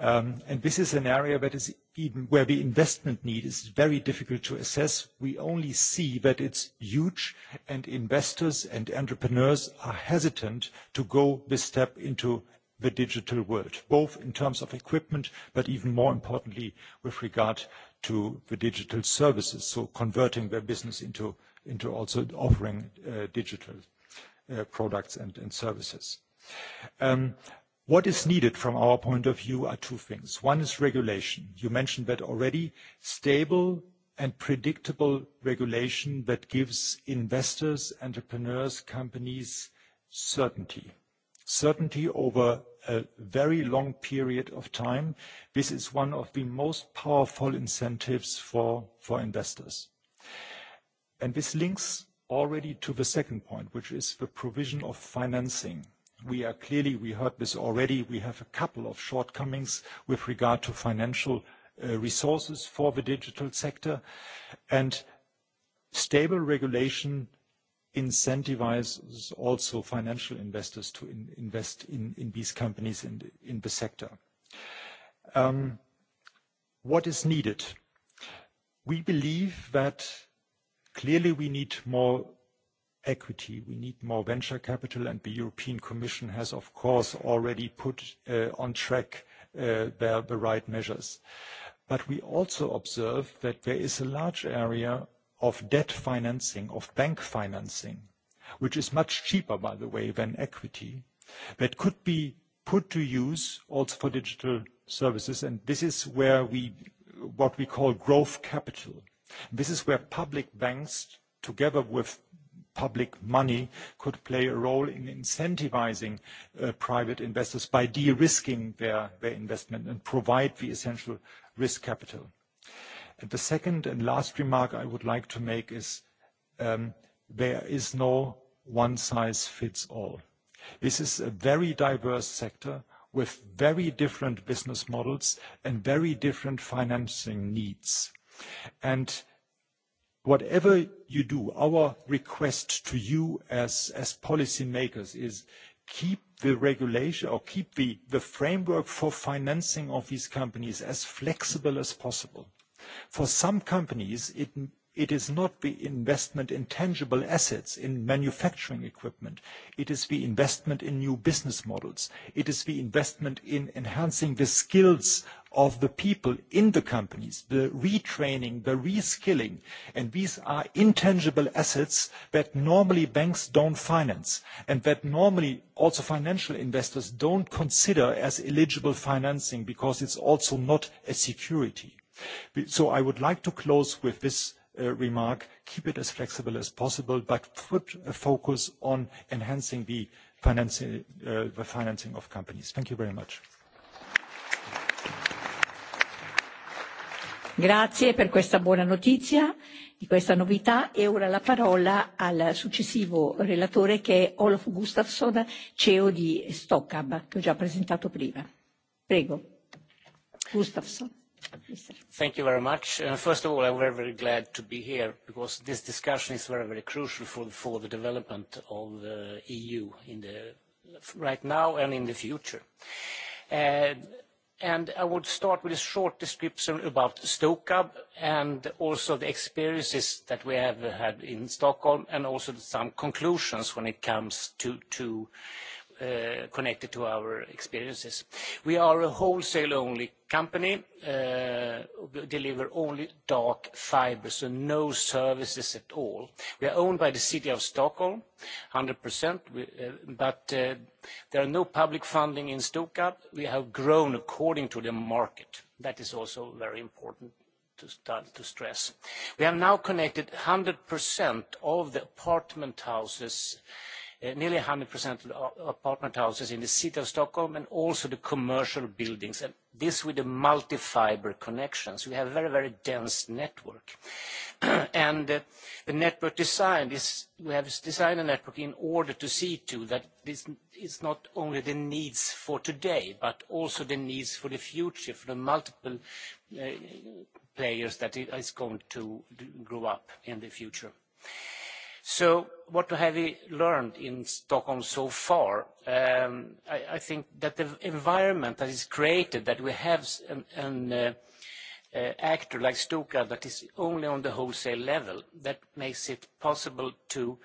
And this is an area that is even where the investment need is very difficult to assess. We only see that it's huge, and investors and entrepreneurs are hesitant to go this step into the digital world, both in terms of equipment, but even more importantly, with regard to the digital services, so converting their business into also offering digital products and services. What is needed from our point of view are two things. One is regulation. You mentioned that already. Stable and predictable regulation that gives investors, entrepreneurs, companies certainty. Certainty over a very long period of time. This is one of the most powerful incentives for investors. This links already to the second point, which is the provision of financing we are clearly, we heard this already, we have a couple of shortcomings with regard to financial resources for the digital sector. And stable regulation incentivizes also financial investors to invest in these companies in the sector. What is needed? We believe that clearly we need more equity. We need more venture capital, and the European Commission has, of course, already put on track the right measures. But we also observe that there is a large area of debt financing, of bank financing, which is much cheaper, by the way, than equity, that could be put to use also for digital services. And this is where we, what we call growth capital. This is where public banks, together with public money could play a role in incentivizing private investors by de-risking their investment and provide the essential risk capital. The second and last remark I would like to make is there is no one-size-fits-all. This is a very diverse sector with very different business models and very different financing needs. and whatever you do, our request to you as as policymakers is keep the regulation or keep the the framework for financing of these companies as flexible as possible. For some companies, it It is not the investment in tangible assets, in manufacturing equipment. It is the investment in new business models. It is the investment in enhancing the skills of the people in the companies, the retraining, the reskilling. And these are intangible assets that normally banks don't finance and that normally also financial investors don't consider as eligible financing because it's also not a security. So I would like to close with this remark, keep it as flexible as possible, but put a focus on enhancing the financing, of companies. Thank you very much. Grazie per questa buona notizia, di questa novità e ora la parola al successivo relatore che è Olof Gustafsson, CEO di Stockab, che ho già presentato prima. Prego. Gustafsson. Thank you very much. first of all, I'm very, very glad to be here because this discussion is very, very crucial for, for the development of the EU in the, right now and in the future. and I would start with a short description about Stokab and also the experiences that we have had in Stockholm and also some conclusions when it comes to, to connected to our experiences. We are a wholesale-only company, we deliver only dark fiber, so no services at all. We are owned by the City of Stockholm, 100%, but there are no public funding in Stockholm. We have grown according to the market. That is also very important to stress. We have now connected 100% of the apartment houses nearly 100% apartment houses in the city of Stockholm and also the commercial buildings, and this with the multi-fiber connections. we have a very, very dense network. And the network design is we have designed a network in order to see to that this is not only the needs for today, but also the needs for the future, for the multiple players that is going to grow up in the future. So what have we learned in Stockholm so far? Um, I, I think that the environment that is created, that we have an, an uh, uh, actor like Stuka that is only on the wholesale level, that makes it possible to,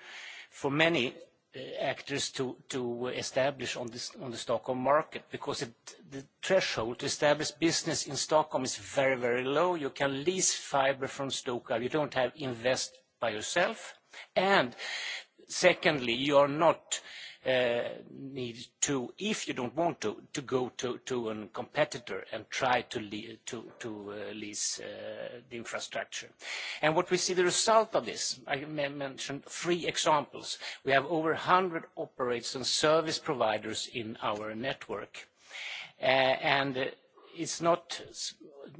for many uh, actors to, to establish on, this, on the Stockholm market because it, the threshold to establish business in Stockholm is very, very low. You can lease fiber from Stuka. You don't have invest by yourself And secondly, you are not need to, if you don't want to, to go to, to a competitor and try to, le to, to uh, lease uh, the infrastructure. And what we see the result of this, I mentioned three examples. We have over 100 operators and service providers in our network. Uh, and uh, it's not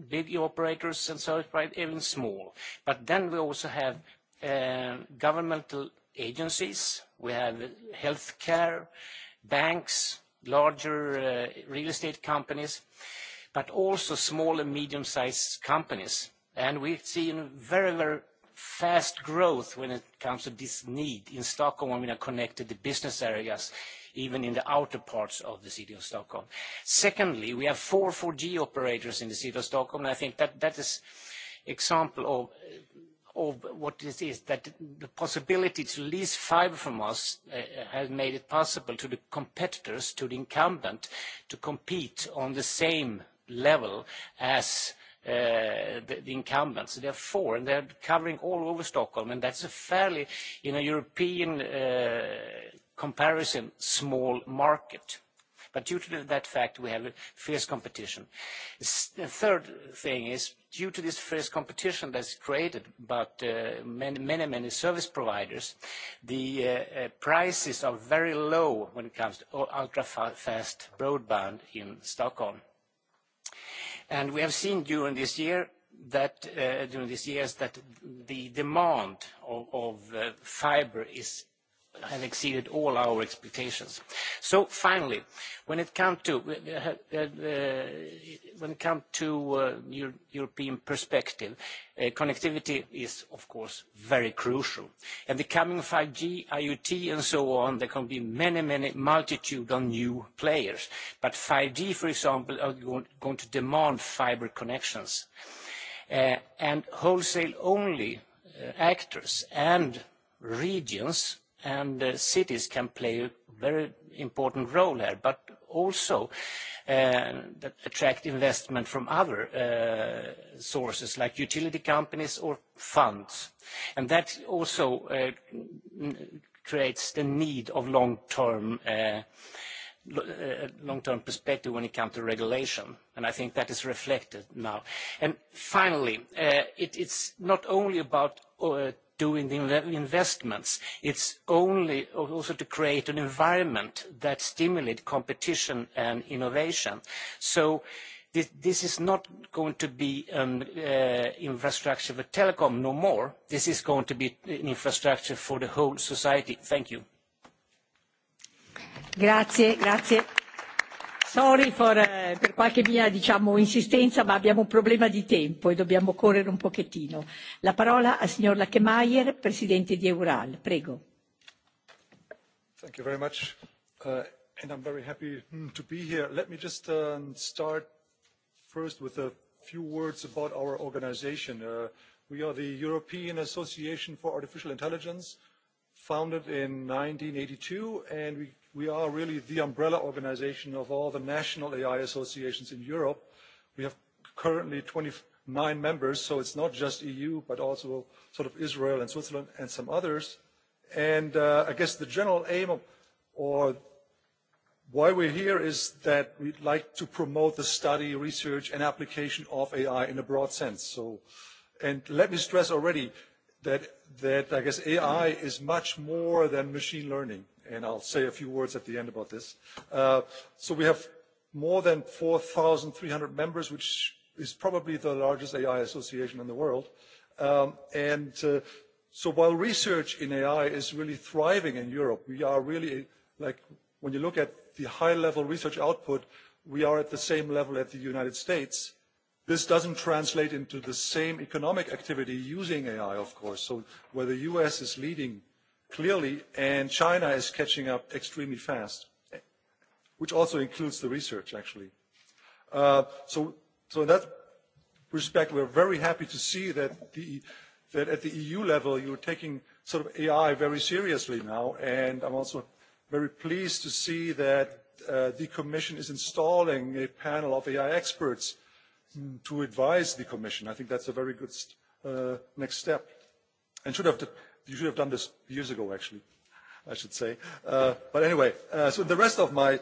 big operators and service providers, even small. But then we also have governmental agencies, we have healthcare, banks, larger uh, real estate companies, but also small and medium-sized companies. And we've seen very, very fast growth when it comes to this need in Stockholm when we connected the business areas, even in the outer parts of the city of Stockholm. Secondly, we have four 4G operators in the city of Stockholm, and I think that that is example of of what this is, that the possibility to lease fiber from us has made it possible to the competitors, to the incumbent, to compete on the same level as the incumbents. There are four and they're covering all over Stockholm, and that's a fairly, in a European comparison, small market. But due to that fact, we have fierce competition. The third thing is, due to this fierce competition that's created about many, many service providers, the prices are very low when it comes to ultra-fast broadband in Stockholm. And we have seen during this year that during these years that the demand of fiber is have exceeded all our expectations. So finally, when it comes to when it comes to European perspective, connectivity is, of course, very crucial. In the coming 5G, IoT, and so on, there can be many, many multitude of new players. But 5G, for example, are going to demand fiber connections. And wholesale-only actors and regions and uh, cities can play a very important role here, but also that attract investment from other sources like utility companies or funds. And that also creates the need of long-term long-term perspective when it comes to regulation, and I think that is reflected now. And Finally, it's not only about doing the investments. It's only also to create an environment that stimulates competition and innovation. So this is not going to be an infrastructure for telecom no more. This is going to be an infrastructure for the whole society. Thank you. Grazie, grazie. Sorry for, eh, per qualche mia diciamo, insistenza, ma abbiamo un problema di tempo e dobbiamo correre un pochettino. La parola al signor Lachemeyer, presidente di Eural. Prego. Thank you very much. Uh, and I'm very happy to be here. Let me just um, start first with a few words about our organization. Uh, we are the European Association for Artificial Intelligence, founded in 1982, and we We are really the umbrella organisation of all the national AI associations in Europe. We have currently twenty nine members, so it's not just EU, but also sort of Israel and Switzerland and some others. And uh, I guess the general aim of, or why we're here is that we'd like to promote the study, research, and application of AI in a broad sense. So, and let me stress already that, that I guess AI is much more than machine learning and I'll say a few words at the end about this. So we have more than 4,300 members, which is probably the largest AI association in the world. And so while research in AI is really thriving in Europe, we are really, like, when you look at the high-level research output, we are at the same level as the United States. This doesn't translate into the same economic activity using AI, of course. So where the U.S. is leading clearly, and China is catching up extremely fast, which also includes the research, actually. so, so in that respect, we're very happy to see that, the, that at the EU level, you're taking sort of AI very seriously now, and I'm also very pleased to see that uh, the Commission is installing a panel of AI experts to advise the Commission. I think that's a very good uh, next step and should have You should have done this years ago, actually, I should say. Uh, but anyway, uh, so the rest of my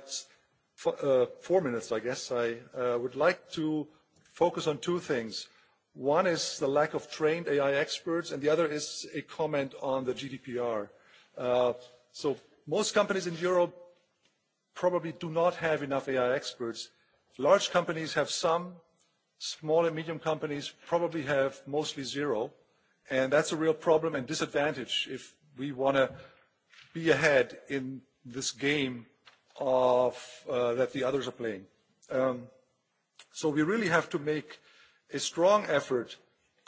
uh, four minutes, I guess, I uh, would like to focus on two things. One is the lack of trained AI experts, and the other is a comment on the GDPR. Uh, so most companies in Europe probably do not have enough AI experts. Large companies have some. Small and medium companies probably have mostly zero And that's a real problem and disadvantage if we want to be ahead in this game of uh, that the others are playing. Um, so we really have to make a strong effort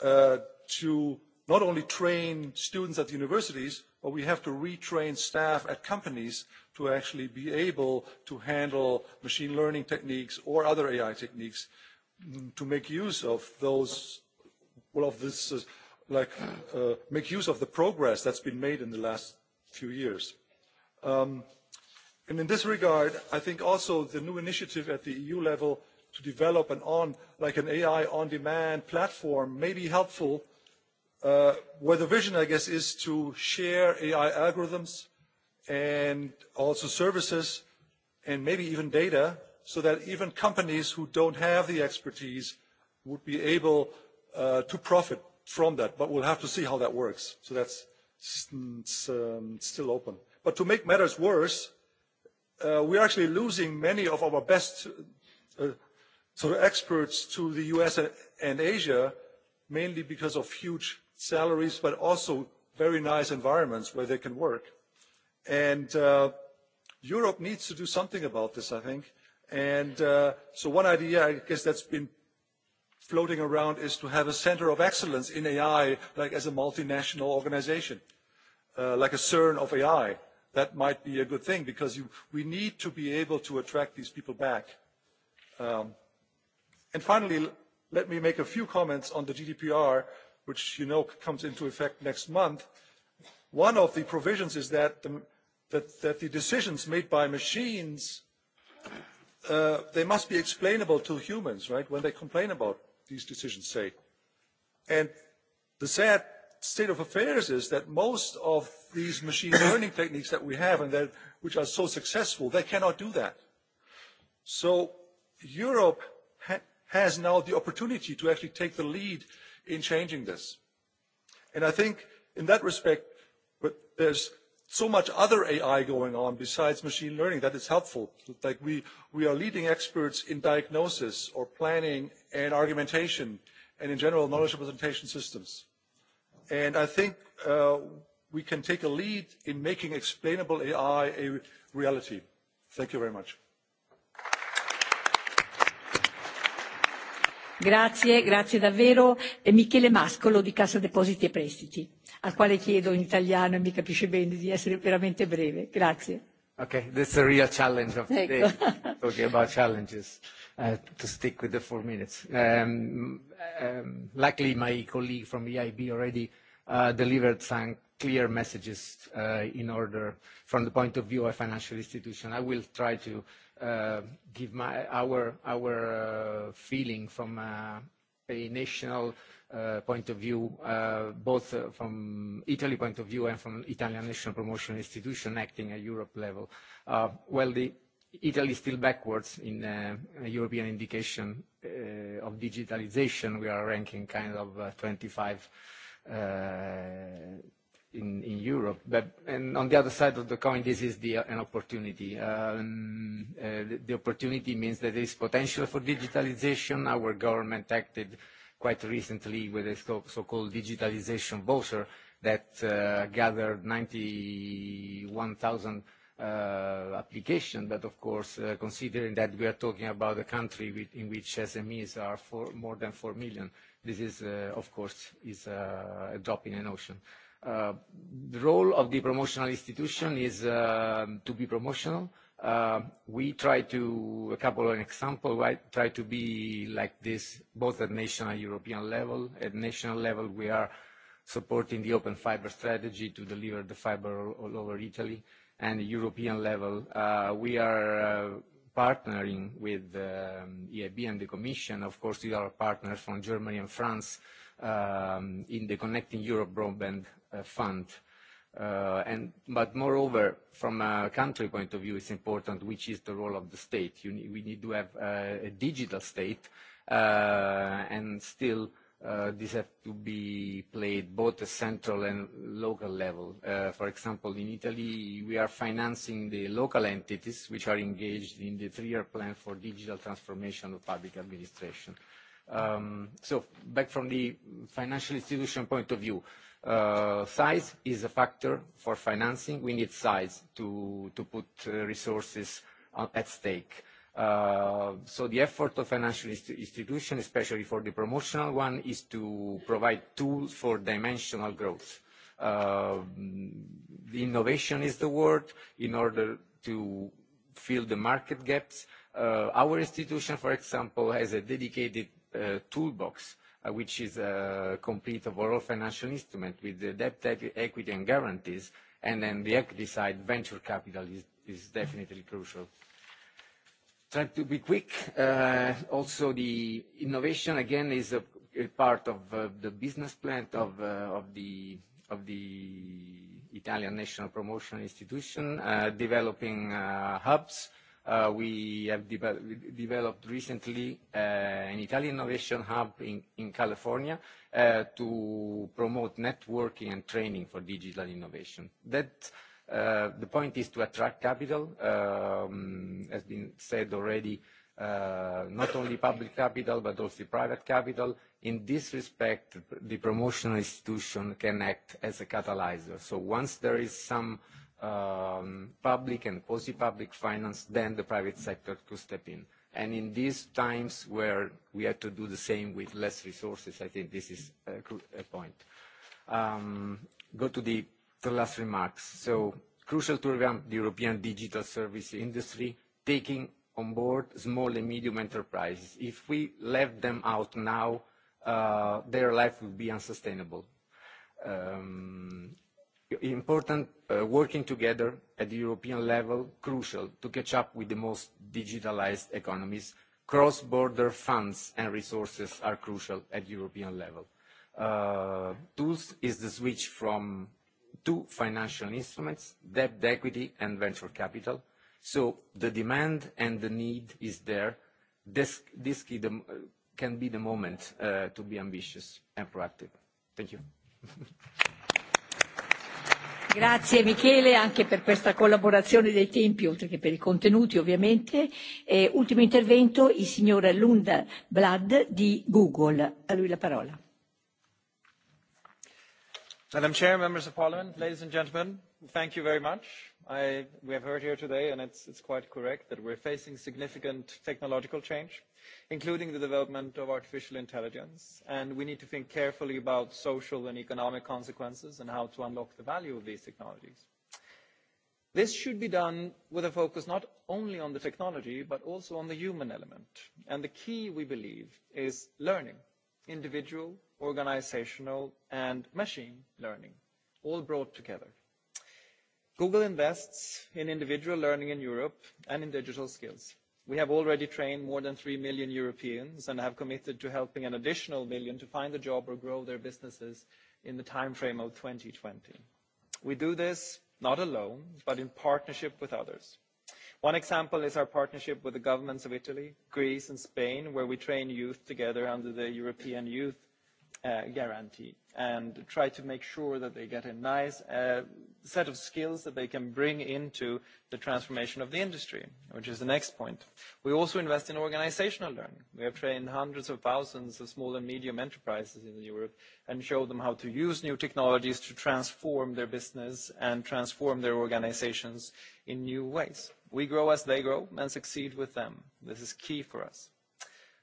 uh, to not only train students at the universities, but we have to retrain staff at companies to actually be able to handle machine learning techniques or other AI techniques to make use of those, well, of this uh, like uh, make use of the progress that's been made in the last few years. Um, and in this regard, I think also the new initiative at the EU level to develop an on, like an AI on-demand platform may be helpful, uh, where the vision, I guess, is to share AI algorithms and also services and maybe even data so that even companies who don't have the expertise would be able uh, to profit from that, but we'll have to see how that works. So that's still open. But to make matters worse, uh, we're actually losing many of our best uh, sort of experts to the US and, and Asia, mainly because of huge salaries, but also very nice environments where they can work. And uh, Europe needs to do something about this, I think. And uh, so one idea, I guess, that's been floating around is to have a center of excellence in AI, like as a multinational organization, uh, like a CERN of AI. That might be a good thing because you, we need to be able to attract these people back. Um, and finally, let me make a few comments on the GDPR, which you know comes into effect next month. One of the provisions is that the, that, that the decisions made by machines uh, they must be explainable to humans, right? When they complain about these decisions say. And the sad state of affairs is that most of these machine learning techniques that we have and that which are so successful, they cannot do that. So Europe ha- has now the opportunity to actually take the lead in changing this. And I think in that respect, but there's so much other AI going on besides machine learning that is helpful. Like we, we are leading experts in diagnosis or planning and argumentation and in general knowledge representation systems. And I think uh, we can take a lead in making explainable AI a reality. Thank you very much. Grazie, grazie davvero. E Michele Mascolo di Cassa Depositi e Prestiti, al quale chiedo in italiano e mi capisce bene di essere veramente breve. Grazie. Okay, that's a real challenge of today, talking about challenges uh, to stick with the four minutes. luckily, my colleague from EIB already uh, delivered some clear messages uh, in order from the point of view of financial institution. I will try to uh, give my, our, our uh, feeling from uh, a national uh, point of view, uh, both uh, from Italy point of view and from Italian National Promotion Institution acting at Europe level. Uh, well, the Italy is still backwards in uh, European indication uh, of digitalization. We are ranking kind of uh, 25 uh, in, in Europe. But and on the other side of the coin, this is the, an opportunity. Um, the, opportunity means that there is potential for digitalization. Our government acted quite recently with a so-called digitalization voucher that uh, gathered 91,000 application. But of course, considering that we are talking about a country in which SMEs are more than 4 million, this is, of course, is a drop in an ocean. The role of the promotional institution is to be promotional. We try to, a couple of examples, try to be like this, both at national and European level. At national level, we are supporting the Open Fiber strategy to deliver the fiber all over Italy and European level, uh, we are uh, partnering with um, EIB and the Commission. Of course, we are partners from Germany and France um, in the Connecting Europe Broadband uh, Fund. Uh, and, but moreover, from a country point of view, it's important which is the role of the state. You need, we need to have uh, a digital state uh, and still uh, uh, these have to be played both at central and local level. Uh, for example, in Italy, we are financing the local entities which are engaged in the three-year plan for digital transformation of public administration. Um, so back from the financial institution point of view, uh, size is a factor for financing. We need size to, to put uh, resources at stake so the effort of financial institutions, especially for the promotional one, is to provide tools for dimensional growth. innovation is the word in order to fill the market gaps. our institution, for example, has a dedicated uh, toolbox which is a complete overall financial instrument with the debt, equity, and guarantees. And then the equity side, venture capital is, is definitely crucial. Try to be quick. Also the innovation, again, is a part of the business plan of the Italian National Promotion Institution, developing hubs. We have developed recently an Italian Innovation Hub in California to promote networking and training for digital innovation. That Uh, the point is to attract capital, um, has been said already, uh, not only public capital, but also private capital. In this respect, the promotional institution can act as a catalyzer. So once there is some um, public and quasi-public finance, then the private sector could step in. And in these times where we have to do the same with less resources, I think this is a, a point. Um, go to the the last remarks. So crucial to revamp the European digital service industry, taking on board small and medium enterprises. If we left them out now, uh, their life would be unsustainable. Um, important uh, working together at the European level, crucial to catch up with the most digitalized economies. Cross-border funds and resources are crucial at European level. Uh, tools is the switch from two financial instruments, debt equity and venture capital. the demand and the need is there. This, can be the moment to be ambitious and proactive. Thank you. Grazie Michele anche per questa collaborazione dei tempi, oltre che per i contenuti ovviamente. ultimo intervento il signor Lundblad di Google. A lui la parola. Madam Chair, members of Parliament, ladies and gentlemen, thank you very much. I, we have heard here today, and it's, it's quite correct, that we're facing significant technological change, including the development of artificial intelligence, and we need to think carefully about social and economic consequences and how to unlock the value of these technologies. This should be done with a focus not only on the technology, but also on the human element. And the key, we believe, is learning, individual, organizational, and machine learning, all brought together. Google invests in individual learning in Europe and in digital skills. We have already trained more than 3 million Europeans and have committed to helping an additional million to find a job or grow their businesses in the timeframe of 2020. We do this not alone, but in partnership with others. One example is our partnership with the governments of Italy, Greece, and Spain, where we train youth together under the European Youth uh, guarantee and try to make sure that they get a nice uh, set of skills that they can bring into the transformation of the industry, which is the next point. We also invest in organizational learning. We have trained hundreds of thousands of small and medium enterprises in Europe and show them how to use new technologies to transform their business and transform their organizations in new ways. We grow as they grow and succeed with them. This is key for us.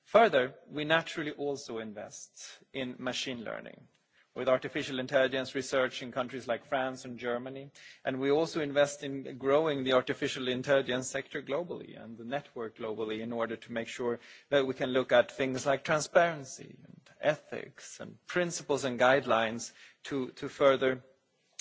Further, we naturally also invest in machine learning with artificial intelligence research in countries like France and Germany. And we also invest in growing the artificial intelligence sector globally and the network globally in order to make sure that we can look at things like transparency and ethics and principles and guidelines to, to further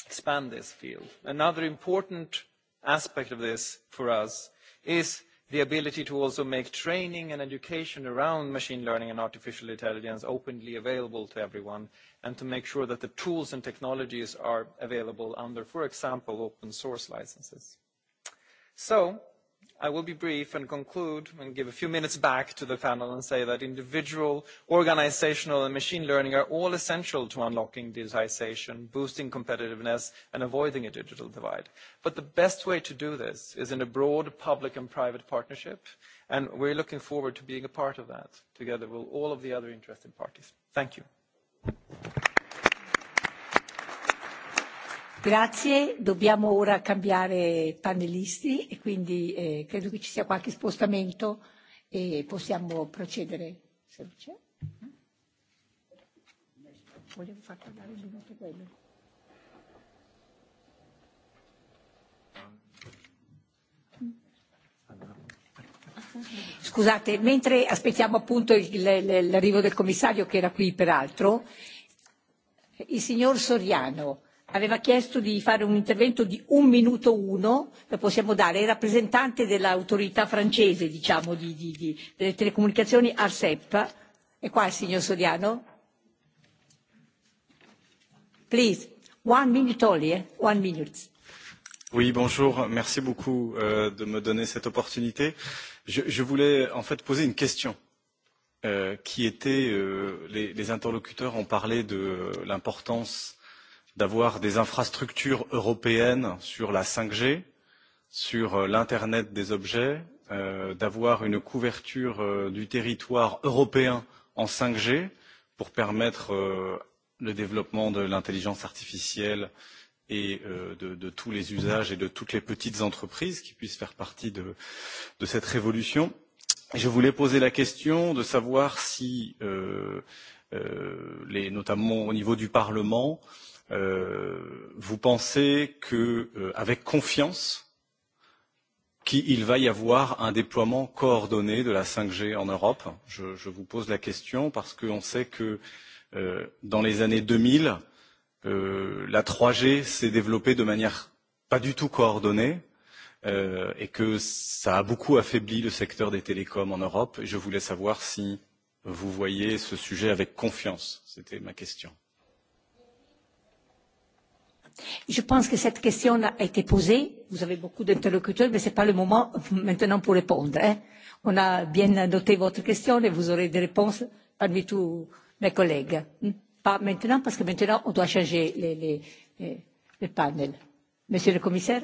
expand this field. Another important aspect of this for us is the ability to also make training and education around machine learning and artificial intelligence openly available to everyone, and to make sure that the tools and technologies are available under, for example, open source licenses. So I will be brief and conclude and give a few minutes back to the panel and say that individual, organizational, and machine learning are all essential to unlocking digitization, boosting competitiveness, and avoiding a digital divide. But the best way to do this is in a broad public and private partnership, and we're looking forward to being a part of that together with all of the other interested parties. Thank you. Grazie, dobbiamo ora cambiare panelisti e quindi eh, credo che ci sia qualche spostamento e possiamo procedere. Se non c'è. Volevo far parlare un minuto quello. Scusate, mentre aspettiamo appunto l'arrivo del commissario che era qui peraltro, il signor Soriano aveva chiesto di fare un intervento di un minuto uno, lo possiamo dare, è rappresentante dell'autorità francese, diciamo, di, di, di, delle telecomunicazioni ARCEP. E qua il signor Sodiano? Please, one minute only, eh? one minute. Oui, bonjour. Merci beaucoup euh, de me donner cette opportunité. Je, je voulais en fait poser une question euh, qui était, euh, les, les interlocuteurs ont parlé de l'importance euh, d'avoir des infrastructures européennes sur la 5G, sur l'Internet des objets, euh, d'avoir une couverture euh, du territoire européen en 5G pour permettre euh, le développement de l'intelligence artificielle et euh, de, de tous les usages et de toutes les petites entreprises qui puissent faire partie de, de cette révolution. Je voulais poser la question de savoir si, euh, euh, les, notamment au niveau du Parlement, euh, vous pensez que, euh, avec confiance, qu'il va y avoir un déploiement coordonné de la 5G en Europe je, je vous pose la question parce qu'on sait que euh, dans les années 2000, euh, la 3G s'est développée de manière pas du tout coordonnée euh, et que ça a beaucoup affaibli le secteur des télécoms en Europe. Je voulais savoir si vous voyez ce sujet avec confiance. C'était ma question. Je pense que cette question a été posée. Vous avez beaucoup d'interlocuteurs, mais ce n'est pas le moment maintenant pour répondre. Hein. On a bien noté votre question et vous aurez des réponses parmi tous mes collègues. Pas maintenant, parce que maintenant, on doit changer les, les, les panels. Monsieur le commissaire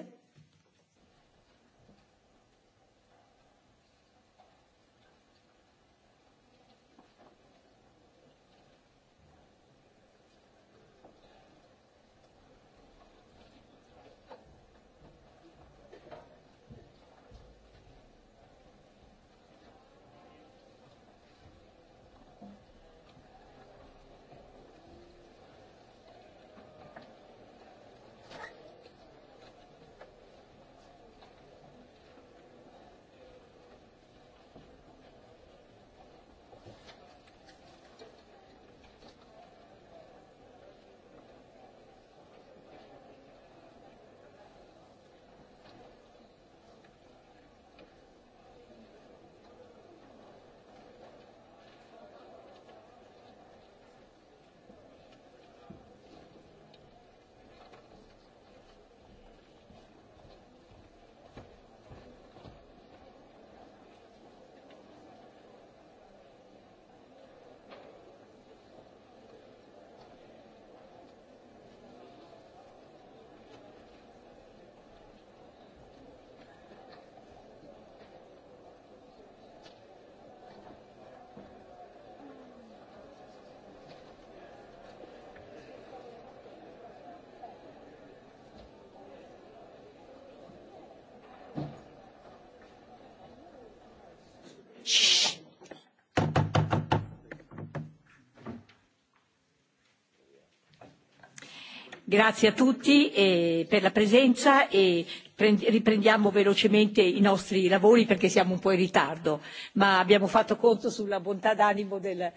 Grazie a tutti eh, per la presenza e riprendiamo velocemente i nostri lavori perché siamo un po' in ritardo, ma abbiamo fatto conto sulla bontà d'animo del,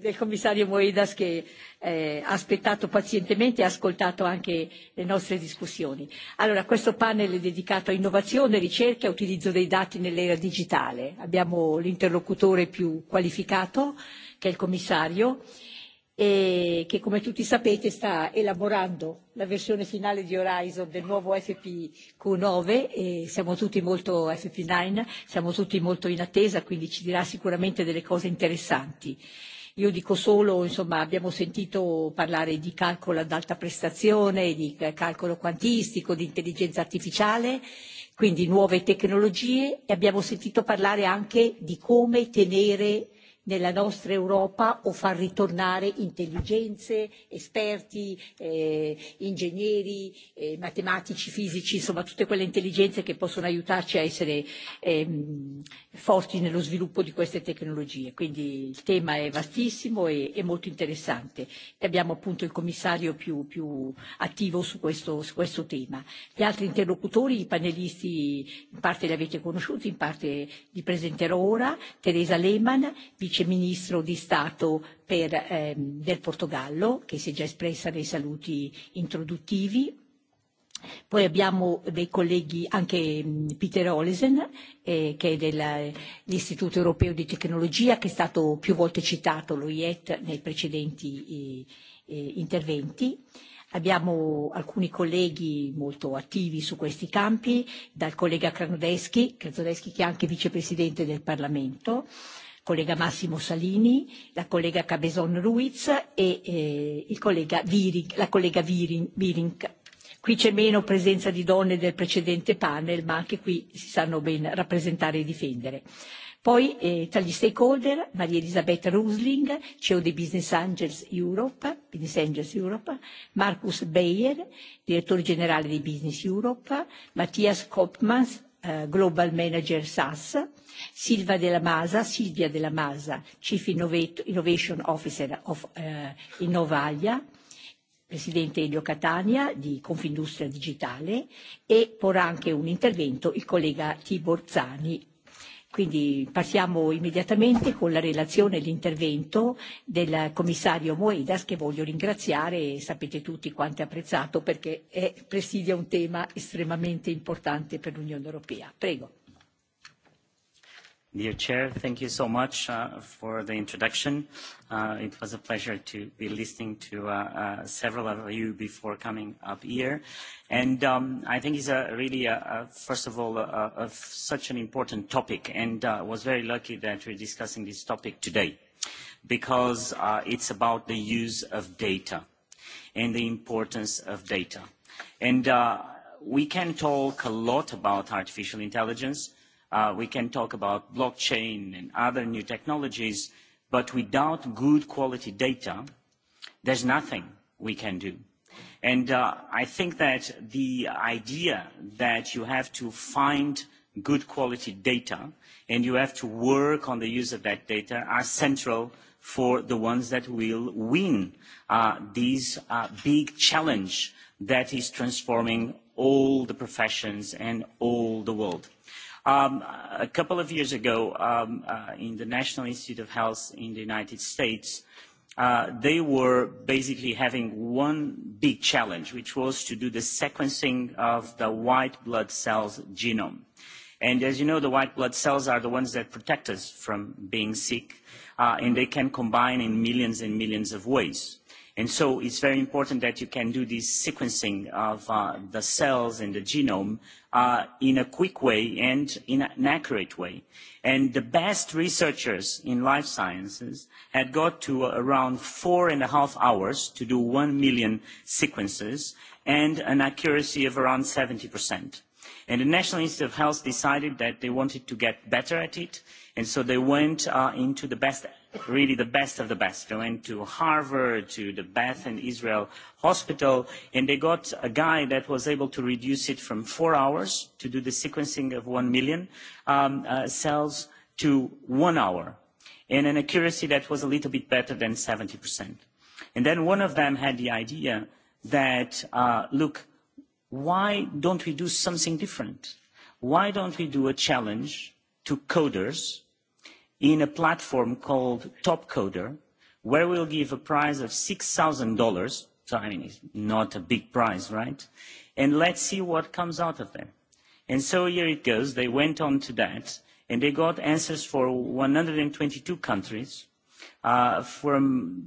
del commissario Moedas che eh, ha aspettato pazientemente e ha ascoltato anche le nostre discussioni. Allora, questo panel è dedicato a innovazione, ricerca e utilizzo dei dati nell'era digitale. Abbiamo l'interlocutore più qualificato, che è il commissario, e che come tutti sapete sta elaborando la versione finale di Horizon del nuovo FPQ9 e siamo tutti molto FP9, siamo tutti molto in attesa, quindi ci dirà sicuramente delle cose interessanti. Io dico solo, insomma, abbiamo sentito parlare di calcolo ad alta prestazione, di calcolo quantistico, di intelligenza artificiale, quindi nuove tecnologie e abbiamo sentito parlare anche di come tenere nella nostra Europa o far ritornare intelligenze, esperti, eh, ingegneri, eh, matematici, fisici, insomma tutte quelle intelligenze che possono aiutarci a essere ehm, forti nello sviluppo di queste tecnologie. Quindi il tema è vastissimo e, e molto interessante. E abbiamo appunto il commissario più, più attivo su questo, su questo tema. Gli altri interlocutori, i panelisti, in parte li avete conosciuti, in parte li presenterò ora. Teresa Lehmann, Viceministro di Stato per, eh, del Portogallo, che si è già espressa nei saluti introduttivi. Poi abbiamo dei colleghi, anche Peter Olesen, eh, che è dell'Istituto Europeo di Tecnologia, che è stato più volte citato, lo IET, nei precedenti eh, interventi. Abbiamo alcuni colleghi molto attivi su questi campi, dal collega Kranodeschi, Kranodeschi che è anche vicepresidente del Parlamento, eh, collega Massimo Salini, la collega Cabezon Ruiz e eh, il collega Viring, la collega Viring. Viring. Qui c'è meno presenza di donne del precedente panel, ma anche qui si sanno ben rappresentare e difendere. Poi eh, tra gli stakeholder Maria Elisabetta Rusling, CEO di Business Angels Europe, Business Angels Europe Marcus Bayer, direttore generale di Business Europe, Mattias Kopmans, Global Manager SAS, Silvia Della Masa, Silvia Della Masa, Chief Innovation Officer of eh, Innovalia, Presidente Elio Catania di Confindustria Digitale e porrà anche un intervento il collega Tibor Zani Quindi partiamo immediatamente con la relazione e l'intervento del commissario Moedas che voglio ringraziare e sapete tutti quanto è apprezzato perché è, presidia un tema estremamente importante per l'Unione Europea. Prego. Dear Chair, thank you so much uh, for the introduction. Uh, it was a pleasure to be listening to uh, uh, several of you before coming up here. And um, I think it's a really, first of all, a, a, such an important topic, and uh, was very lucky that we're discussing this topic today because uh, it's about the use of data and the importance of data. And uh, we can talk a lot about artificial intelligence, we can talk about blockchain and other new technologies, but without good quality data, there's nothing we can do. And uh, I think that the idea that you have to find good quality data and you have to work on the use of that data are central for the ones that will win uh, this uh, big challenge that is transforming all the professions and all the world. Um, a couple of years ago, um, uh, in the National Institute of Health in the United States, uh, they were basically having one big challenge, which was to do the sequencing of the white blood cells genome. And as you know, the white blood cells are the ones that protect us from being sick, uh, and they can combine in millions and millions of ways And so it's very important that you can do this sequencing of uh, the cells and the genome uh, in a quick way and in an accurate way. And the best researchers in life sciences had got to around four and a half hours to do one million sequences and an accuracy of around 70%. And the National Institute of Health decided that they wanted to get better at it, and so they went uh, into the best really the best of the best. They went to Harvard, to the Beth and Israel Hospital, and they got a guy that was able to reduce it from four hours to do the sequencing of one million um, uh, cells to one hour, and an accuracy that was a little bit better than 70%. And then one of them had the idea that, uh, look, why don't we do something different? Why don't we do a challenge to coders – in a platform called Topcoder, where we'll give a prize of $6,000. So, I mean, it's not a big prize, right? And let's see what comes out of that. And so here it goes. They went on to that, and they got answers for 122 countries, uh, from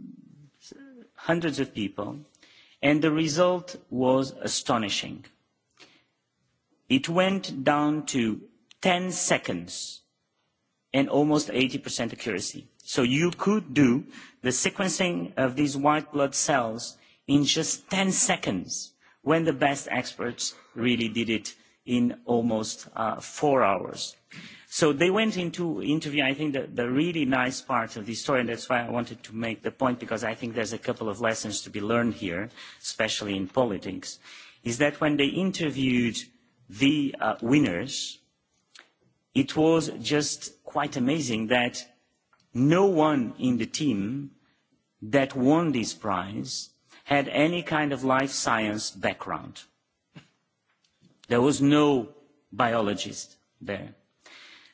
hundreds of people, and the result was astonishing. It went down to 10 seconds and almost 80% accuracy. So you could do the sequencing of these white blood cells in just 10 seconds when the best experts really did it in almost uh, four hours. So they went into interview. I think the the really nice part of the story, and that's why I wanted to make the point, because I think there's a couple of lessons to be learned here, especially in politics, is that when they interviewed the uh, winners, It was just quite amazing that no one in the team that won this prize had any kind of life science background. There was no biologist there.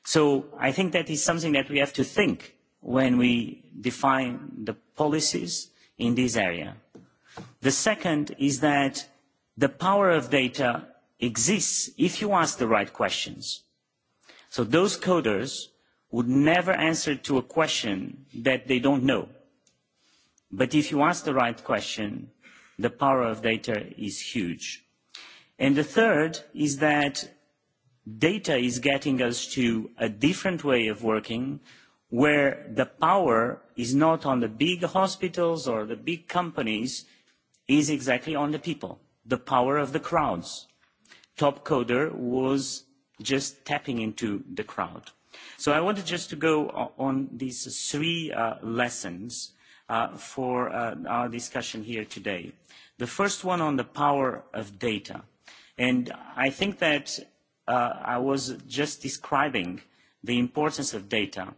So I think that is something that we have to think when we define the policies in this area. The second is that the power of data exists if you ask the right questions. So those coders would never answer to a question that they don't know. But if you ask the right question, the power of data is huge. And the third is that data is getting us to a different way of working where the power is not on the big hospitals or the big companies, is exactly on the people, the power of the crowds. Top Coder was just tapping into the crowd. So I wanted just to go on these three uh, lessons uh, for uh, our discussion here today. The first one on the power of data. And I think that uh, I was just describing the importance of data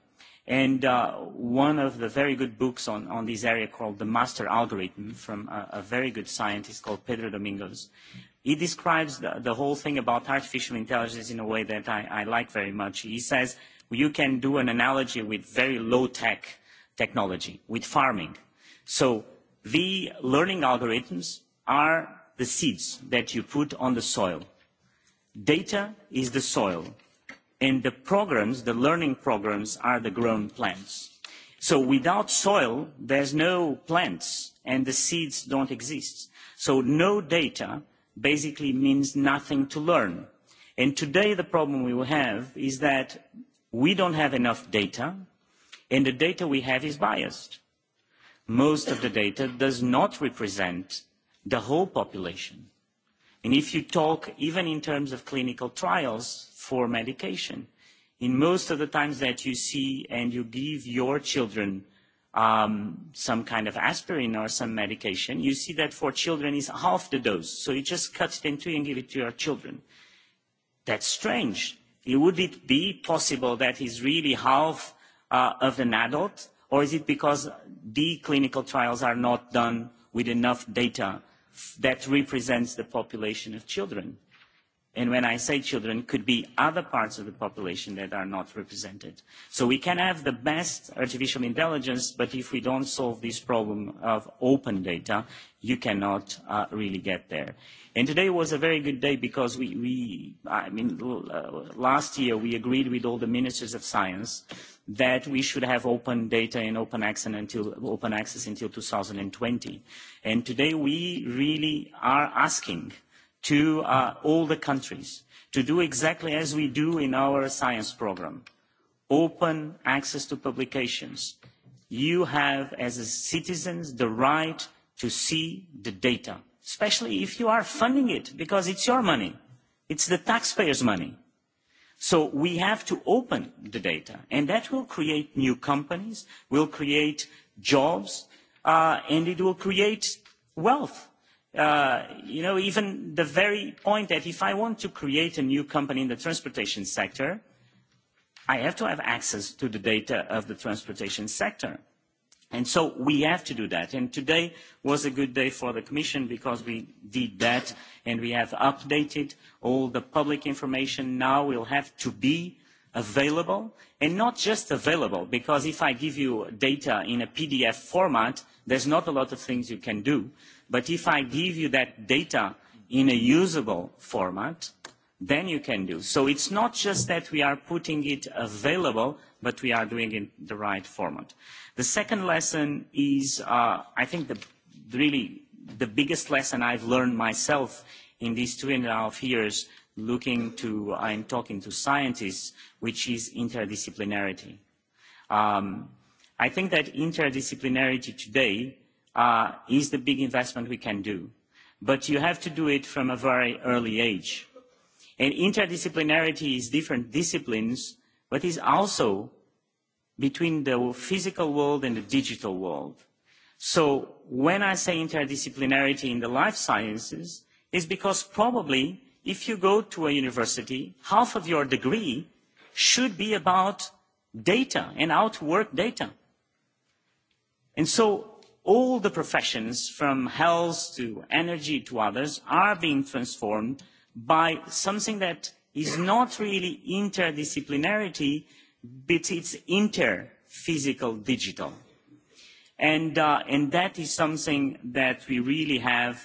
And uh, one of the very good books on, on this area called The Master Algorithm from a, a very good scientist called Pedro Domingos, he describes the, the whole thing about artificial intelligence in a way that I, I like very much. He says you can do an analogy with very low-tech technology, with farming. So the learning algorithms are the seeds that you put on the soil. Data is the soil and the programs, the learning programs, are the grown plants. So without soil, there's no plants, and the seeds don't exist. So no data basically means nothing to learn. And today the problem we have is that we don't have enough data, and the data we have is biased. Most of the data does not represent the whole population. And if you talk, even in terms of clinical trials, for medication. In most of the times that you see and you give your children um, some kind of aspirin or some medication, you see that for children is half the dose. So you just cut it in two and give it to your children. That's strange. Would it be possible that is really half uh, of an adult, or is it because the clinical trials are not done with enough data that represents the population of children? And when I say children, could be other parts of the population that are not represented. So we can have the best artificial intelligence, but if we don't solve this problem of open data, you cannot uh, really get there. And today was a very good day because we, we I mean, uh, last year we agreed with all the ministers of science that we should have open data and open access until open access until 2020. And today we really are asking to uh, all the countries to do exactly as we do in our science programme open access to publications. You have, as citizens, the right to see the data, especially if you are funding it, because it's your money. It's the taxpayers' money. So we have to open the data, and that will create new companies, will create jobs, uh, and it will create wealth you know, even the very point that if I want to create a new company in the transportation sector, I have to have access to the data of the transportation sector. And so we have to do that. And today was a good day for the Commission because we did that and we have updated all the public information now will have to be available and not just available because if I give you data in a PDF format, there's not a lot of things you can do But if I give you that data in a usable format, then you can do. So it's not just that we are putting it available, but we are doing it in the right format. The second lesson is, uh, I think, the, really the biggest lesson I've learned myself in these two and a half years looking to and talking to scientists, which is interdisciplinarity. Um, I think that interdisciplinarity today uh, is the big investment we can do. But you have to do it from a very early age. And interdisciplinarity is different disciplines, but is also between the physical world and the digital world. So when I say interdisciplinarity in the life sciences, is because probably if you go to a university, half of your degree should be about data and how to work data. And so all the professions from health to energy to others are being transformed by something that is not really interdisciplinarity but it's inter physical digital and uh, and that is something that we really have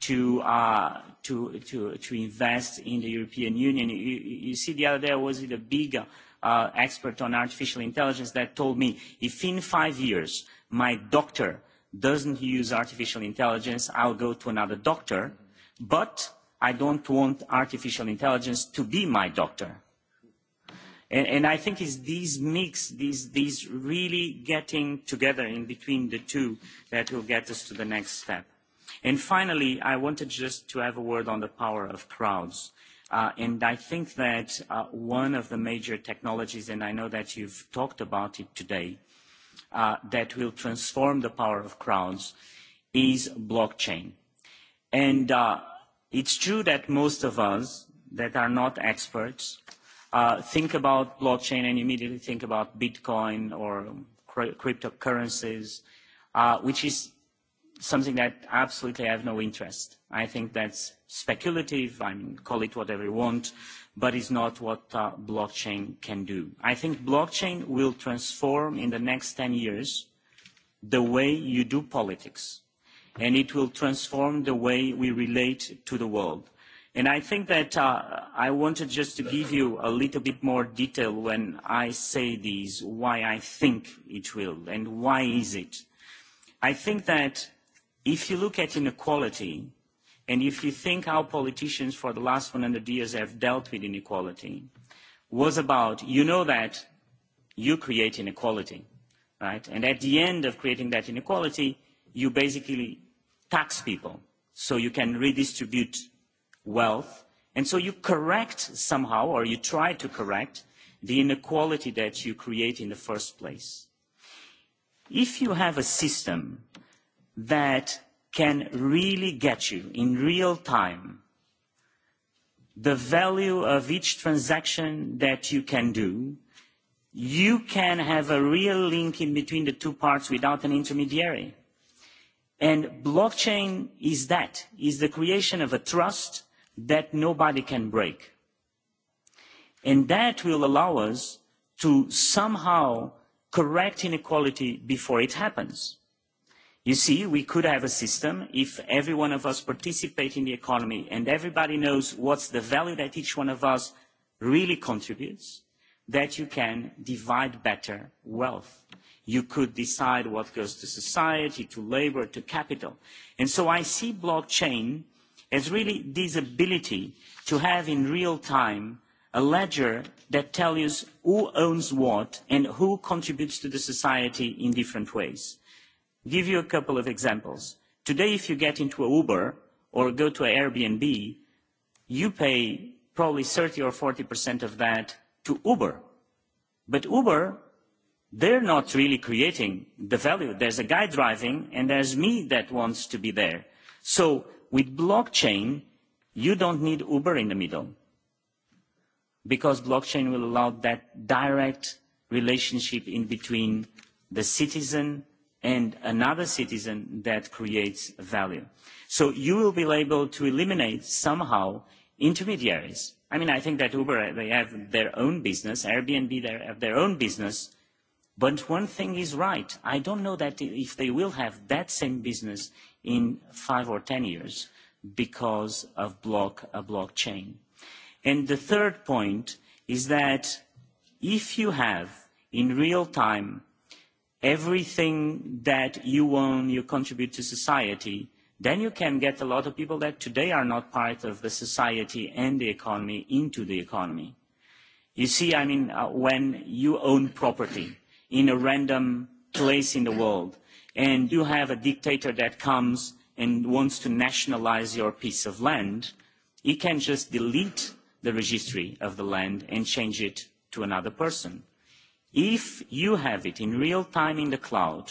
to uh, to to to invest in the European Union. You, you see, the other day I was with a big uh, expert on artificial intelligence that told me if in five years my doctor doesn't use artificial intelligence, I'll go to another doctor, but I don't want artificial intelligence to be my doctor. And, and I think it's these mix, these, these really getting together in between the two that will get us to the next step. And finally, I wanted just to have a word on the power of crowds. Uh, and I think that uh, one of the major technologies, and I know that you've talked about it today, uh, that will transform the power of crowns is blockchain. And uh, it's true that most of us that are not experts uh, think about blockchain and immediately think about Bitcoin or cryptocurrencies, uh, which is something that absolutely I have no interest. I think that's speculative. I mean, call it whatever you want but it's not what uh, blockchain can do. I think blockchain will transform in the next 10 years the way you do politics, and it will transform the way we relate to the world. And I think that uh, I wanted just to give you a little bit more detail when I say these, why I think it will, and why is it. I think that if you look at inequality, And if you think how politicians for the last 100 years have dealt with inequality, was about, you know that you create inequality, right? And at the end of creating that inequality, you basically tax people so you can redistribute wealth. And so you correct somehow, or you try to correct, the inequality that you create in the first place. If you have a system that can really get you in real time the value of each transaction that you can do, you can have a real link in between the two parts without an intermediary. And blockchain is that, is the creation of a trust that nobody can break. And that will allow us to somehow correct inequality before it happens You see, we could have a system if every one of us participate in the economy and everybody knows what's the value that each one of us really contributes, that you can divide better wealth. You could decide what goes to society, to labor, to capital. And so I see blockchain as really this ability to have in real time a ledger that tells you who owns what and who contributes to the society in different ways Give you a couple of examples. Today, if you get into a Uber or go to an Airbnb, you pay probably 30 or 40% of that to Uber. But Uber, they're not really creating the value. There's a guy driving and there's me that wants to be there. So with blockchain, you don't need Uber in the middle because blockchain will allow that direct relationship in between the citizen and another citizen that creates value. So you will be able to eliminate somehow intermediaries. I mean, I think that Uber, they have their own business, Airbnb, they have their own business. But one thing is right. I don't know that if they will have that same business in five or ten years because of block, a blockchain. And the third point is that if you have in real time everything that you own, you contribute to society, then you can get a lot of people that today are not part of the society and the economy into the economy. You see, I mean, uh, when you own property in a random place in the world and you have a dictator that comes and wants to nationalize your piece of land, he can just delete the registry of the land and change it to another person If you have it in real time in the cloud,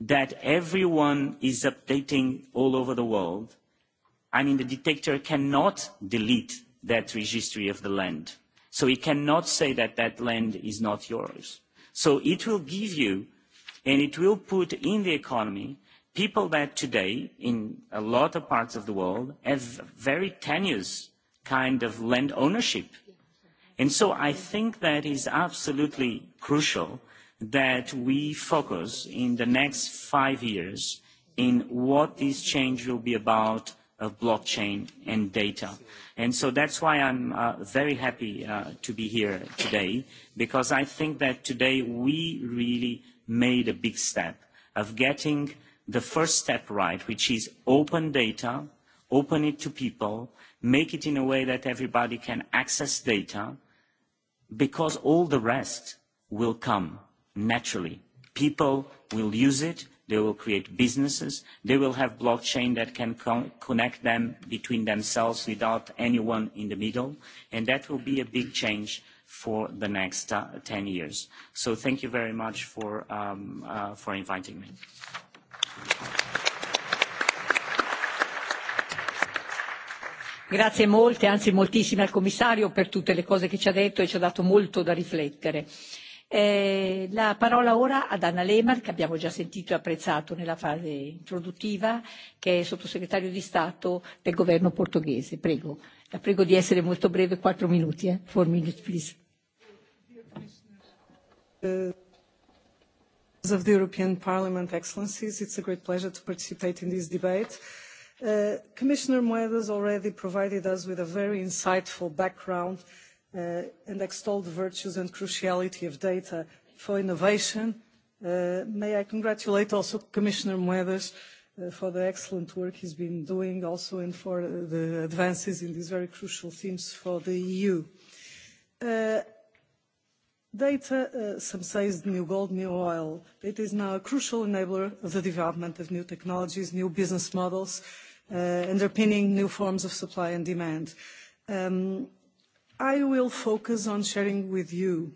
that everyone is updating all over the world, I mean, the detector cannot delete that registry of the land. So it cannot say that that land is not yours. So it will give you, and it will put in the economy, people that today, in a lot of parts of the world, have very tenuous kind of land ownership And so I think that it is absolutely crucial that we focus in the next five years on what this change will be about of blockchain and data. And so that's why I'm uh, very happy uh, to be here today, because I think that today we really made a big step of getting the first step right, which is open data, open it to people, make it in a way that everybody can access data, because all the rest will come naturally. People will use it, they will create businesses, they will have blockchain that can con connect them between themselves without anyone in the middle, and that will be a big change for the next uh, 10 years. So thank you very much for, um, uh, for inviting me. Grazie molte, anzi moltissime al commissario per tutte le cose che ci ha detto e ci ha dato molto da riflettere. Eh, la parola ora ad Anna Lehmann, che abbiamo già sentito e apprezzato nella fase introduttiva, che è sottosegretario di Stato del governo portoghese. Prego, la prego di essere molto breve, quattro minuti. Eh? Four minutes, please. Uh, of the European Parliament, Excellencies, it's a great pleasure to participate in this debate. Uh, Commissioner Moedas already provided us with a very insightful background and extolled the virtues and cruciality of data for innovation. May I congratulate also Commissioner Moedas for the excellent work he's been doing also and for the advances in these very crucial themes for the EU. Data, some say, is the new gold, new oil. It is now a crucial enabler of the development of new technologies, new business models, underpinning new forms of supply and demand. I will focus on sharing with you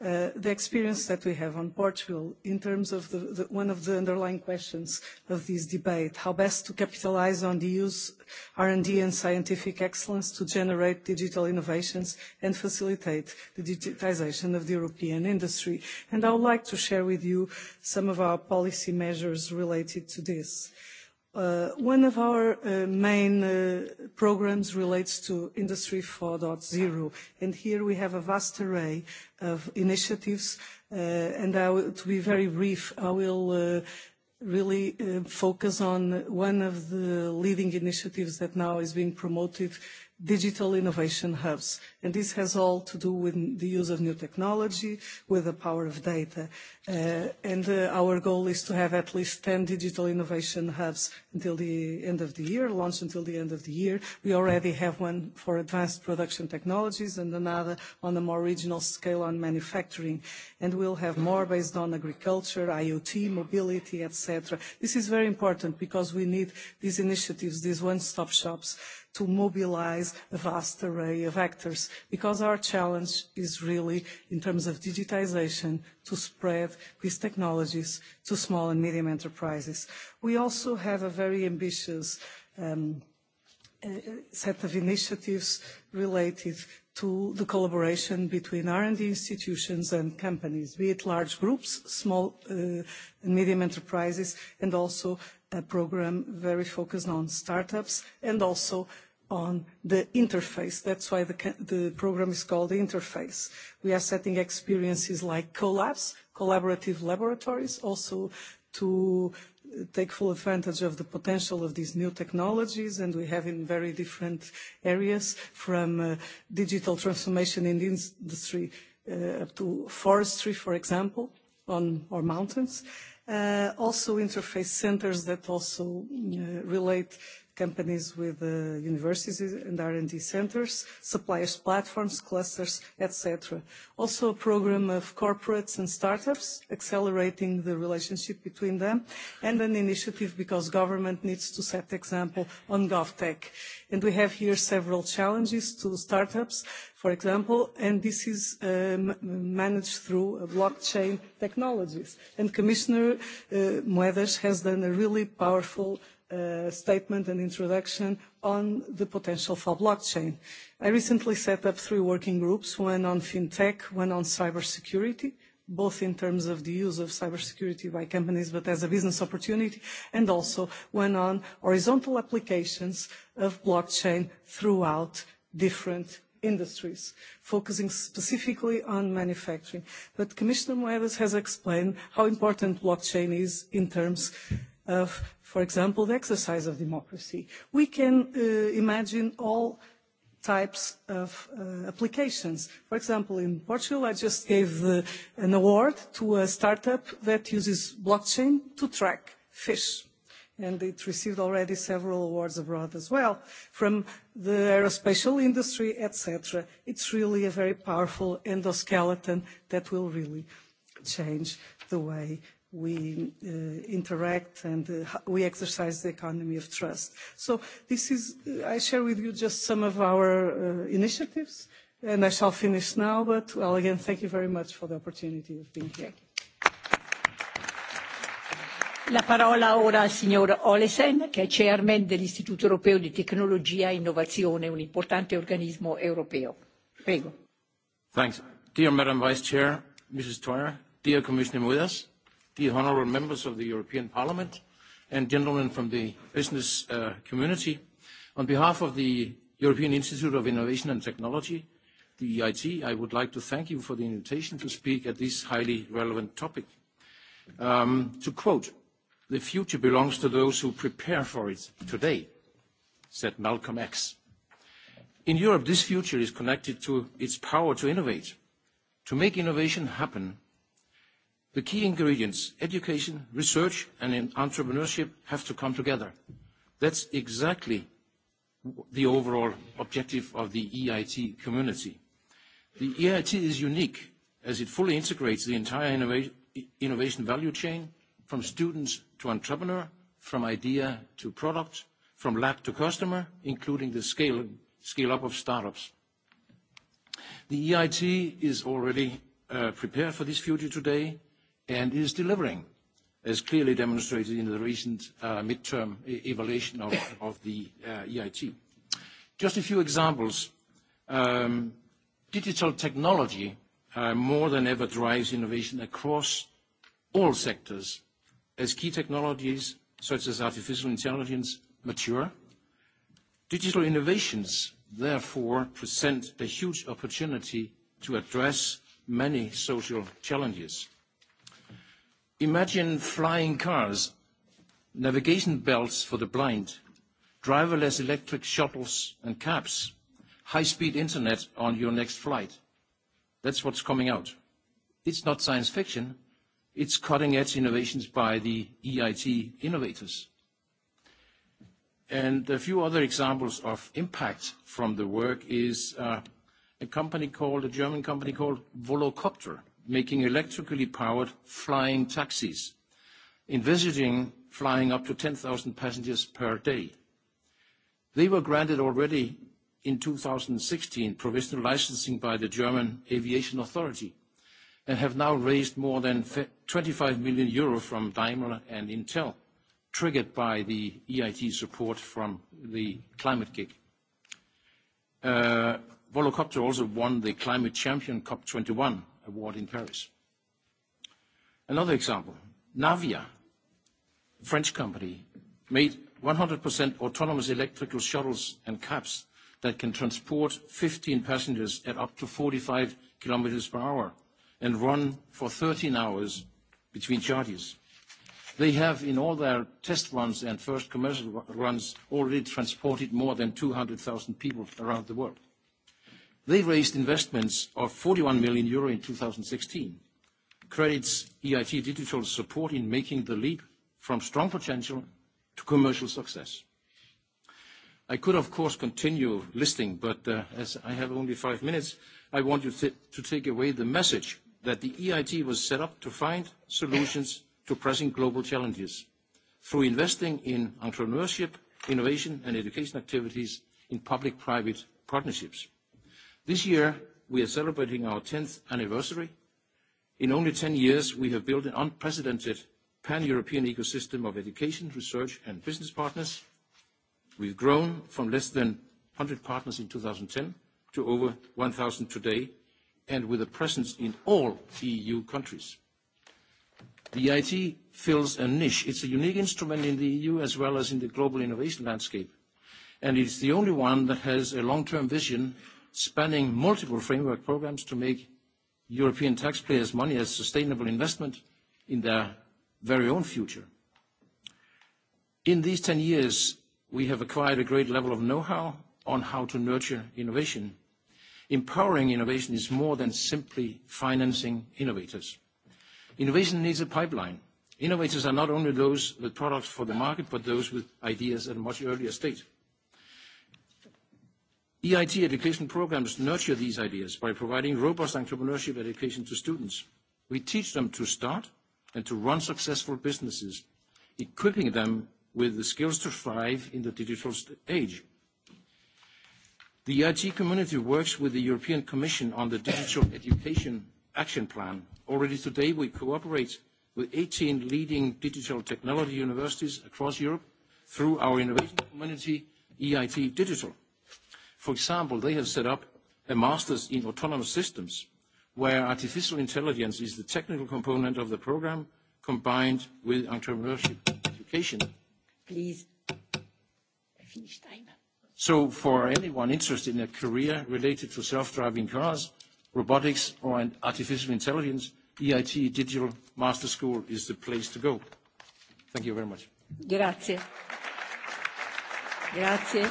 the experience that we have on Portugal in terms of the, the, one of the underlying questions of this debate, how best to capitalize on the use R&D and scientific excellence to generate digital innovations and facilitate the digitization of the European industry. And I would like to share with you some of our policy measures related to this. Uh, One of our main programs relates to Industry 4.0, and here we have a vast array of initiatives. and To be very brief, I will really focus on one of the leading initiatives that now is being promoted digital innovation hubs. And this has all to do with the use of new technology, with the power of data. and our goal is to have at least 10 digital innovation hubs until the end of the year, launched until the end of the year. We already have one for advanced production technologies and another on a more regional scale on manufacturing. And we'll have more based on agriculture, IoT, mobility, etc. This is very important because we need these initiatives, these one-stop shops to mobilize a vast array of actors, because our challenge is really, in terms of digitization, to spread these technologies to small and medium enterprises. We also have a very ambitious um, set of initiatives related to the collaboration between R&D institutions and companies, be it large groups, small and medium enterprises, and also program very focused on startups and also on the interface. That's why the, the program is called Interface. We are setting experiences like collabs, collaborative laboratories, also to take full advantage of the potential of these new technologies, and we have in very different areas, from digital transformation in the industry up to forestry, for example, on or mountains also interface centers that also relate companies with uh, universities and R&D centers, suppliers platforms, clusters, etc. Also a program of corporates and startups, accelerating the relationship between them, and an initiative because government needs to set example on GovTech. And we have here several challenges to startups, for example, and this is um, managed through blockchain technologies. And Commissioner uh, Moedas has done a really powerful statement and introduction on the potential for blockchain. I recently set up three working groups, one on fintech, one on cybersecurity, both in terms of the use of cybersecurity by companies, but as a business opportunity, and also one on horizontal applications of blockchain throughout different industries, focusing specifically on manufacturing. But Commissioner Moedas has explained how important blockchain is in terms of of, for example, the exercise of democracy. We can uh, imagine all types of uh, applications. For example, in Portugal, I just gave uh, an award to a startup that uses blockchain to track fish. And it received already several awards abroad as well, from the aerospatial industry, etc. It's really a very powerful endoskeleton that will really change the way we uh, interact and uh, we exercise the economy of trust. So this is, uh, I share with you just some of our uh, initiatives and I shall finish now, but well, again, thank you very much for the opportunity of being here. La parola ora al signor Olesen, che è chairman dell'Istituto Europeo di Tecnologia e Innovazione, un importante organismo europeo. Prego. Thanks. Dear Madam Vice Chair, Mrs. Toyer, dear Commissioner Mudas, the honourable members of the European Parliament, and gentlemen from the business uh, community. On behalf of the European Institute of Innovation and Technology, the EIT, I would like to thank you for the invitation to speak at this highly relevant topic. Um, to quote, the future belongs to those who prepare for it today, said Malcolm X. In Europe, this future is connected to its power to innovate. To make innovation happen, The key ingredients, education, research, and entrepreneurship, have to come together. That's exactly the overall objective of the EIT community. The EIT is unique as it fully integrates the entire innovation value chain from students to entrepreneur, from idea to product, from lab to customer, including the scale-up of startups. The EIT is already prepared for this future today and is delivering, as clearly demonstrated in the recent midterm evaluation of the EIT. Just a few examples. Digital technology more than ever drives innovation across all sectors as key technologies such as artificial intelligence mature. Digital innovations, therefore, present a huge opportunity to address many social challenges. Imagine flying cars, navigation belts for the blind, driverless electric shuttles and cabs, high-speed internet on your next flight. That's what's coming out. It's not science fiction. It's cutting-edge innovations by the EIT innovators. And a few other examples of impact from the work is uh, a company called, a German company called Volocopter – making electrically powered flying taxis, envisaging flying up to 10,000 passengers per day. They were granted already in 2016 provisional licensing by the German Aviation Authority and have now raised more than 25 million euro from Daimler and Intel, triggered by the EIT support from the Climate Gig. Volocopter also won the Climate Champion COP21 award in Paris. Another example, Navia, French company, made 100% autonomous electrical shuttles and cabs that can transport 15 passengers at up to 45 kilometers per hour and run for 13 hours between charges. They have, in all their test runs and first commercial runs, already transported more than 200,000 people around the world. They raised investments of 41 million euro in 2016. Credits EIT Digital's support in making the leap from strong potential to commercial success. I could, of course, continue listing, but as I have only five minutes, I want you to take away the message that the EIT was set up to find solutions to pressing global challenges through investing in entrepreneurship, innovation, and education activities in public-private partnerships. This year, we are celebrating our 10th anniversary. In only 10 years, we have built an unprecedented pan-European ecosystem of education, research, and business partners. We've grown from less than 100 partners in 2010 to over 1,000 today, and with a presence in all EU countries. The EIT fills a niche. It's a unique instrument in the EU as well as in the global innovation landscape, and it's the only one that has a long-term vision spanning multiple framework programs to make European taxpayers' money as sustainable investment in their very own future. In these 10 years, we have acquired a great level of know-how on how to nurture innovation. Empowering innovation is more than simply financing innovators. Innovation needs a pipeline. Innovators are not only those with products for the market, but those with ideas at a much earlier stage. EIT education programs nurture these ideas by providing robust entrepreneurship education to students. We teach them to start and to run successful businesses, equipping them with the skills to thrive in the digital age. The EIT community works with the European Commission on the Digital Education Action Plan. Already today, we cooperate with 18 leading digital technology universities across Europe through our innovation community, EIT Digital. For example, they have set up a master's in autonomous systems, where artificial intelligence is the technical component of the program combined with entrepreneurship education. Please, finish time. So for anyone interested in a career related to self-driving cars, robotics, or artificial intelligence, EIT Digital Master School is the place to go. Thank you very much. Grazie. Grazie.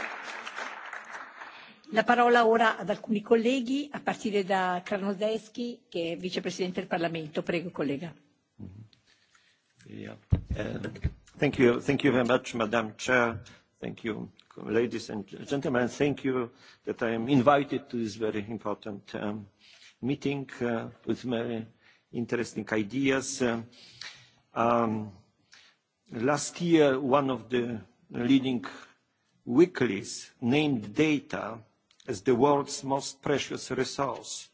La parola ora ad alcuni colleghi, a partire da Krasnodeschi, che è vicepresidente del Parlamento. Prego, collega. Yeah. Uh, thank you. Thank you very much, Madam Chair. Thank you, ladies and gentlemen. Thank you that I am invited to this very important um, meeting uh, with very interesting ideas. Um, last year, one of the leading weeklies named data as the world's most precious resource.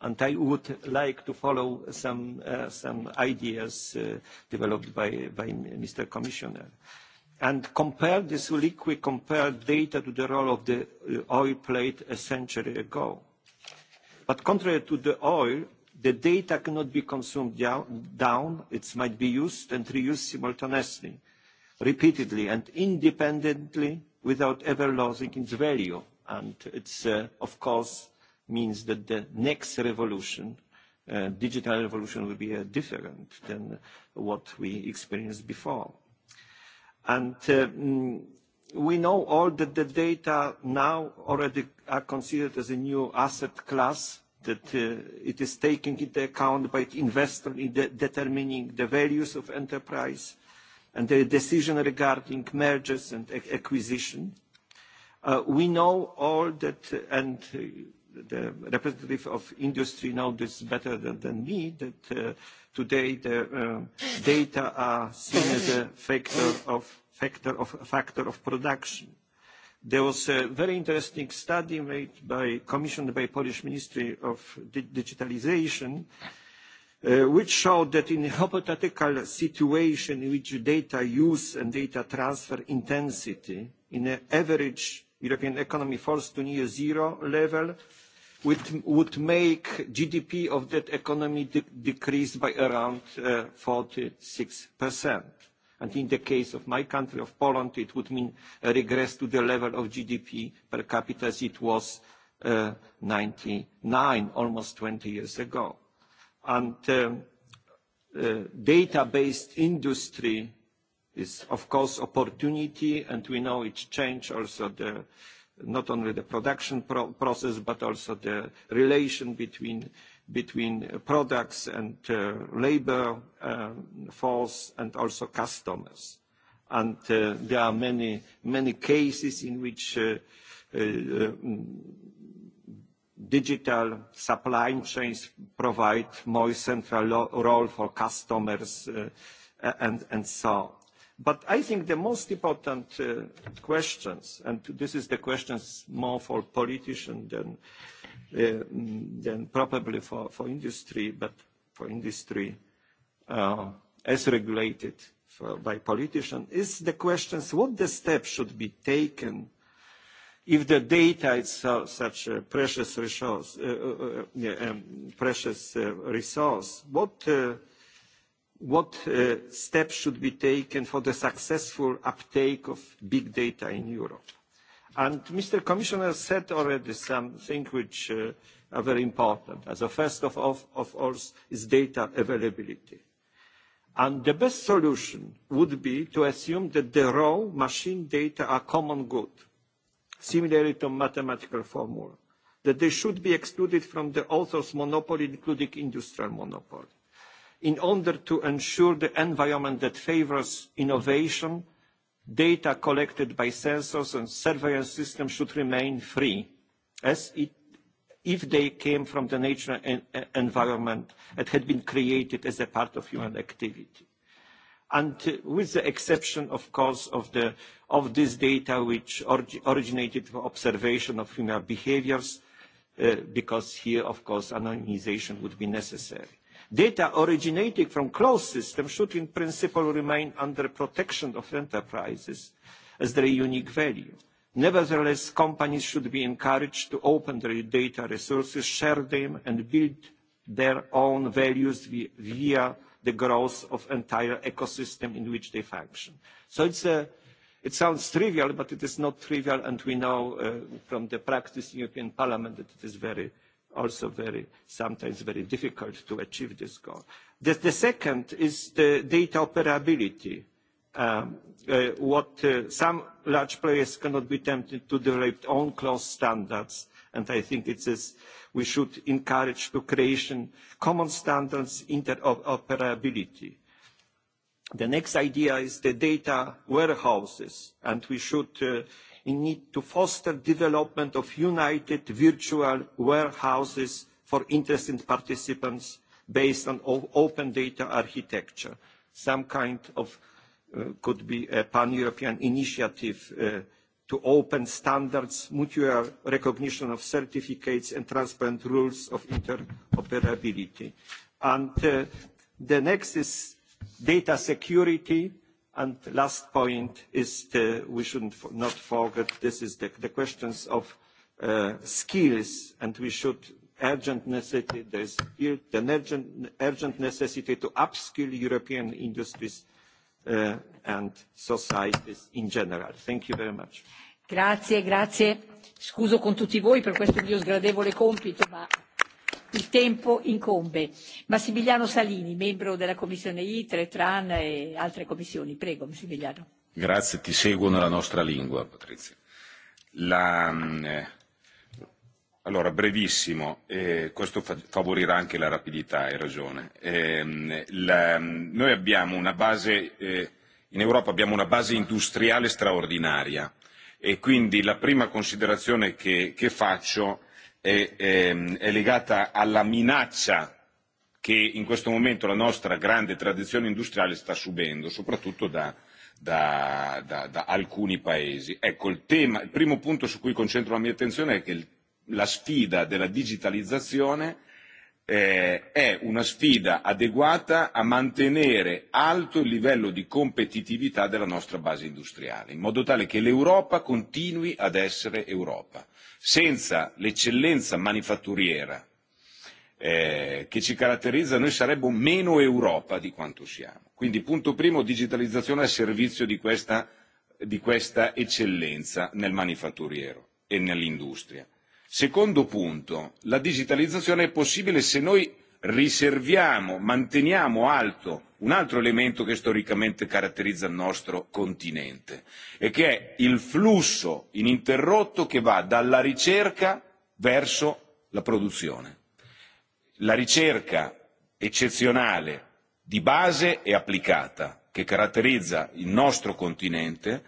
And I would like to follow some, uh, some ideas uh, developed by, by Mr. Commissioner. And compare this liquid, compare data to the role of the oil played a century ago. But contrary to the oil, the data cannot be consumed down. It might be used and reused simultaneously, repeatedly and independently without ever losing its value And it, of course, means that the next revolution, digital revolution, will be different than what we experienced before. And we know all that the data now already are considered as a new asset class, that it is taken into account by investors investor in determining the values of enterprise and the decision regarding mergers and acquisition. We know all that, and the representative of industry know this better than than me, that today the data are seen as a factor of production. There was a very interesting study made by, commissioned by Polish Ministry of Digitalization, which showed that in a hypothetical situation in which data use and data transfer intensity in an average European economy falls to near zero level, which would make GDP of that economy decrease by around uh, 46%. And in the case of my country, of Poland, it would mean a regress to the level of GDP per capita as it was uh, 99, almost 20 years ago. And um, uh, data-based industry is of course opportunity and we know it's change also the not only the production pro process but also the relation between between products and uh, labor force and also customers and uh, there are many many cases in which uh, uh, digital supply chains provide more central role for customers uh, and and so on But I think the most important questions, and this is the questions more for politicians than, probably for, for industry, but for industry as regulated by politicians, is the questions what the steps should be taken if the data is such a precious resource, uh, precious uh, resource, what uh, what steps should be taken for the successful uptake of big data in Europe. And Mr. Commissioner said already something which are very important. As a first of all, of course, is data availability. And the best solution would be to assume that the raw machine data are common good, similarly to mathematical formula, that they should be excluded from the author's monopoly, including industrial monopoly in order to ensure the environment that favours innovation, data collected by sensors and surveillance systems should remain free, as it, if they came from the natural environment that had been created as a part of human activity. And with the exception, of course, of, the, of this data which orig originated from observation of human behaviours, uh, because here, of course, anonymisation would be necessary Data originating from closed systems should in principle remain under protection of enterprises as their unique value. Nevertheless, companies should be encouraged to open their data resources, share them, and build their own values via the growth of entire ecosystem in which they function. So it's a, it sounds trivial, but it is not trivial, and we know uh, from the practice in the European Parliament that it is very also very, sometimes very difficult to achieve this goal. The, the second is the data operability. Um, uh, what uh, some large players cannot be tempted to develop own closed standards, and I think it is we should encourage the creation common standards interoperability. The next idea is the data warehouses, and we should uh, in need to foster development of united virtual warehouses for interested participants based on open data architecture. Some kind of could be a pan-European initiative to open standards, mutual recognition of certificates, and transparent rules of interoperability. And the next is data security And last point is the, we should not forget, this is the, the questions of uh, skills, and we should urgent necessity, there is an urgent, urgent necessity to upskill European industries uh, and societies in general. Thank you very much. Grazie, grazie. Scuso con tutti voi per questo mio sgradevole compito, ma il tempo incombe. Massimiliano Salini, membro della Commissione ITRE, TRAN e altre commissioni. Prego Massimiliano. Grazie, ti seguo nella nostra lingua Patrizia. La, Allora, brevissimo, eh, questo fa- favorirà anche la rapidità, hai ragione. Eh, la, noi abbiamo una base, eh, in Europa abbiamo una base industriale straordinaria e quindi la prima considerazione che, che faccio è, è legata alla minaccia che in questo momento la nostra grande tradizione industriale sta subendo, soprattutto da, da, da, da alcuni paesi. Ecco, il, tema, il primo punto su cui concentro la mia attenzione è che il, la sfida della digitalizzazione eh, è una sfida adeguata a mantenere alto il livello di competitività della nostra base industriale, in modo tale che l'Europa continui ad essere Europa senza l'eccellenza manifatturiera eh, che ci caratterizza noi saremmo meno Europa di quanto siamo. Quindi punto primo digitalizzazione al servizio di questa, di questa eccellenza nel manifatturiero e nell'industria. Secondo punto, la digitalizzazione è possibile se noi riserviamo, manteniamo alto un altro elemento che storicamente caratterizza il nostro continente e che è il flusso ininterrotto che va dalla ricerca verso la produzione. La ricerca eccezionale di base e applicata che caratterizza il nostro continente,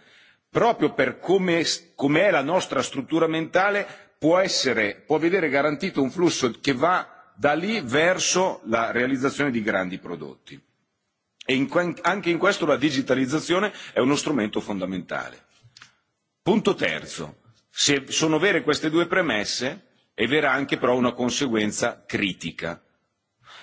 proprio per come, come è la nostra struttura mentale, può, essere, può vedere garantito un flusso che va da lì verso la realizzazione di grandi prodotti. E in, anche in questo la digitalizzazione è uno strumento fondamentale. Punto terzo, se sono vere queste due premesse, è vera anche però una conseguenza critica,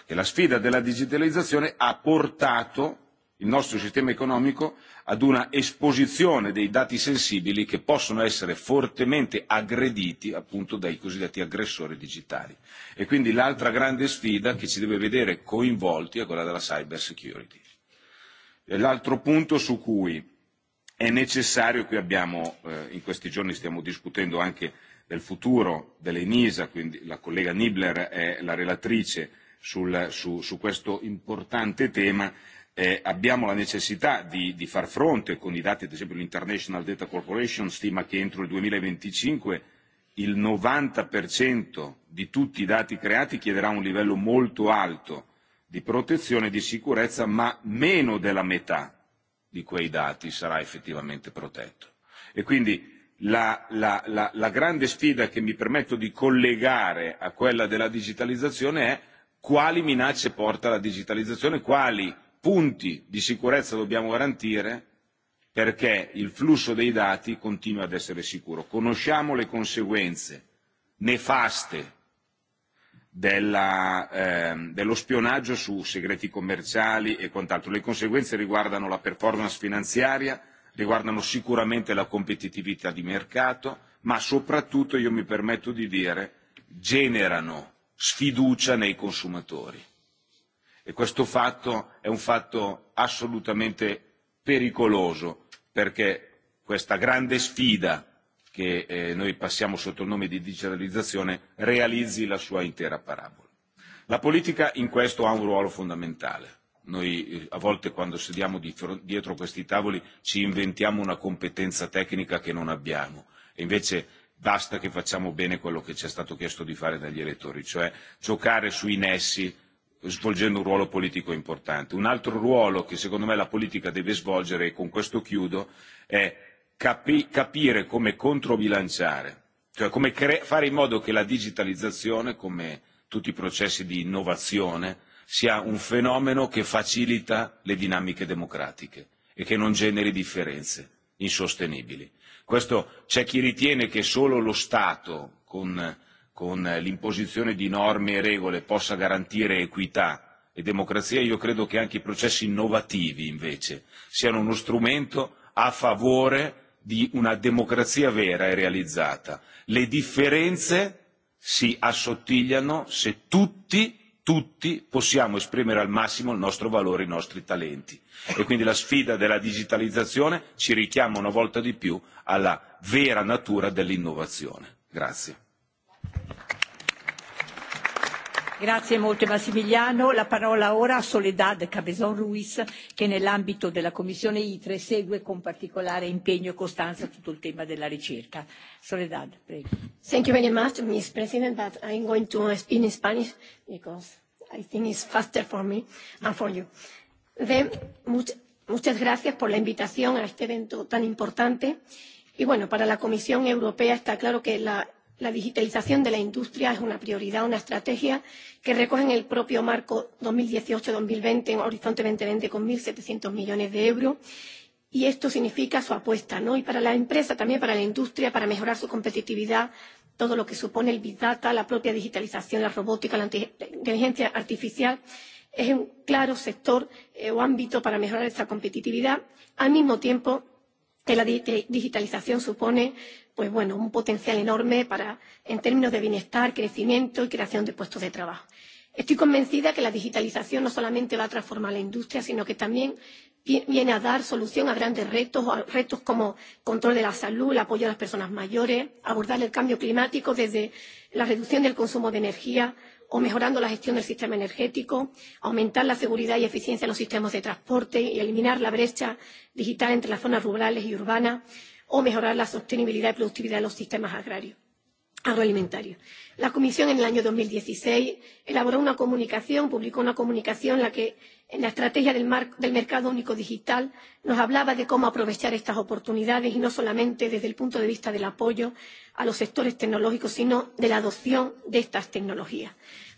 che la sfida della digitalizzazione ha portato il nostro sistema economico ad una esposizione dei dati sensibili che possono essere fortemente aggrediti appunto dai cosiddetti aggressori digitali. E quindi l'altra grande sfida che ci deve vedere coinvolti è quella della cyber security. L'altro punto su cui è necessario, qui abbiamo, eh, in questi giorni stiamo discutendo anche del futuro dell'ENISA, quindi la collega Nibler è la relatrice sul, su, su questo importante tema Eh, abbiamo la necessità di, di far fronte con i dati, ad esempio l'International Data Corporation stima che entro il 2025 il 90% di tutti i dati creati chiederà un livello molto alto di protezione e di sicurezza, ma meno della metà di quei dati sarà effettivamente protetto. E quindi la, la, la, la grande sfida che mi permetto di collegare a quella della digitalizzazione è quali minacce porta la digitalizzazione, quali punti di sicurezza dobbiamo garantire perché il flusso dei dati continua ad essere sicuro. Conosciamo le conseguenze nefaste della, ehm, dello spionaggio su segreti commerciali e quant'altro. Le conseguenze riguardano la performance finanziaria, riguardano sicuramente la competitività di mercato, ma soprattutto, io mi permetto di dire, generano sfiducia nei consumatori E questo fatto è un fatto assolutamente pericoloso perché questa grande sfida che eh, noi passiamo sotto il nome di digitalizzazione realizzi la sua intera parabola. La politica in questo ha un ruolo fondamentale. Noi a volte quando sediamo dietro questi tavoli ci inventiamo una competenza tecnica che non abbiamo e invece basta che facciamo bene quello che ci è stato chiesto di fare dagli elettori, cioè giocare sui nessi svolgendo un ruolo politico importante. Un altro ruolo che secondo me la politica deve svolgere, e con questo chiudo, è capi- capire come controbilanciare, cioè come cre- fare in modo che la digitalizzazione, come tutti i processi di innovazione, sia un fenomeno che facilita le dinamiche democratiche e che non generi differenze insostenibili. Questo c'è chi ritiene che solo lo Stato con con l'imposizione di norme e regole possa garantire equità e democrazia, io credo che anche i processi innovativi invece siano uno strumento a favore di una democrazia vera e realizzata. Le differenze si assottigliano se tutti tutti possiamo esprimere al massimo il nostro valore, i nostri talenti. E quindi la sfida della digitalizzazione ci richiama una volta di più alla vera natura dell'innovazione. Grazie. Grazie molte Massimiliano. La parola ora a Soledad Cabezón Ruiz che nell'ambito della Commissione ITRE segue con particolare impegno e costanza tutto il tema della ricerca. Soledad, prego. Thank you very much, Ms. President, but I'm going to speak in Spanish because I think it's faster for me and for you. De, much, muchas gracias por la invitación a este evento tan importante. Y bueno, para la Comisión Europea está claro que la la digitalización de la industria es una prioridad, una estrategia que recoge en el propio marco 2018-2020 en Horizonte 2020 con 1.700 millones de euros. Y esto significa su apuesta, ¿no? Y para la empresa, también para la industria, para mejorar su competitividad, todo lo que supone el Big Data, la propia digitalización, la robótica, la inteligencia artificial, es un claro sector eh, o ámbito para mejorar esa competitividad. Al mismo tiempo, que la digitalización supone pues bueno, un potencial enorme para, en términos de bienestar, crecimiento y creación de puestos de trabajo. Estoy convencida que la digitalización no solamente va a transformar la industria, sino que también viene a dar solución a grandes retos, a retos como control de la salud, el apoyo a las personas mayores, abordar el cambio climático desde la reducción del consumo de energía o mejorando la gestión del sistema energético, aumentar la seguridad y eficiencia de los sistemas de transporte y eliminar la brecha digital entre las zonas rurales y urbanas, o mejorar la sostenibilidad y productividad de los sistemas agrarios agroalimentario. La Comisión en el año dos mil dieciseis elaboró una comunicación, publicó una comunicación en la que en la estrategia del, mercado único digital nos hablaba de cómo aprovechar estas oportunidades y no solamente desde el punto de vista del apoyo a los sectores tecnológicos, sino de la adopción de estas tecnologías.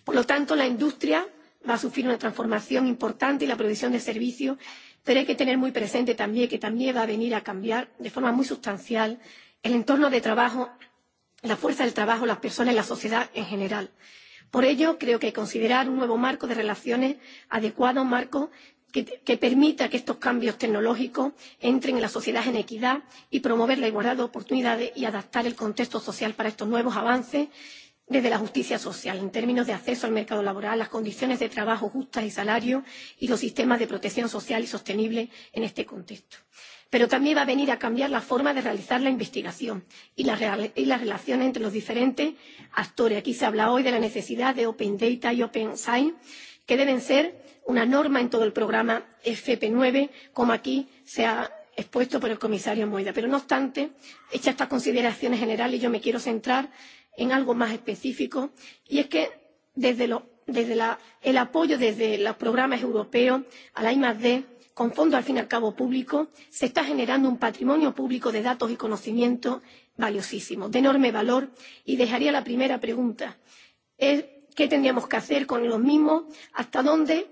Por lo tanto, la industria va a sufrir una transformación importante y la provisión de servicios Pero hay que tener muy presente también que también va a venir a cambiar de forma muy sustancial el entorno de trabajo, la fuerza del trabajo, las personas y la sociedad en general. Por ello, creo que considerar un nuevo marco de relaciones adecuado, un marco que, que permita que estos cambios tecnológicos entren en la sociedad en equidad y promover la igualdad de oportunidades y adaptar el contexto social para estos nuevos avances desde la justicia social, en términos de acceso al mercado laboral, las condiciones de trabajo justas y salarios y los sistemas de protección social y sostenible en este contexto. Pero también va a venir a cambiar la forma de realizar la investigación y, la, las relaciones entre los diferentes actores. Aquí se habla hoy de la necesidad de Open Data y Open Science, que deben ser una norma en todo el programa FP9, como aquí se ha expuesto por el comisario Moedas. Pero no obstante, hechas estas consideraciones generales, yo me quiero centrar en algo más específico y es que desde, el apoyo desde los programas europeos a la I+D con fondos al fin y al cabo públicos, se está generando un patrimonio público de datos y conocimientos valiosísimo, de enorme valor. Y dejaría la primera pregunta. ¿Qué tendríamos que hacer con los mismos? ¿Hasta dónde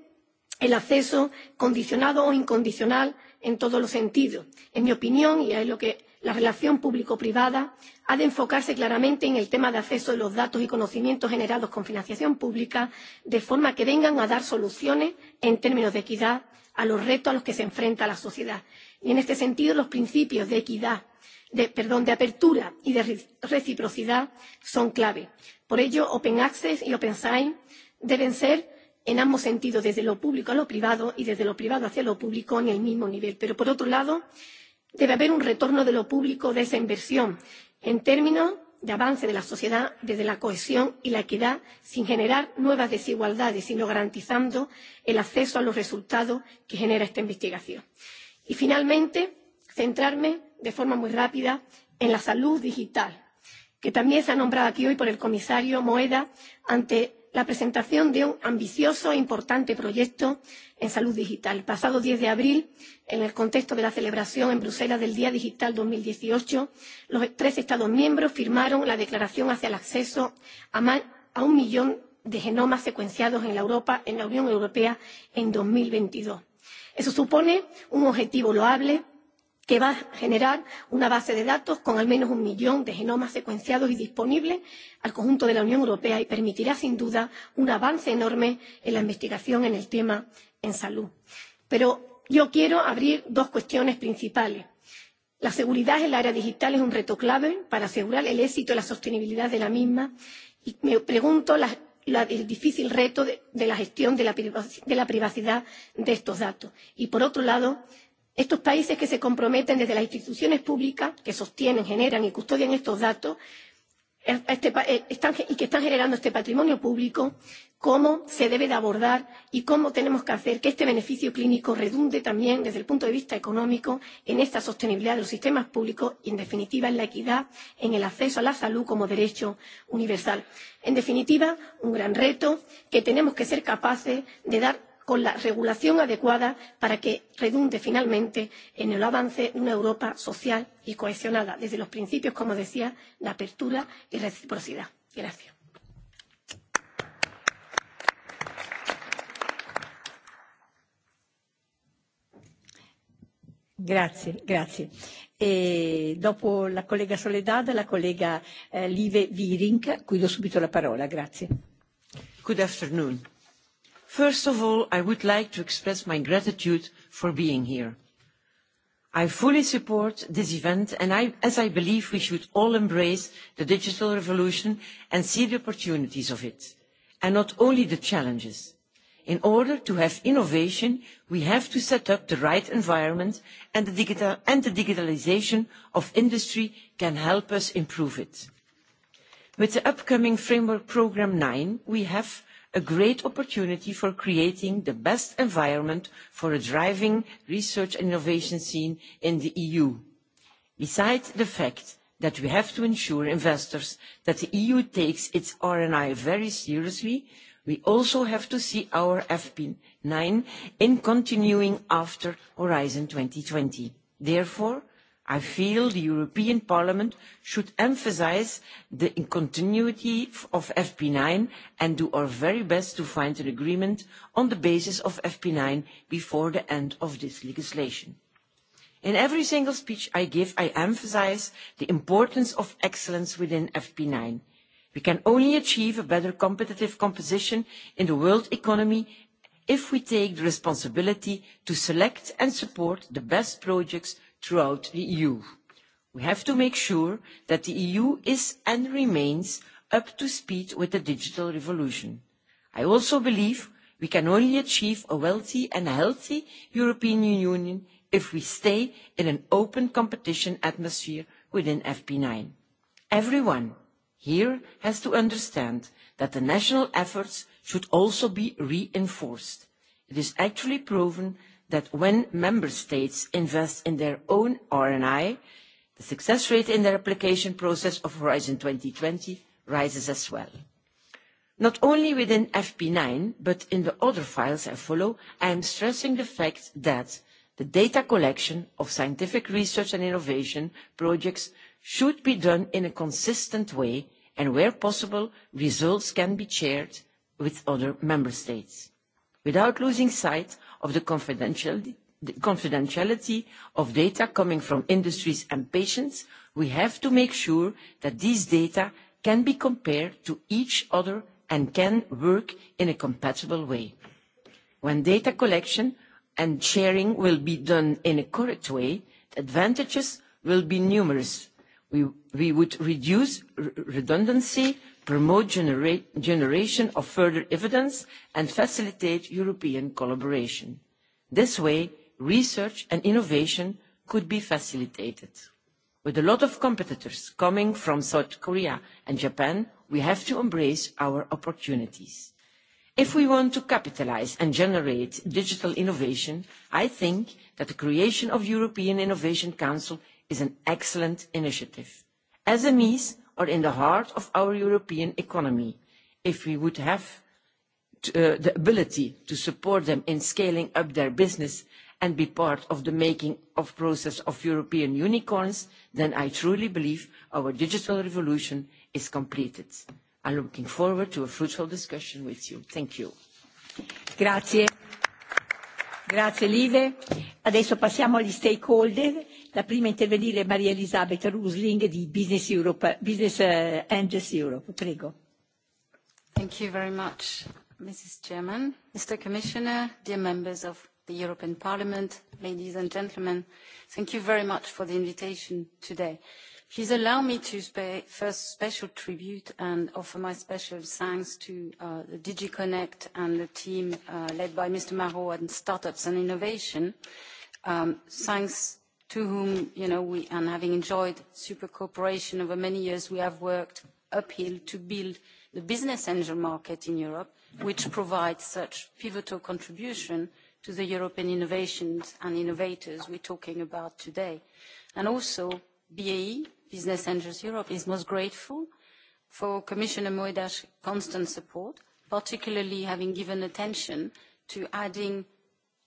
el acceso condicionado o incondicional en todos los sentidos. En mi opinión, y es lo que la relación público privada ha de enfocarse claramente en el tema de acceso a los datos y conocimientos generados con financiación pública, de forma que vengan a dar soluciones en términos de equidad a los retos a los que se enfrenta la sociedad. Y en este sentido, los principios de equidad, de, perdón, de apertura y de reciprocidad son clave. Por ello, Open Access y Open Science deben ser en ambos sentidos, desde lo público a lo privado y desde lo privado hacia lo público en el mismo nivel. Pero, por otro lado, debe haber un retorno de lo público de esa inversión en términos de avance de la sociedad desde la cohesión y la equidad sin generar nuevas desigualdades, sino garantizando el acceso a los resultados que genera esta investigación. Y finalmente, centrarme de forma muy rápida en la salud digital, que también se ha nombrado aquí hoy por el comisario Moeda ante la presentación de un ambicioso e importante proyecto en salud digital. El pasado 10 de abril, en el contexto de la celebración en Bruselas del Día Digital 2018, los tres Estados miembros firmaron la declaración hacia el acceso a, más, a un millón de genomas secuenciados en la, Europa, en la Unión Europea en 2022. Eso supone un objetivo loable que va a generar una base de datos con al menos un millón de genomas secuenciados y disponibles al conjunto de la Unión Europea y permitirá, sin duda, un avance enorme en la investigación en el tema en salud. Pero yo quiero abrir dos cuestiones principales. La seguridad en el área digital es un reto clave para asegurar el éxito y la sostenibilidad de la misma. Y me pregunto las la, el difícil reto de, de la gestión de la, de la privacidad de estos datos. Y por otro lado, Estos países que se comprometen desde las instituciones públicas, que sostienen, generan y custodian estos datos, este, están, y que están generando este patrimonio público, cómo se debe de abordar y cómo tenemos que hacer que este beneficio clínico redunde también desde el punto de vista económico en esta sostenibilidad de los sistemas públicos y en definitiva en la equidad en el acceso a la salud como derecho universal. En definitiva, un gran reto que tenemos que ser capaces de dar con la regulación adecuada para que redunde finalmente en el avance de una Europa social y cohesionada desde los principios, como decía, de apertura y reciprocidad. Gracias. Grazie, grazie. E dopo la collega Soledad, la collega eh, Live Viring, cui do subito la parola. Grazie. Good afternoon First of all, I would like to express my gratitude for being here. I fully support this event and as I believe we should all embrace the digital revolution and see the opportunities of it, and not only the challenges. In order to have innovation, we have to set up the right environment and the, digitalisation of industry can help us improve it. With the upcoming Framework Programme nine, we have a great opportunity for creating the best environment for a driving research and innovation scene in the EU. Besides the fact that we have to ensure investors that the EU takes its R&I very seriously, we also have to see our FP9 in continuing after Horizon 2020. Therefore, I feel the European Parliament should emphasise the continuity of fp nine and do our very best to find an agreement on the basis of fp nine before the end of this legislation. In every single speech I give, I emphasise the importance of excellence within fp nine. We can only achieve a better competitive composition in the world economy if we take the responsibility to select and support the best projects throughout the EU. We have to make sure that the EU is and remains up to speed with the digital revolution. I also believe we can only achieve a wealthy and healthy European Union if we stay in an open competition atmosphere within fp nine. Everyone here has to understand that the national efforts should also be reinforced. It is actually proven that when member states invest in their own rni the success rate in their application process of Horizon 2020 rises as well. Not only within FP9, but in the other files I follow, I am stressing the fact that the data collection of scientific research and innovation projects should be done in a consistent way, and where possible, results can be shared with other member states, without losing sight of the confidentiality the confidentiality of data coming from industries and patients, we have to make sure that these data can be compared to each other and can work in a compatible way. When data collection and sharing will be done in a correct way, the advantages will be numerous. We would reduce redundancy, promote generation of further evidence and facilitate European collaboration. This way, research and innovation could be facilitated. With a lot of competitors coming from South Korea and Japan, we have to embrace our opportunities. If we want to capitalise and generate digital innovation, I think that the creation of the European Innovation Council is an excellent initiative. SMEs or in the heart of our European economy. If we would have the ability to support them in scaling up their business and be part of the making of process of European unicorns, then I truly believe our digital revolution is completed. I'm looking forward to a fruitful discussion with you. Thank you. Grazie. Grazie Live. Adesso passiamo agli stakeholder La prima a intervenire è Maria Elisabeth Rusling di Business, Europe, Business Angels Europe. Prego. Thank you very much, Mrs. Chairman, Mr. Commissioner, dear members of the European Parliament, ladies and gentlemen, thank you very much for the invitation today. Please allow me to pay first special tribute and offer my special thanks to uh, the DigiConnect and the team uh, led by Mr. Marot and Startups and Innovation. Um, thanks to whom you know we and having enjoyed super cooperation over many years we have worked uphill to build the business angel market in Europe which provides such pivotal contribution to the European innovations and innovators we're talking about today. And also BAE, Business Angels Europe, is most grateful for Commissioner Moeda's constant support, particularly having given attention to adding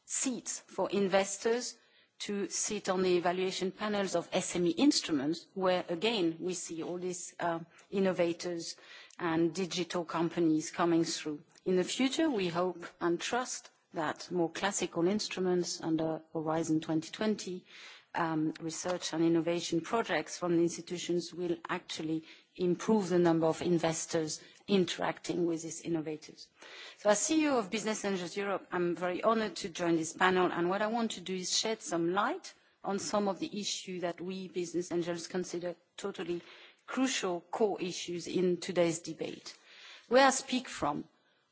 seats for investors to sit on the evaluation panels of SME instruments, where again we see all these uh, innovators and digital companies coming through. In the future, we hope and trust that more classical instruments under Horizon 2020, um, research and innovation projects from the institutions will actually improve the number of investors interacting with these innovators. So as CEO of Business Angels Europe, I'm very honored to join this panel, and what I want to do is shed some light on some of the issues that we business angels consider totally crucial core issues in today's debate. Where I speak from,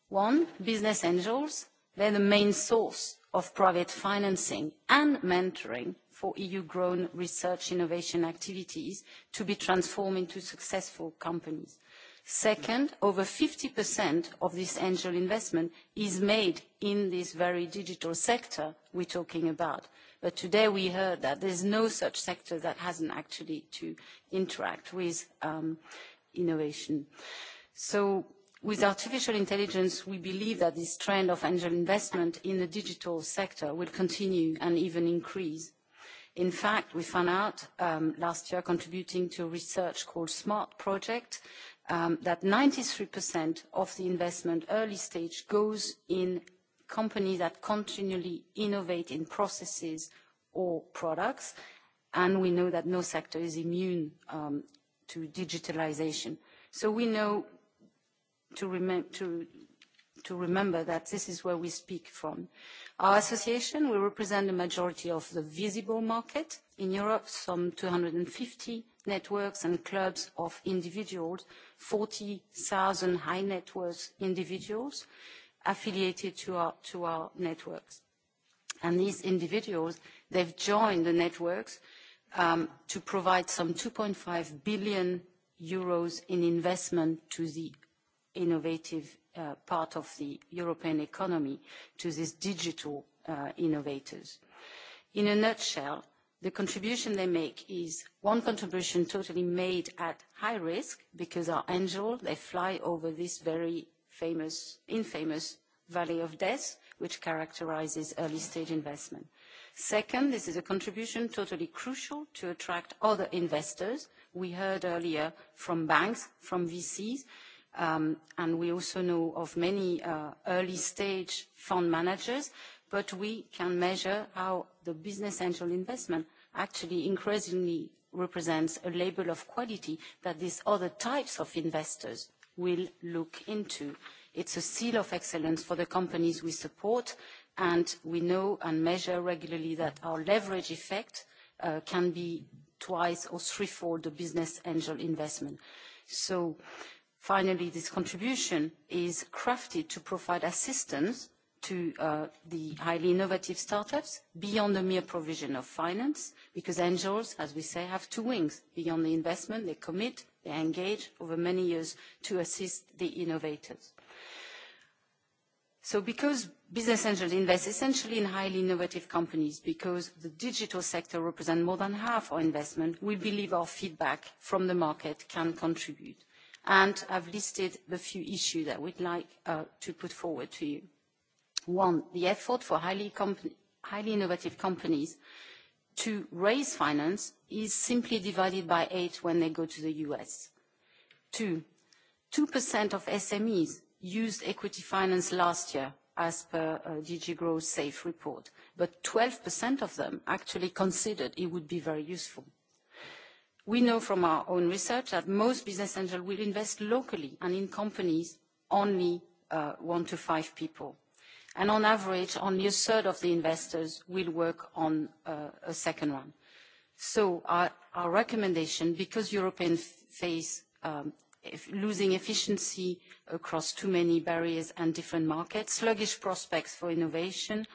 one, business angels, they're the main source of private financing and mentoring for EU-grown research innovation activities to be transformed into successful companies. Second, over 50% of this angel investment is made in this very digital sector we're talking about. But today we heard that there's no such sector that hasn't actually to interact with innovation. So with artificial intelligence, we believe that this trend of angel investment in the digital sector will continue and even increase. In fact, we found out last year contributing to a research called SMART Project that 93% of the investment early stage goes in companies that continually innovate in processes or products, and we know that no sector is immune to digitalization. So we know to remember that this is where we speak from. Our association, we represent the majority of the visible market in Europe, some 250 networks and clubs of individuals 40,000 high net worth individuals affiliated to our, to our networks. And these individuals, they've joined the networks to provide some 2.5 billion euros in investment to the innovative part of the European economy, to these digital innovators. In a nutshell, the contribution they make is one contribution totally made at high risk because our angel, they fly over this very famous, infamous valley of death, which characterizes early stage investment. Second, this is a contribution totally crucial to attract other investors. We heard earlier from banks, from VCs, and we also know of many uh, early stage fund managers, but we can measure how the business angel investment actually increasingly represents a label of quality that these other types of investors will look into. It's a seal of excellence for the companies we support, and we know and measure regularly that our leverage effect can be twice or threefold the business angel investment. So finally, this contribution is crafted to provide assistance to the highly innovative startups beyond the mere provision of finance, because angels, as we say, have two wings. Beyond the investment, they commit, they engage over many years to assist the innovators. So because Business Angels invest essentially in highly innovative companies, because the digital sector represents more than half our investment, we believe our feedback from the market can contribute. And I've listed the few issues that we'd like to put forward to you. One, the effort for highly, highly innovative companies to raise finance is simply divided by eight when they go to the US. Two, 2% of SMEs used equity finance last year as per DG Growth SAFE report, but 12% of them actually considered it would be very useful. We know from our own research that most business angels will invest locally and in companies only one to five people and on average, only a third of the investors will work on a second one. So our recommendation, because Europeans face losing efficiency across too many barriers and different markets, sluggish prospects for innovation,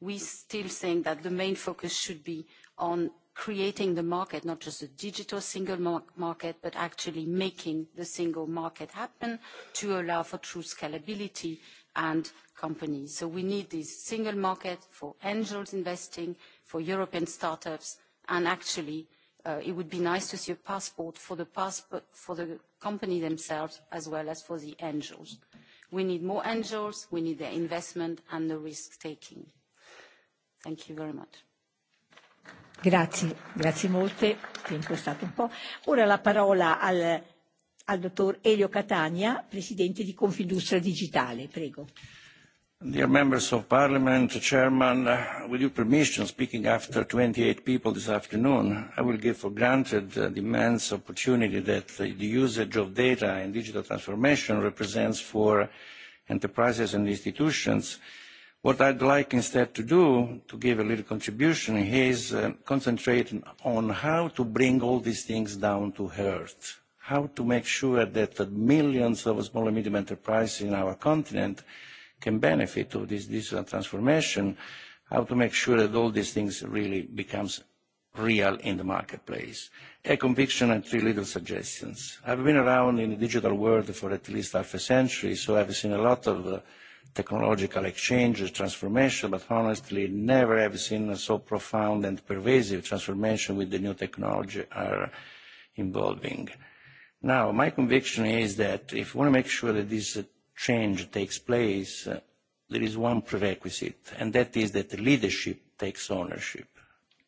we still think that the main focus should be on creating the market, not just a digital single market, but actually making the single market happen to allow for true scalability and companies. So we need this single market for angels investing, for European startups, and actually it would be nice to see a passport for the, passport, for the company themselves as well as for the angels. We need more angels, we need the investment and the risk taking. Thank you very much. Grazie, grazie molte. è stato un po'. Ora la parola al al dottor Elio Catania, presidente di Confindustria Digitale. Prego. Dear members of parliament, chairman, uh, with your permission, speaking after 28 people this afternoon, I will give for granted uh, the immense opportunity that uh, the usage of data and digital transformation represents for enterprises and institutions. What I'd like instead to do, to give a little contribution, is uh, concentrate on how to bring all these things down to earth how to make sure that the millions of small and medium enterprises in our continent can benefit of this digital transformation, how to make sure that all these things really becomes real in the marketplace. A conviction and three little suggestions. I've been around in the digital world for at least half a century, so I've seen a lot of technological exchanges, transformation, but honestly, never have seen a so profound and pervasive transformation with the new technology are involving. Now, my conviction is that if we want to make sure that this change takes place, uh, there is one prerequisite, and that is that leadership takes ownership,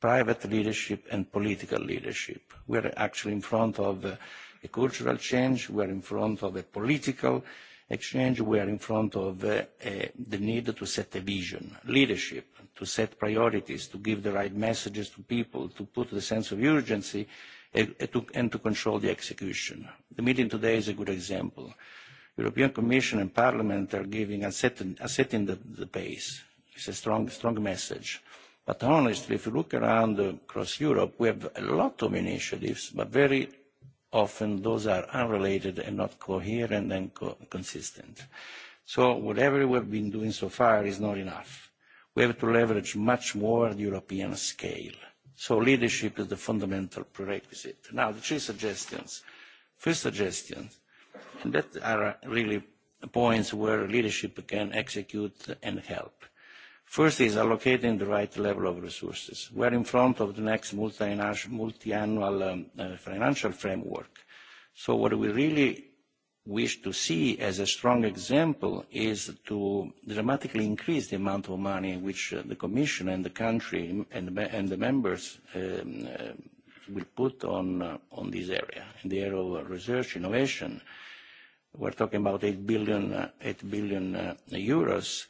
private leadership and political leadership. We are actually in front of uh, a cultural change, we are in front of a political exchange, we are in front of uh, uh, the need to set a vision, leadership, to set priorities, to give the right messages to people, to put the sense of urgency, and to control the execution. The meeting today is a good example. The European Commission and Parliament are giving and setting, a setting the, the pace. It's a strong, strong message. But honestly, if you look around across Europe, we have a lot of initiatives, but very often those are unrelated and not coherent and co- consistent. So whatever we've been doing so far is not enough. We have to leverage much more the European scale So leadership is the fundamental prerequisite. Now, the three suggestions. First suggestion, and that are really points where leadership can execute and help. First is allocating the right level of resources. We are in front of the next multi-annual um, uh, financial framework. So what we really wish to see as a strong example is to dramatically increase the amount of money which the Commission and the country and, and the members um, uh, will put on, uh, on this area, in the area of research, innovation. We're talking about 8 billion, uh, 8 billion uh, euros,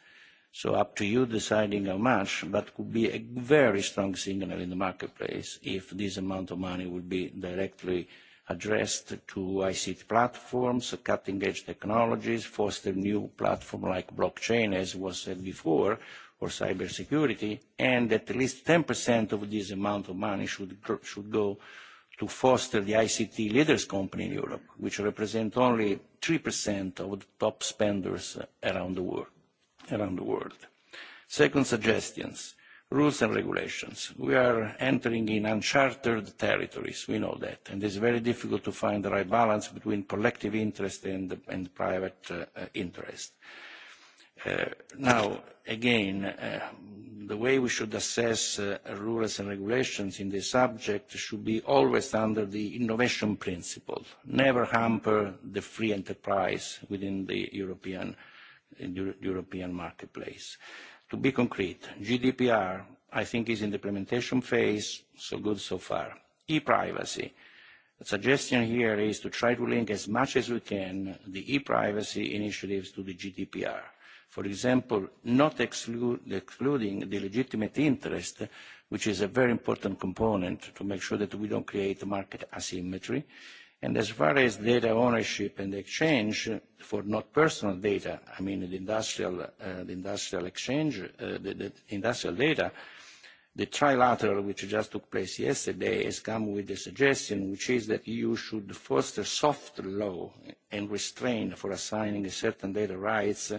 so up to you deciding how much, but could be a very strong signal in the marketplace if this amount of money would be directly uh, addressed to ICT platforms, cutting-edge technologies, foster new platform like blockchain, as was said before, or cybersecurity, and at least 10% of this amount of money should, should go to foster the ICT leaders company in Europe, which represent only 3% of the top spenders around the world. Around the world. Second suggestions rules and regulations. We are entering in uncharted territories, we know that, and it's very difficult to find the right balance between collective interest and, and private uh, interest. Uh, now, again, uh, the way we should assess uh, rules and regulations in this subject should be always under the innovation principle, never hamper the free enterprise within the European, European marketplace. To be concrete, GDPR, I think, is in the implementation phase, so good so far. E-privacy. The suggestion here is to try to link as much as we can the e-privacy initiatives to the GDPR. For example, not exclude, excluding the legitimate interest, which is a very important component to make sure that we don't create market asymmetry, And as far as data ownership and exchange for not personal data, I mean the industrial, uh, the industrial exchange, uh, the, the industrial data, the trilateral which just took place yesterday has come with a suggestion which is that EU should foster soft law and restraint for assigning certain data rights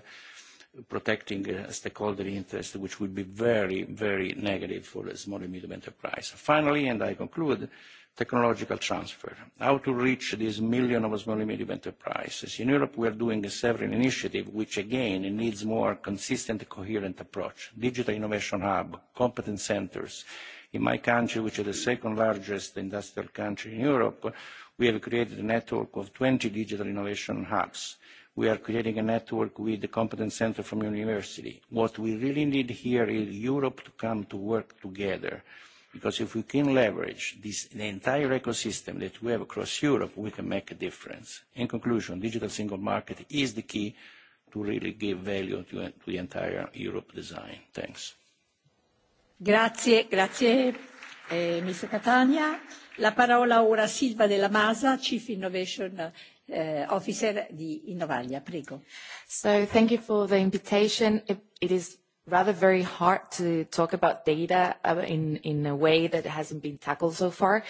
protecting stakeholder interest, which would be very, very negative for the small and medium enterprise. Finally, and I conclude, technological transfer, how to reach these million of small and medium enterprises. In Europe, we are doing a several initiatives, which again needs more consistent, coherent approach. Digital Innovation Hub, competence centers. In my country, which is the second largest industrial country in Europe, we have created a network of 20 digital innovation hubs. We are creating a network with the competence center from university. What we really need here is Europe to come to work together Because if we can leverage this, the entire ecosystem that we have across Europe, we can make a difference. In conclusion, digital single market is the key to really give value to, to the entire Europe design. Thanks. Grazie, grazie eh, Mr. Catania. La parola ora a Silva della Masa, Chief Innovation uh, Officer di Innovaglia. Prego. So thank you for the invitation. It, it is rather very hard to talk about data in, in a way that hasn't been tackled so far.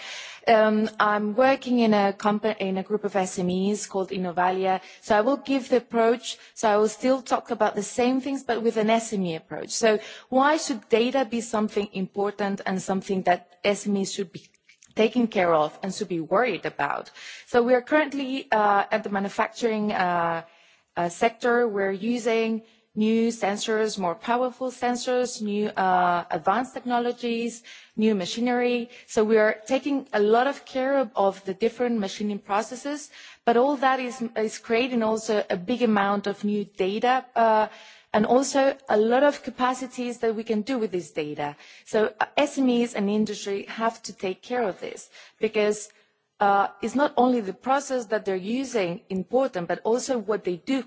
Um, I'm working in a, company, in a group of SMEs called Innovalia, so I will give the approach, so I will still talk about the same things but with an SME approach. So why should data be something important and something that SMEs should be taken care of and should be worried about? So we are currently uh, at the manufacturing uh, uh, sector, we're using new sensors, more powerful sensors, new uh, advanced technologies, new machinery. So we are taking a lot of care of the different machining processes, but all that is, is creating also a big amount of new data uh, and also a lot of capacities that we can do with this data. So SMEs and industry have to take care of this because uh, it's not only the process that they're using important, but also what they do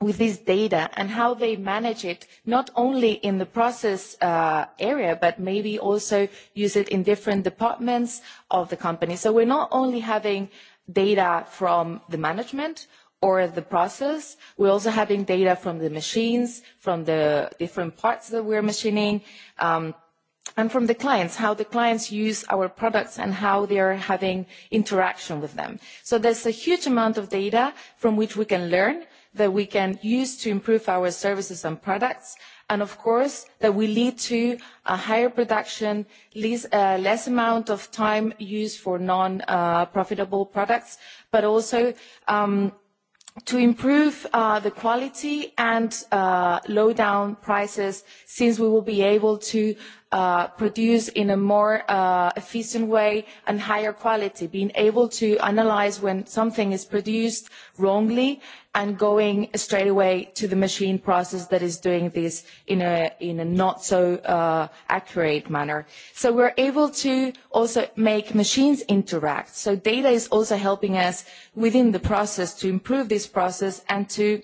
with this data and how they manage it not only in the process uh, area but maybe also use it in different departments of the company so we're not only having data from the management or the process we're also having data from the machines from the different parts that we're machining um, and from the clients, how the clients use our products and how they are having interaction with them. So there's a huge amount of data from which we can learn that we can use to improve our services and products, and of course that will lead to a higher production, less amount of time used for non-profitable products, but also to improve the quality and low down prices since we will be able to uh, produce in a more uh, efficient way and higher quality, being able to analyze when something is produced wrongly and going straight away to the machine process that is doing this in a, in a not so uh, accurate manner. So we're able to also make machines interact. So data is also helping us within the process to improve this process and to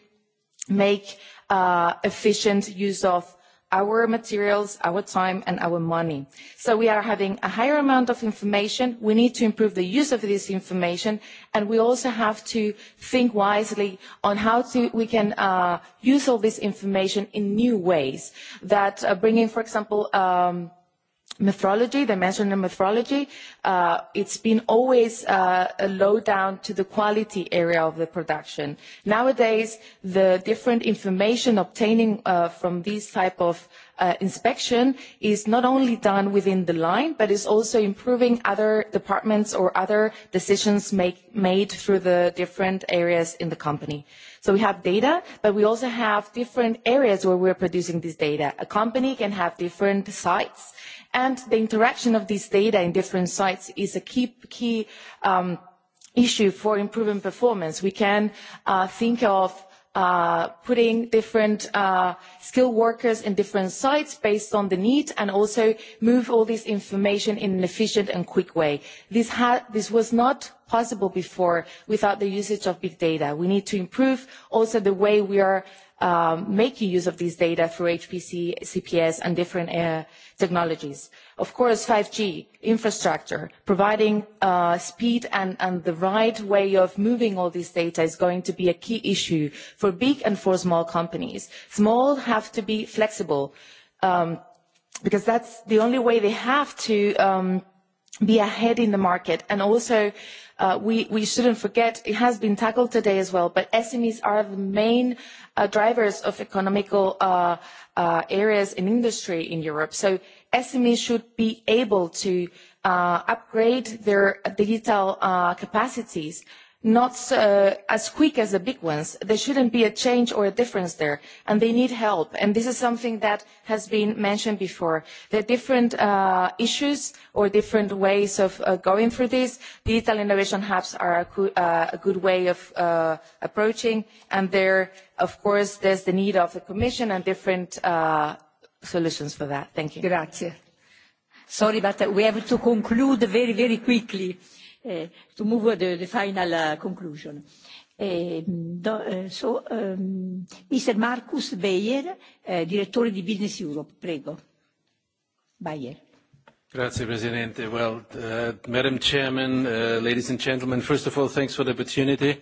make uh, efficient use of our materials, our time, and our money. So we are having a higher amount of information. We need to improve the use of this information, and we also have to think wisely on how to, we can use all this information in new ways that bring bringing, for example, um, methodology, they mentioned the methodology, uh, it's been always uh, low down to the quality area of the production. Nowadays, the different information obtaining uh, from these type of uh, inspection is not only done within the line, but is also improving other departments or other decisions make, made through the different areas in the company. So we have data, but we also have different areas where we're producing this data. A company can have different sites and the interaction of these data in different sites is a key, key um, issue for improving performance. We can uh, think of uh, putting different uh, skilled workers in different sites based on the need and also move all this information in an efficient and quick way. This, ha- this was not possible before without the usage of big data. We need to improve also the way we are um, making use of these data through HPC, CPS, and different uh, technologies. Of course, 5G, infrastructure, providing uh, speed and, and the right way of moving all this data is going to be a key issue for big and for small companies. Small have to be flexible um, because that's the only way they have to um, be ahead in the market and also we, shouldn't forget, it has been tackled today as well, but SMEs are the main drivers of economical areas in industry in Europe. So SMEs should be able to upgrade their digital capacities not uh, as quick as the big ones. There shouldn't be a change or a difference there, and they need help. And this is something that has been mentioned before. There are different uh, issues or different ways of uh, going through this. Digital innovation hubs are a, co- uh, a good way of uh, approaching, and there, of course, there's the need of the Commission and different uh, solutions for that. Thank you. Grazie. Sorry, but we have to conclude very, very quickly to move the, the final uh, conclusion. so, um, Mr. Marcus Bayer, Director of Business Europe, prego. Bayer. Grazie, Presidente. Well, uh, Madam Chairman, uh, ladies and gentlemen, first of all, thanks for the opportunity.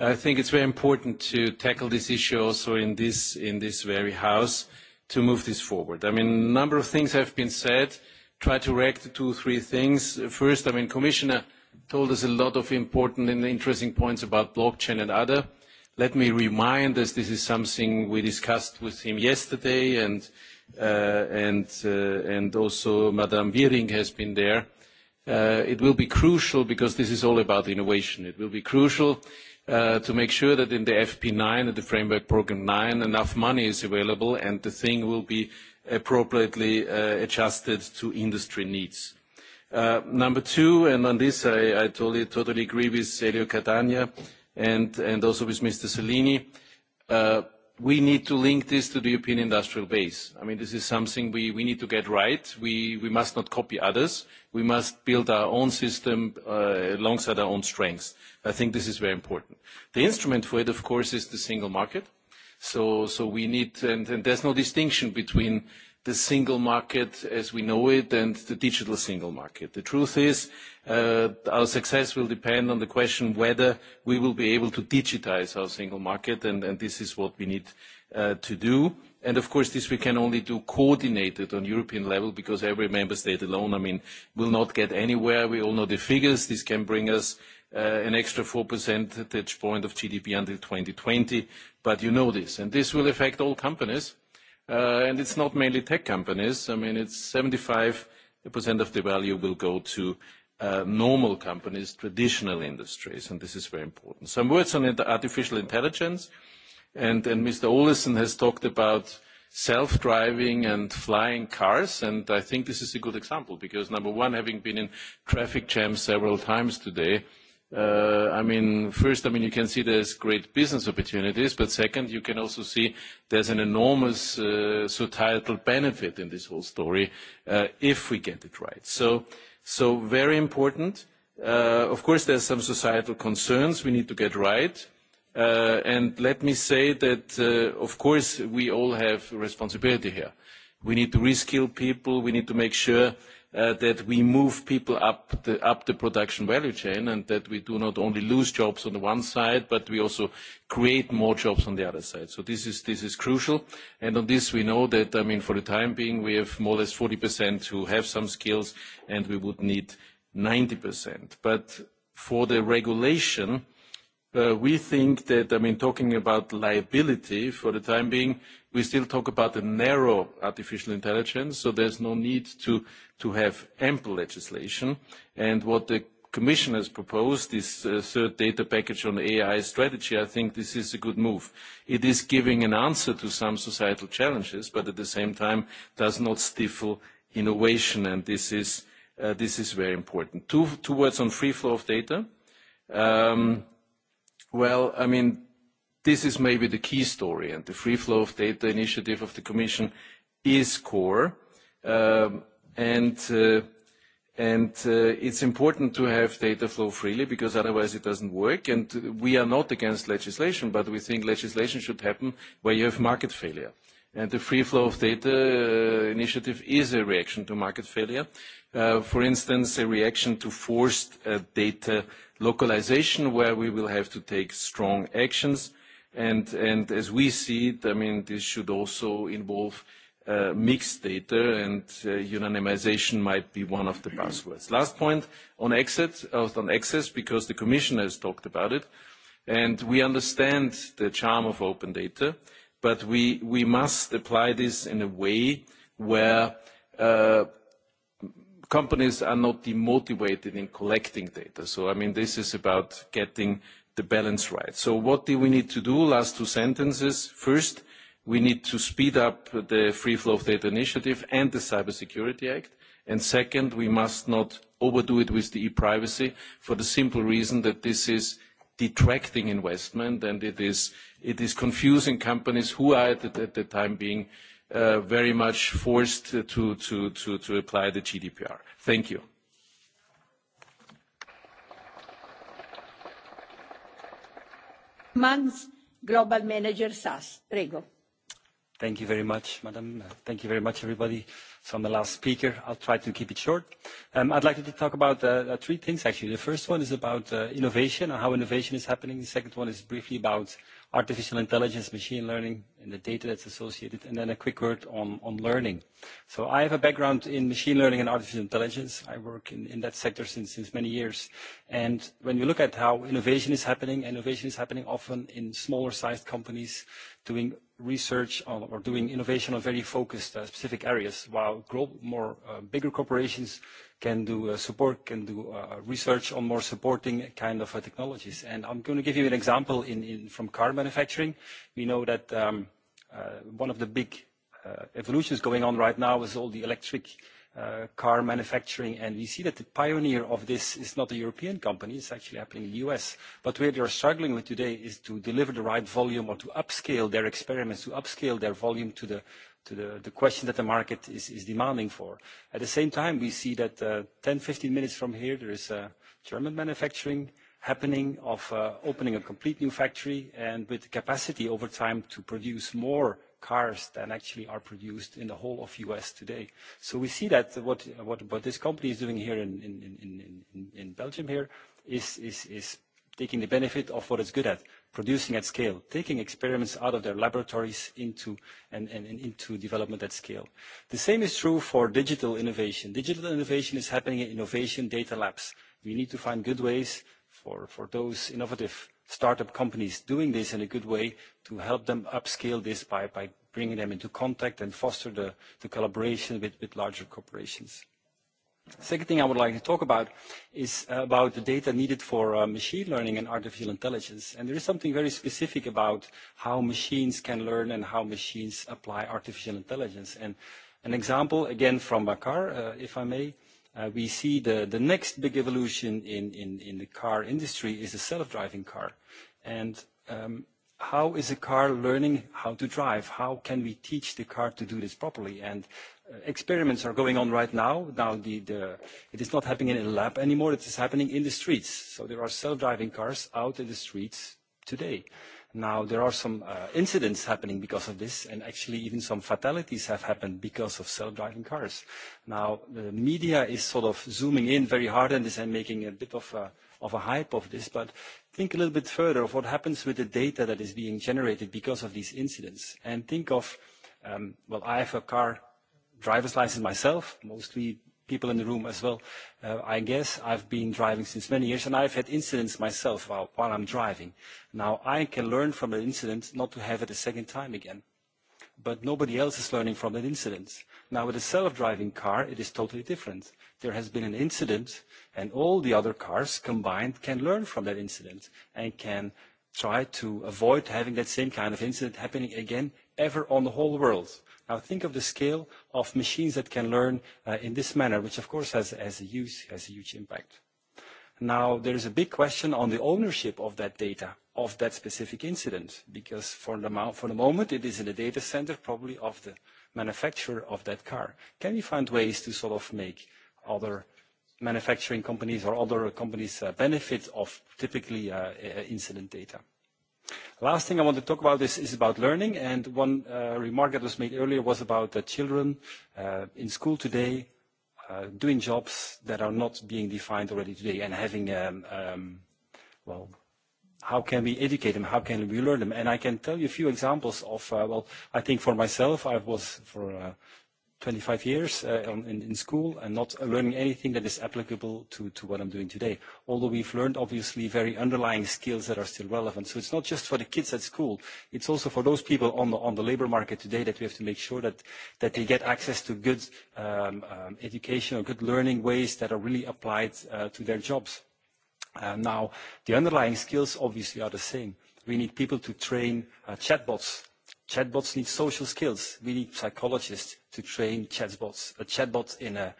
I think it's very important to tackle this issue also in this, in this very house to move this forward. I mean, a number of things have been said. Try to react to two, three things. First, I mean, Commissioner, uh, told us a lot of important and interesting points about blockchain and other. Let me remind us this is something we discussed with him yesterday, and also Madame Wiering has been there. it will be crucial because this is all about innovation. It will be crucial to make sure that in the FP9, at the Framework Program 9, enough money is available, and the thing will be appropriately adjusted to industry needs Number two, and on this I I totally agree with Elio Catania and also with Mr. Salini. We need to link this to the European industrial base. I mean, this is something we we need to get right. We we must not copy others. We must build our own system alongside our own strengths. I think this is very important. The instrument for it, of course, is the single market. So so we need, and there's no distinction between the single market as we know it and the digital single market. The truth is, our success will depend on the question whether we will be able to digitize our single market, and this is what we need to do. And Of course, this we can only do coordinated on European level because every member state alone, I mean, will not get anywhere. We all know the figures. This can bring us an extra four percentage point of GDP until 2020, but you know this. and This will affect all companies, And it's not mainly tech companies. I mean, it's 75% of the value will go to normal companies, traditional industries, and this is very important. Some words on artificial intelligence, and Mr. Olesen has talked about self-driving and flying cars, and I think this is a good example because, number one, having been in traffic jams several times today, I mean, first, I mean, you can see there's great business opportunities, but second, you can also see there's an enormous uh, societal benefit in this whole story uh, if we get it right. So, so very important. Uh, of course, there's some societal concerns we need to get right. Uh, and let me say that, of course, we all have responsibility here. We need to reskill people. We need to make sure that we move people up the production value chain and that we do not only lose jobs on the one side, but we also create more jobs on the other side. So This is crucial. and On this, we know that, I mean, for the time being, we have more or less 40% who have some skills, and we would need 90%. But For the regulation, we think that, I mean, talking about liability for the time being, we still talk about a narrow artificial intelligence, so there's no need to have ample legislation. And What the Commission has proposed, this third data package on AI strategy, I think this is a good move. It is giving an answer to some societal challenges, but at the same time does not stifle innovation, and this is this is very important. Two words on free flow of data. Well, I mean, this is maybe the key story, and the free flow of data initiative of the Commission is core. Um, and uh, and uh, it's important to have data flow freely because otherwise it doesn't work. And we are not against legislation, but we think legislation should happen where you have market failure. And the free flow of data uh, initiative is a reaction to market failure for instance, a reaction to forced data localization, where we will have to take strong actions. And as we see it, I mean, this should also involve mixed data, and unanimization might be one of the passwords. Last point on access, because the Commission has talked about it, and we understand the charm of open data, but we must apply this in a way where companies are not demotivated in collecting data. So, I mean, this is about getting the balance right. So what do we need to do? Last two sentences. First, we need to speed up the Free Flow of Data Initiative and the Cybersecurity Act. And second, we must not overdo it with the e-privacy for the simple reason that this is detracting investment and it is confusing companies who are at the time being very much forced to, to, to, to apply the GDPR. Thank you. Mans, Global Manager SAS. Prego. Thank you very much, Madam. Thank you very much, everybody. So I'm the last speaker. I'll try to keep it short. Um, I'd like to talk about uh, three things, actually. The first one is about uh, innovation and how innovation is happening. The second one is briefly about uh, artificial intelligence, machine learning, and the data that's associated, and then a quick word on, on learning. So I have a background in machine learning and artificial intelligence. I work in, in that sector since, since many years. And when you look at how innovation is happening, innovation is happening often in smaller sized companies doing research on or doing innovation on very focused uh, specific areas, while global, more uh, bigger corporations can do uh, support, can do uh, research on more supporting kind of uh, technologies. And I'm going to give you an example in, in, from car manufacturing. We know that um, uh, one of the big uh, evolutions going on right now is all the electric uh, car manufacturing, and we see that the pioneer of this is not a European company, it's actually happening in the US. But where are struggling with today is to deliver the right volume or to upscale their experiments, to upscale their volume to the to the, the question that the market is, is demanding for. At the same time, we see that 10, 15 minutes from here, there is a German manufacturing happening of uh, opening a complete new factory and with the capacity over time to produce more cars than actually are produced in the whole of U.S. today. So we see that what, what, what this company is doing here in, in, in, in, in Belgium here is, is, is taking the benefit of what it's good at producing at scale, taking experiments out of their laboratories into, and, and, and into development at scale. The same is true for digital innovation. Digital innovation is happening in innovation data labs. We need to find good ways for, for those innovative startup companies doing this in a good way to help them upscale this by, by bringing them into contact and foster the, the collaboration with, with larger corporations. Second thing I would like to talk about is about the data needed for machine learning and artificial intelligence. And there is something very specific about how machines can learn and how machines apply artificial intelligence. And an example, again, from Bakar, if I may, we see the, the next big evolution in, in, in the car industry is a self-driving car. And um, how is a car learning how to drive? How can we teach the car to do this properly? And experiments are going on right now. Now the, the, it is not happening in a lab anymore, it is happening in the streets. So there are self-driving cars out in the streets today. Now there are some uh, incidents happening because of this and actually even some fatalities have happened because of self-driving cars. Now the media is sort of zooming in very hard on this and making a bit of a, of a hype of this, but think a little bit further of what happens with the data that is being generated because of these incidents and think of, um, well, I have a car driver's license myself, mostly people in the room as well, uh, I guess. I've been driving since many years, and I've had incidents myself while, while I'm driving. Now, I can learn from an incident not to have it a second time again. But nobody else is learning from that incident. Now, with a self-driving car, it is totally different. There has been an incident, and all the other cars combined can learn from that incident and can try to avoid having that same kind of incident happening again ever on the whole world Now think of the scale of machines that can learn in this manner, which of course has, a huge, has a huge impact. Now there is a big question on the ownership of that data, of that specific incident, because for the, moment it is in the data center probably of the manufacturer of that car. Can we find ways to sort of make other manufacturing companies or other companies benefit of typically incident data? Last thing I want to talk about is, is about learning, and one uh, remark that was made earlier was about the children uh, in school today uh, doing jobs that are not being defined already today, and having um, um, well, how can we educate them? How can we learn them? And I can tell you a few examples of uh, well, I think for myself, I was for. Uh, 25 years uh, on, in, in school and not learning anything that is applicable to, to what I'm doing today. Although we've learned obviously very underlying skills that are still relevant. So it's not just for the kids at school. It's also for those people on the, on the labor market today that we have to make sure that, that they get access to good um, um, education or good learning ways that are really applied uh, to their jobs. Uh, now, the underlying skills obviously are the same. We need people to train uh, chatbots Chatbots need social skills. We need psychologists to train chatbots. A chatbot in a,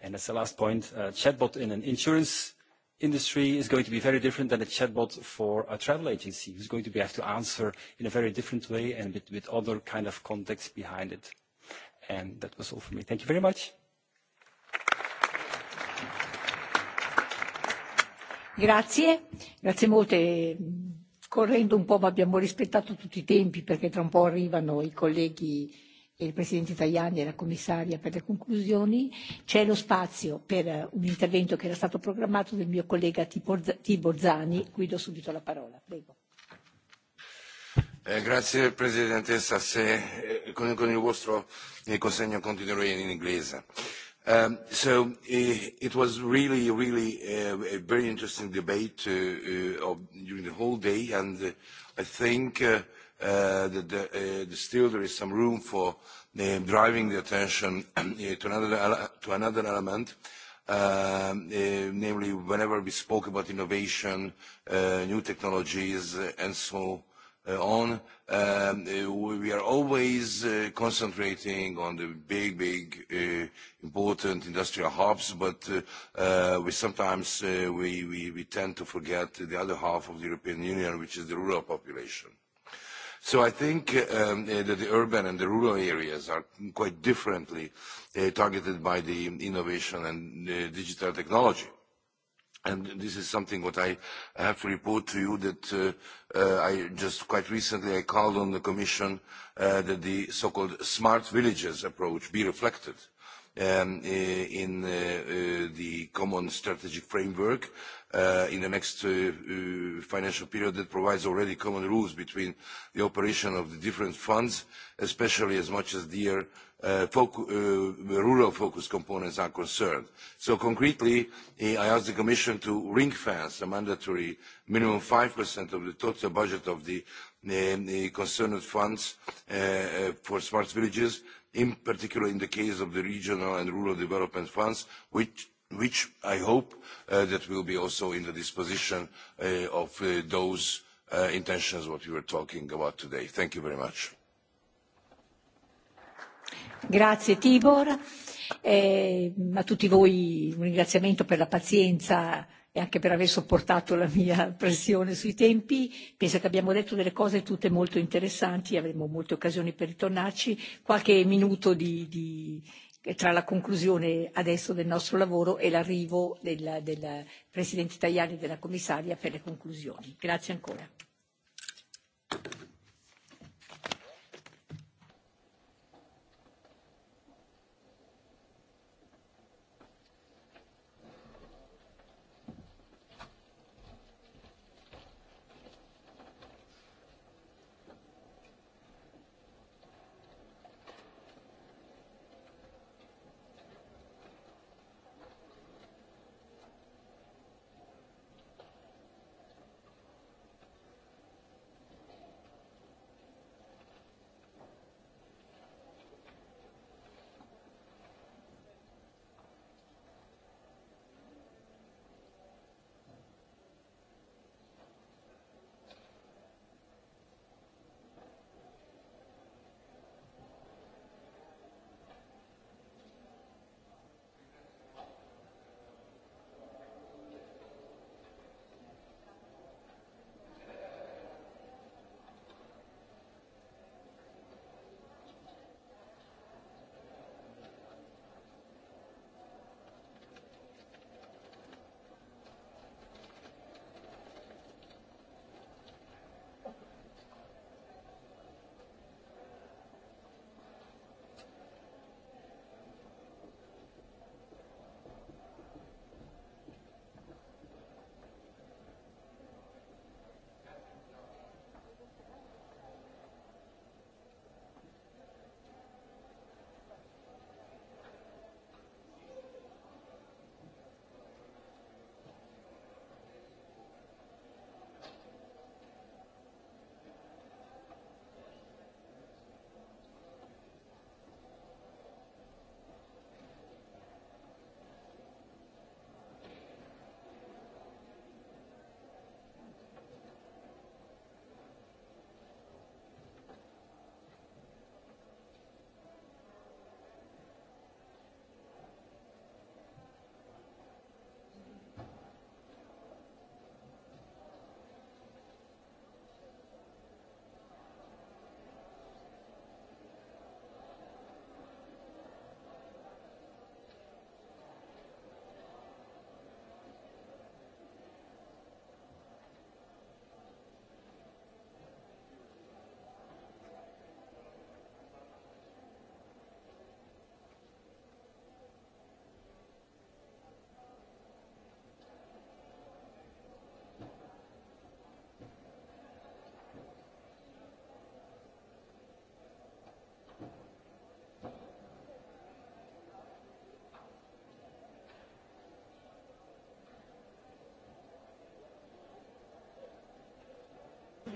and that's the last point, a chatbot in an insurance industry is going to be very different than a chatbot for a travel agency who's going to be, have to answer in a very different way and with, with other kind of context behind it. And that was all for me. Thank you very much. Grazie, grazie molte Scorrendo un po', ma abbiamo rispettato tutti i tempi perché tra un po' arrivano i colleghi e il Presidente Tajani e la Commissaria per le conclusioni, c'è lo spazio per un intervento che era stato programmato del mio collega Tibor Zani, cui do subito la parola. Prego. Eh, grazie Presidentessa, se, eh, con, con il vostro consegno continuerò in inglese. Um, so it was really, really a, a very interesting debate uh, uh, during the whole day, and uh, I think uh, uh, that the, uh, the still there is some room for uh, driving the attention uh, to another to another element. Uh, namely, whenever we spoke about innovation, uh, new technologies, uh, and so on, we are always concentrating on the big, big, important industrial hubs, but we sometimes we tend to forget the other half of the European Union, which is the rural population. So I think that the urban and the rural areas are quite differently targeted by the innovation and digital technology. And this is something what I have to report to you that I just quite recently I called on the Commission uh, that the so-called smart villages approach be reflected um, in uh, uh, the common strategic framework uh, in the next uh, uh, financial period that provides already common rules between the operation of the different funds, especially as much as dear rural focus components are concerned. So concretely, I ask the Commission to ring-fence the mandatory minimum 5% of the total budget of the concerned funds for smart villages, in particular in the case of the regional and rural development funds, which which I hope that will be also in the disposition of those intentions what we were talking about today. Thank you very much. Grazie Tibor, eh, a tutti voi un ringraziamento per la pazienza e anche per aver sopportato la mia pressione sui tempi. Penso che abbiamo detto delle cose tutte molto interessanti, avremo molte occasioni per ritornarci. Qualche minuto di, di, tra la conclusione adesso del nostro lavoro e l'arrivo del, del Presidente Tajani e della Commissaria per le conclusioni. Grazie ancora.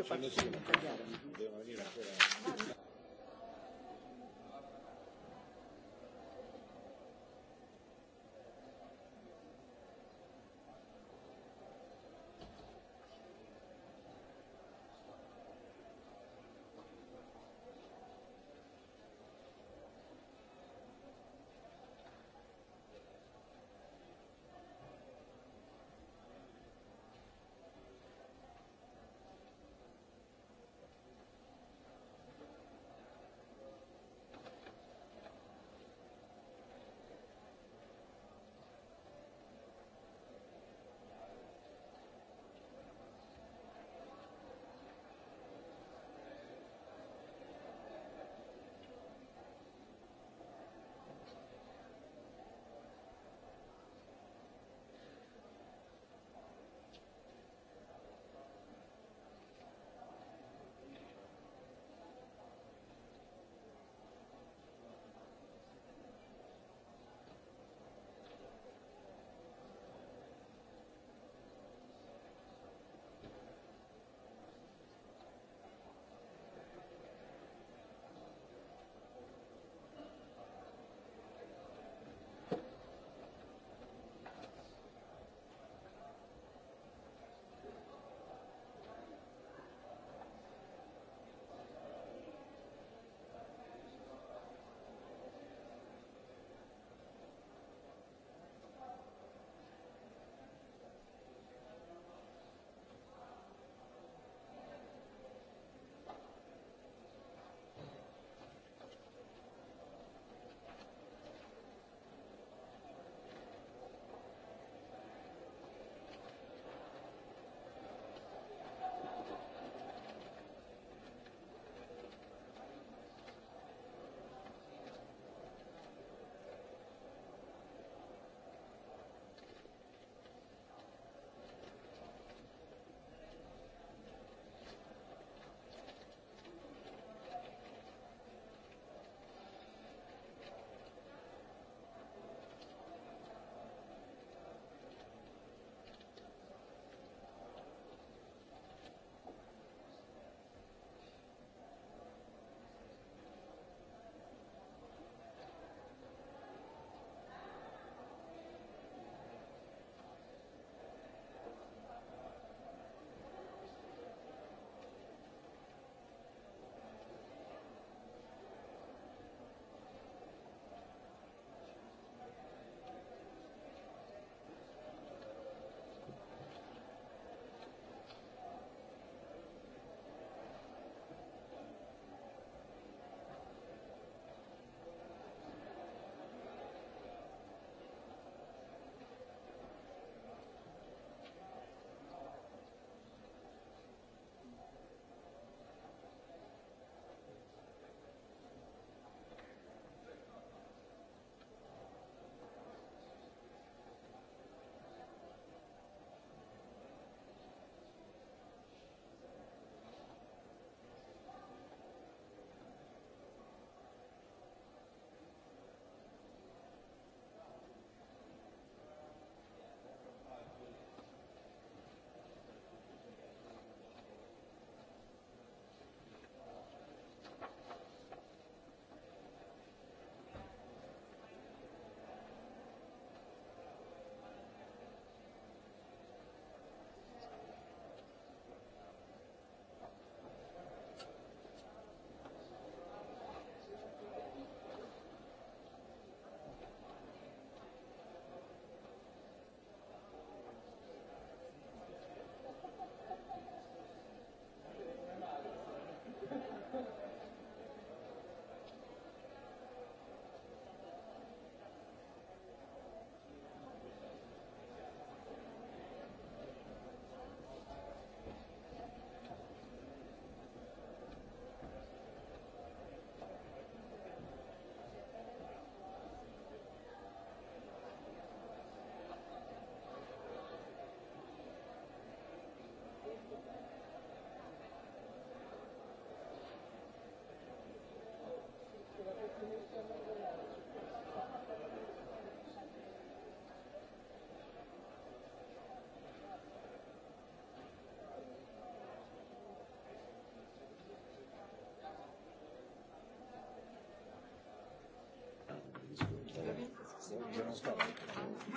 parteciamo.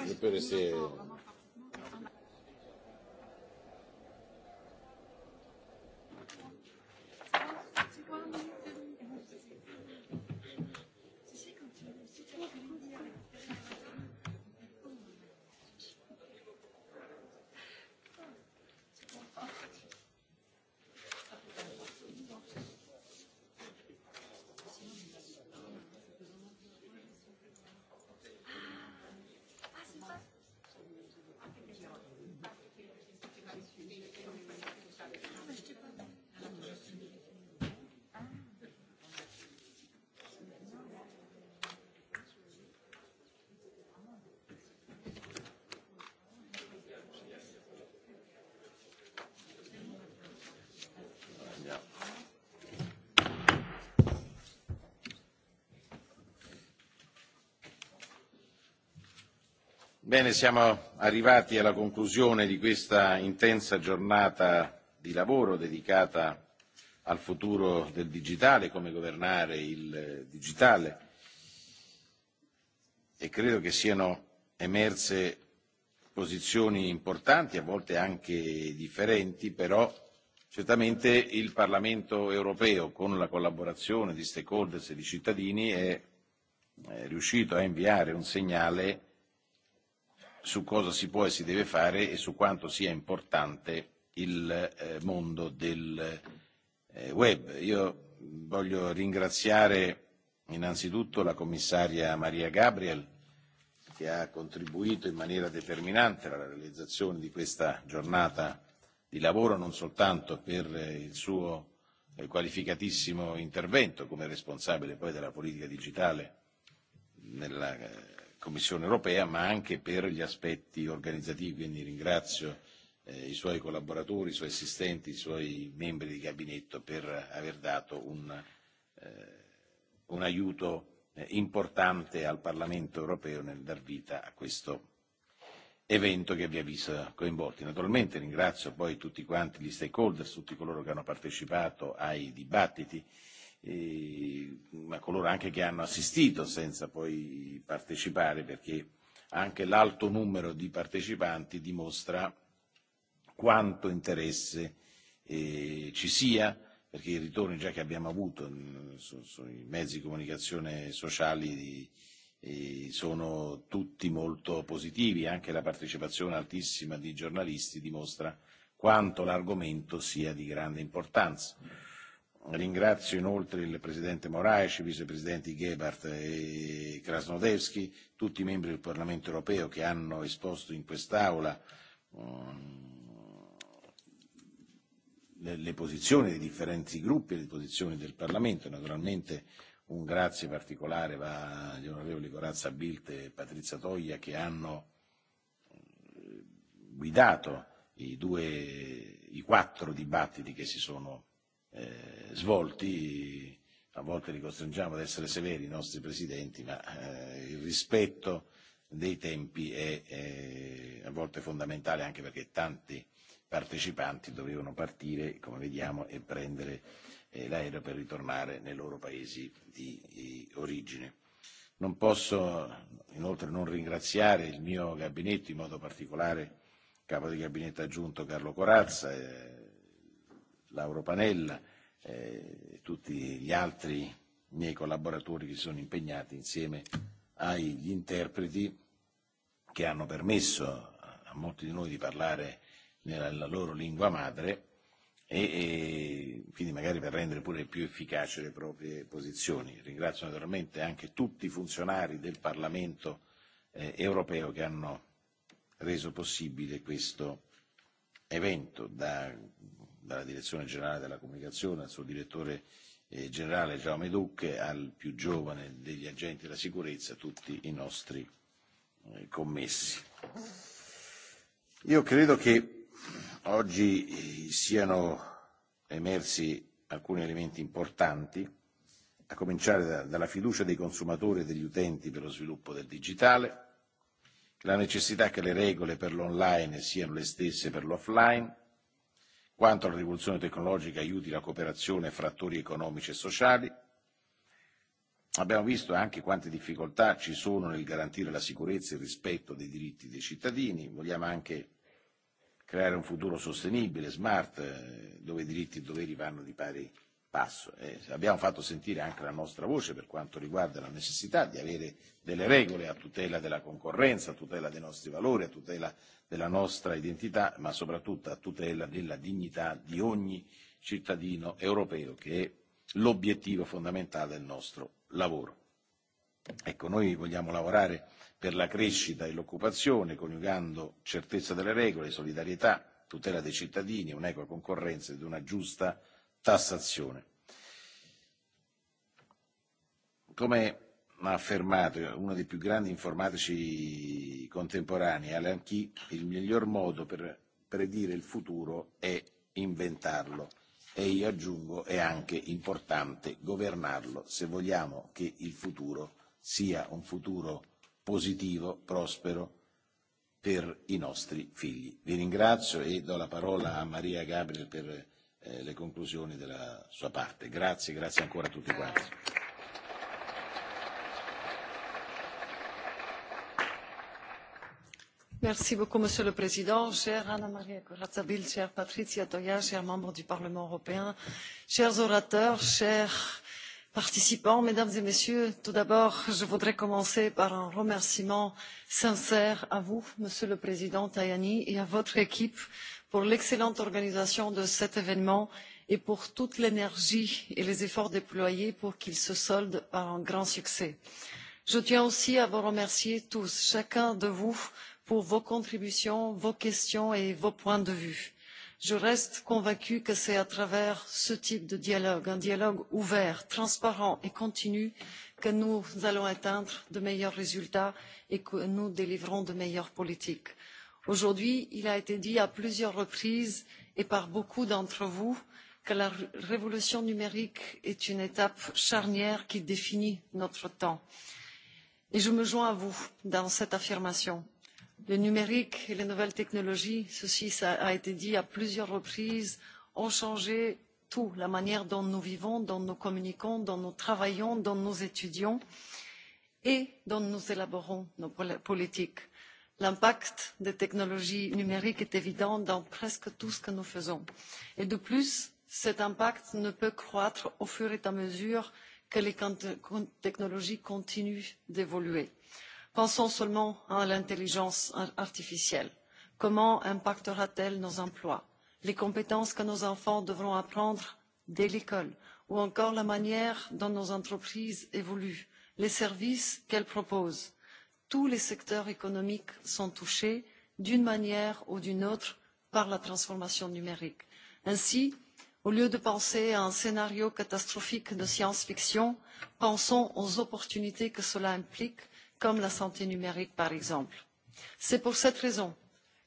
Je peux laisser. Bene, siamo arrivati alla conclusione di questa intensa giornata di lavoro dedicata al futuro del digitale, come governare il digitale e credo che siano emerse posizioni importanti, a volte anche differenti, però certamente il Parlamento europeo, con la collaborazione di stakeholders e di cittadini, è riuscito a inviare un segnale su cosa si può e si deve fare e su quanto sia importante il mondo del web. Io voglio ringraziare innanzitutto la commissaria Maria Gabriel che ha contribuito in maniera determinante alla realizzazione di questa giornata di lavoro non soltanto per il suo qualificatissimo intervento come responsabile poi della politica digitale nella Commissione europea, ma anche per gli aspetti organizzativi. Quindi ringrazio i suoi collaboratori, i suoi assistenti, i suoi membri di gabinetto per aver dato un, un aiuto importante al Parlamento europeo nel dar vita a questo evento che vi ha visto coinvolti. Naturalmente ringrazio poi tutti quanti gli stakeholders, tutti coloro che hanno partecipato ai dibattiti ma coloro anche che hanno assistito senza poi partecipare, perché anche l'alto numero di partecipanti dimostra quanto interesse eh, ci sia, perché i ritorni già che abbiamo avuto su, sui mezzi di comunicazione sociali e sono tutti molto positivi, anche la partecipazione altissima di giornalisti dimostra quanto l'argomento sia di grande importanza Ringrazio inoltre il Presidente Moraes, i vicepresidenti Gebhardt e Krasnodevski, tutti i membri del Parlamento europeo che hanno esposto in quest'Aula le posizioni dei differenti gruppi e le posizioni del Parlamento. Naturalmente un grazie particolare va agli onorevoli Corazza Bilt e Patrizia Toia che hanno guidato i, due, i quattro dibattiti che si sono eh, svolti. A volte li costringiamo ad essere severi i nostri presidenti, ma eh, il rispetto dei tempi è è a volte fondamentale anche perché tanti partecipanti dovevano partire, come vediamo, e prendere eh, l'aereo per ritornare nei loro paesi di, di origine. Non posso inoltre non ringraziare il mio gabinetto, in modo particolare il capo di gabinetto aggiunto Carlo Corazza, eh, Lauro Panella e tutti gli altri miei collaboratori che si sono impegnati insieme agli interpreti che hanno permesso a molti di noi di parlare nella loro lingua madre e, e quindi magari per rendere pure più efficaci le proprie posizioni. Ringrazio naturalmente anche tutti i funzionari del Parlamento eh, europeo che hanno reso possibile questo evento, da dalla direzione generale della comunicazione al suo direttore generale Jaume Duc al più giovane degli agenti della sicurezza, tutti i nostri commessi. Io credo che oggi siano emersi alcuni elementi importanti, a cominciare dalla fiducia dei consumatori e degli utenti per lo sviluppo del digitale, la necessità che le regole per l'online siano le stesse per l'offline, quanto la rivoluzione tecnologica aiuti la cooperazione fra attori economici e sociali. Abbiamo visto anche quante difficoltà ci sono nel garantire la sicurezza e il rispetto dei diritti dei cittadini. Vogliamo anche creare un futuro sostenibile, smart, dove i diritti e i doveri vanno di pari passo. Eh, abbiamo fatto sentire anche la nostra voce per quanto riguarda la necessità di avere delle regole a tutela della concorrenza, a tutela dei nostri valori, a tutela della nostra identità, ma soprattutto a tutela della dignità di ogni cittadino europeo, che è l'obiettivo fondamentale del nostro lavoro. Ecco, noi vogliamo lavorare per la crescita e l'occupazione, coniugando certezza delle regole, solidarietà, tutela dei cittadini, un'equa concorrenza ed una giusta tassazione. Come ha affermato uno dei più grandi informatici contemporanei, Alan Key, il miglior modo per predire il futuro è inventarlo e io aggiungo è anche importante governarlo se vogliamo che il futuro sia un futuro positivo, prospero per i nostri figli. Vi ringrazio e do la parola a Maria Gabriel per eh, le conclusioni della sua parte. Grazie, grazie ancora a tutti quanti. Merci beaucoup, Monsieur le Président, chère Anna-Maria corazza chère Patricia Toia, chers membres du Parlement européen, chers orateurs, chers participants, mesdames et messieurs, tout d'abord, je voudrais commencer par un remerciement sincère à vous, Monsieur le Président Tajani, et à votre équipe, pour l'excellente organisation de cet événement et pour toute l'énergie et les efforts déployés pour qu'il se solde par un grand succès. je tiens aussi à vous remercier tous chacun de vous pour vos contributions vos questions et vos points de vue. je reste convaincue que c'est à travers ce type de dialogue un dialogue ouvert transparent et continu que nous allons atteindre de meilleurs résultats et que nous délivrons de meilleures politiques. Aujourd'hui, il a été dit à plusieurs reprises et par beaucoup d'entre vous que la révolution numérique est une étape charnière qui définit notre temps. Et je me joins à vous dans cette affirmation. Le numérique et les nouvelles technologies, ceci a été dit à plusieurs reprises, ont changé tout, la manière dont nous vivons, dont nous communiquons, dont nous travaillons, dont nous étudions et dont nous élaborons nos politiques L'impact des technologies numériques est évident dans presque tout ce que nous faisons. Et de plus, cet impact ne peut croître au fur et à mesure que les technologies continuent d'évoluer. Pensons seulement à l'intelligence artificielle. Comment impactera-t-elle nos emplois, les compétences que nos enfants devront apprendre dès l'école, ou encore la manière dont nos entreprises évoluent, les services qu'elles proposent? tous les secteurs économiques sont touchés d'une manière ou d'une autre par la transformation numérique. Ainsi, au lieu de penser à un scénario catastrophique de science-fiction, pensons aux opportunités que cela implique, comme la santé numérique par exemple. C'est pour cette raison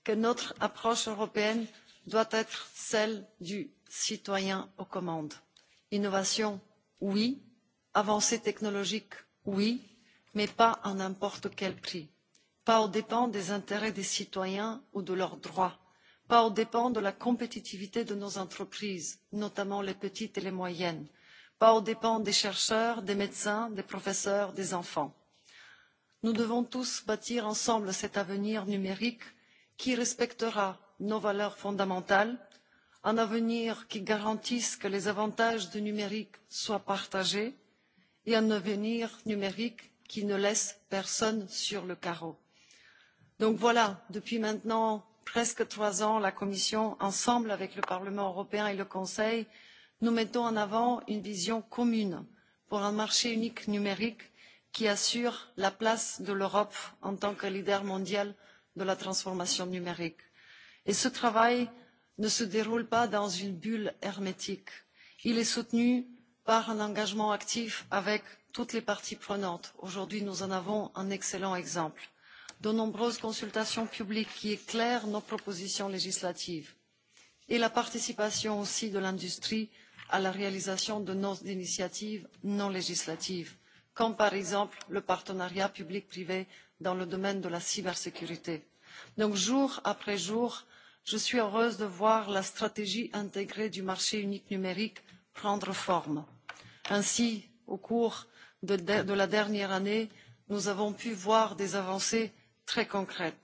que notre approche européenne doit être celle du citoyen aux commandes. Innovation, oui. Avancées technologiques, oui mais pas à n'importe quel prix, pas aux dépens des intérêts des citoyens ou de leurs droits, pas aux dépens de la compétitivité de nos entreprises, notamment les petites et les moyennes, pas aux dépens des chercheurs, des médecins, des professeurs, des enfants. Nous devons tous bâtir ensemble cet avenir numérique qui respectera nos valeurs fondamentales, un avenir qui garantisse que les avantages du numérique soient partagés et un avenir numérique qui ne laisse personne sur le carreau. donc voilà depuis maintenant presque trois ans la commission ensemble avec le parlement européen et le conseil nous mettons en avant une vision commune pour un marché unique numérique qui assure la place de l'europe en tant que leader mondial de la transformation numérique. et ce travail ne se déroule pas dans une bulle hermétique il est soutenu par un engagement actif avec toutes les parties prenantes. Aujourd'hui, nous en avons un excellent exemple. De nombreuses consultations publiques qui éclairent nos propositions législatives et la participation aussi de l'industrie à la réalisation de nos initiatives non législatives, comme par exemple le partenariat public-privé dans le domaine de la cybersécurité. Donc jour après jour, je suis heureuse de voir la stratégie intégrée du marché unique numérique prendre forme. Ainsi, au cours de la dernière année, nous avons pu voir des avancées très concrètes.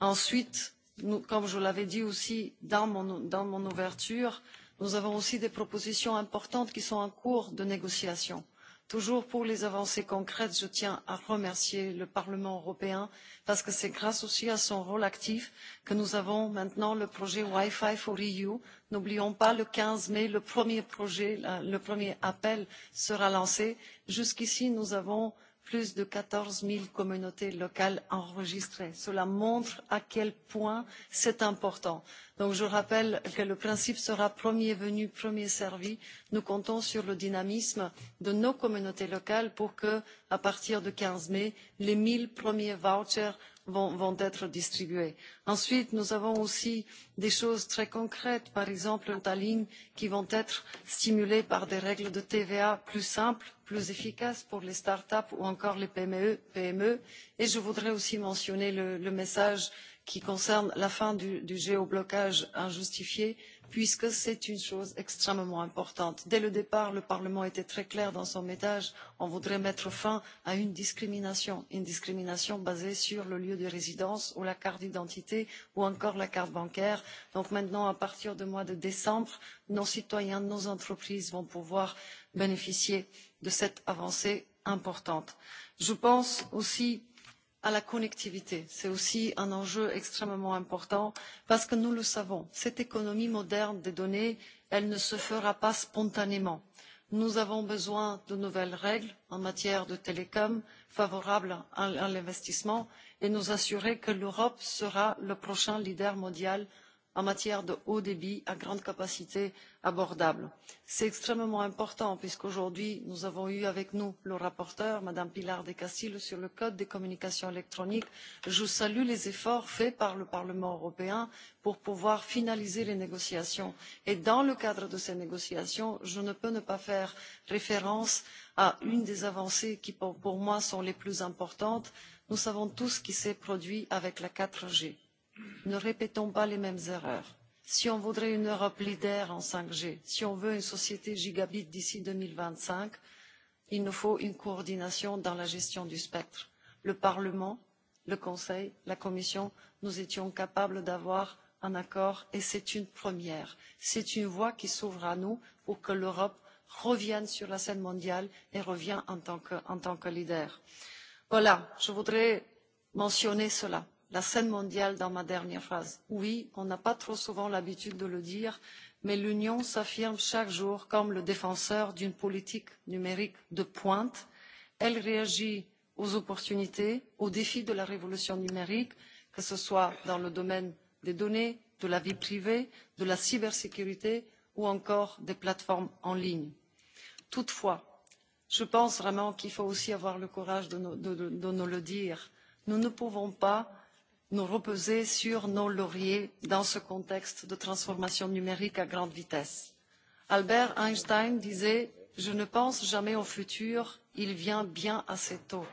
Ensuite, comme je l'avais dit aussi dans mon, ouverture, nous avons aussi des propositions importantes qui sont en cours de négociation Toujours pour les avancées concrètes, je tiens à remercier le Parlement européen parce que c'est grâce aussi à son rôle actif que nous avons maintenant le projet Wi-Fi for EU. N'oublions pas, le quinze mai, le premier projet, le premier appel sera lancé. Jusqu'ici, nous avons plus de quatorze zéro communautés locales enregistrées. cela montre à quel point c'est important. donc je rappelle que le principe sera premier venu premier servi. nous comptons sur le dynamisme de nos communautés locales pour que à partir du quinze mai les un zéro premiers vouchers vont, être distribuées. Ensuite, nous avons aussi des choses très concrètes, par exemple ta ligne qui vont être stimulées par des règles de TVA plus simples, plus efficaces pour les start-up ou encore les PME. Et je voudrais aussi mentionner le, message qui concerne la fin du, géoblocage injustifié puisque c'est une chose extrêmement importante. Dès le départ, le Parlement était très clair dans son message on voudrait mettre fin à une discrimination, une discrimination basée sur le lieu de résidence ou la carte d'identité ou encore la carte bancaire. Donc maintenant, à partir du mois de décembre, nos citoyens, nos entreprises vont pouvoir bénéficier de cette avancée importante. Je pense aussi à la connectivité. C'est aussi un enjeu extrêmement important parce que nous le savons, cette économie moderne des données, elle ne se fera pas spontanément. Nous avons besoin de nouvelles règles en matière de télécom favorables à l'investissement et nous assurer que l'Europe sera le prochain leader mondial en matière de haut débit à grande capacité abordable. c'est extrêmement important puisqu'aujourd'hui nous avons eu avec nous le rapporteur mme pilar del castillo sur le code des communications électroniques. je salue les efforts faits par le parlement européen pour pouvoir finaliser les négociations et dans le cadre de ces négociations je ne peux ne pas faire référence à une des avancées qui pour moi sont les plus importantes nous savons tous ce qui s'est produit avec la quatre g ne répétons pas les mêmes erreurs. si on voudrait une europe leader en cinq g si on veut une société gigabit d'ici deux mille vingt cinq il nous faut une coordination dans la gestion du spectre. le parlement le conseil la commission nous étions capables d'avoir un accord et c'est une première. c'est une voie qui s'ouvre à nous pour que l'europe revienne sur la scène mondiale et revienne en tant que leader. voilà je voudrais mentionner cela la scène mondiale dans ma dernière phrase. Oui, on n'a pas trop souvent l'habitude de le dire, mais l'Union s'affirme chaque jour comme le défenseur d'une politique numérique de pointe. Elle réagit aux opportunités, aux défis de la révolution numérique, que ce soit dans le domaine des données, de la vie privée, de la cybersécurité ou encore des plateformes en ligne. Toutefois, je pense vraiment qu'il faut aussi avoir le courage de, nous le dire. Nous ne pouvons pas nous reposer sur nos lauriers dans ce contexte de transformation numérique à grande vitesse. Albert Einstein disait Je ne pense jamais au futur, il vient bien assez tôt.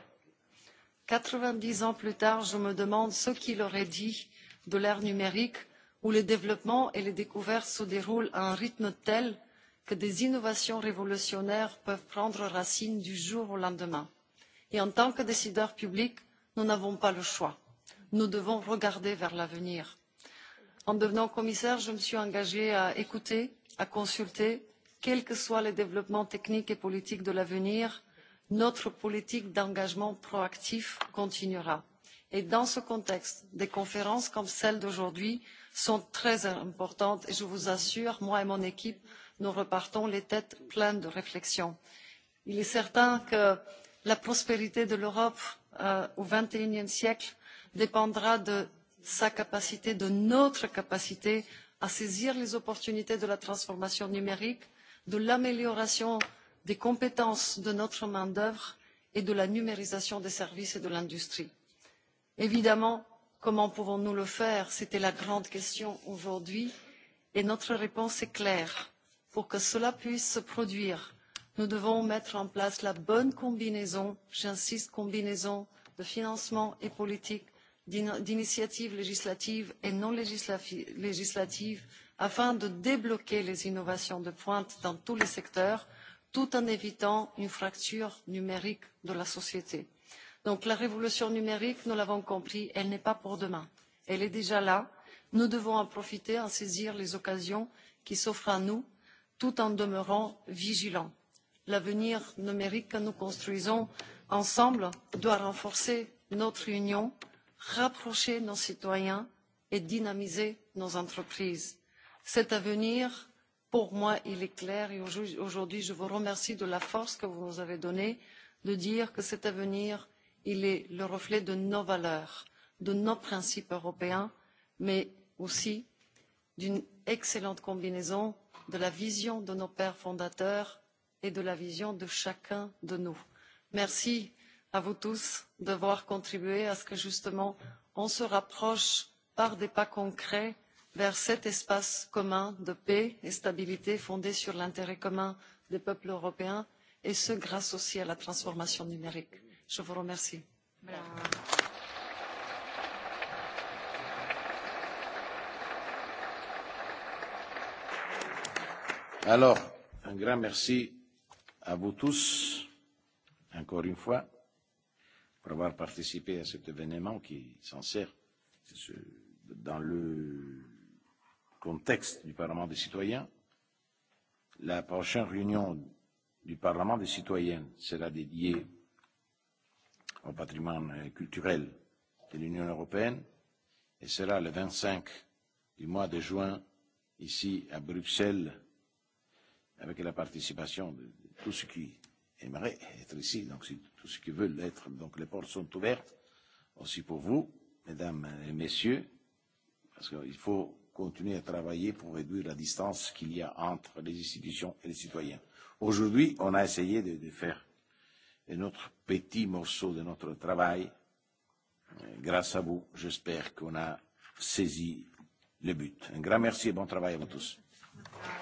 Quatre-vingt-dix ans plus tard, je me demande ce qu'il aurait dit de l'ère numérique où le développement et les découvertes se déroulent à un rythme tel que des innovations révolutionnaires peuvent prendre racine du jour au lendemain. Et en tant que décideurs publics, nous n'avons pas le choix nous devons regarder vers l'avenir. En devenant commissaire, je me suis engagée à écouter, à consulter, quels que soient les développements techniques et politiques de l'avenir, notre politique d'engagement proactif continuera. Et dans ce contexte, des conférences comme celle d'aujourd'hui sont très importantes et je vous assure, moi et mon équipe, nous repartons les têtes pleines de réflexions. Il est certain que la prospérité de l'Europe au XXIe siècle dépendra de sa capacité, de notre capacité à saisir les opportunités de la transformation numérique, de l'amélioration des compétences de notre main d'œuvre et de la numérisation des services et de l'industrie. Évidemment, comment pouvons nous le faire? C'était la grande question aujourd'hui et notre réponse est claire. Pour que cela puisse se produire, nous devons mettre en place la bonne combinaison j'insiste combinaison de financement et politique d'initiatives législatives et non législatives afin de débloquer les innovations de pointe dans tous les secteurs tout en évitant une fracture numérique de la société. Donc la révolution numérique, nous l'avons compris, elle n'est pas pour demain. Elle est déjà là. Nous devons en profiter, en saisir les occasions qui s'offrent à nous tout en demeurant vigilants. L'avenir numérique que nous construisons ensemble doit renforcer notre union rapprocher nos citoyens et dynamiser nos entreprises. Cet avenir, pour moi, il est clair et aujourd'hui, je vous remercie de la force que vous nous avez donnée de dire que cet avenir, il est le reflet de nos valeurs, de nos principes européens, mais aussi d'une excellente combinaison de la vision de nos pères fondateurs et de la vision de chacun de nous. Merci à vous tous d'avoir contribué à ce que justement on se rapproche par des pas concrets vers cet espace commun de paix et de stabilité fondé sur l'intérêt commun des peuples européens et ce grâce aussi à la transformation numérique. je vous remercie. alors un grand merci à vous tous encore une fois pour avoir participé à cet événement qui s'en sert dans le contexte du Parlement des citoyens. La prochaine réunion du Parlement des citoyens sera dédiée au patrimoine culturel de l'Union européenne et sera le 25 du mois de juin ici à Bruxelles avec la participation de tout ce qui aimerait être ici. Donc c'est tous ceux qui veulent l'être. Donc les portes sont ouvertes aussi pour vous, mesdames et messieurs, parce qu'il faut continuer à travailler pour réduire la distance qu'il y a entre les institutions et les citoyens. Aujourd'hui, on a essayé de, de faire autre petit morceau de notre travail. Grâce à vous, j'espère qu'on a saisi le but. Un grand merci et bon travail à vous tous. Merci.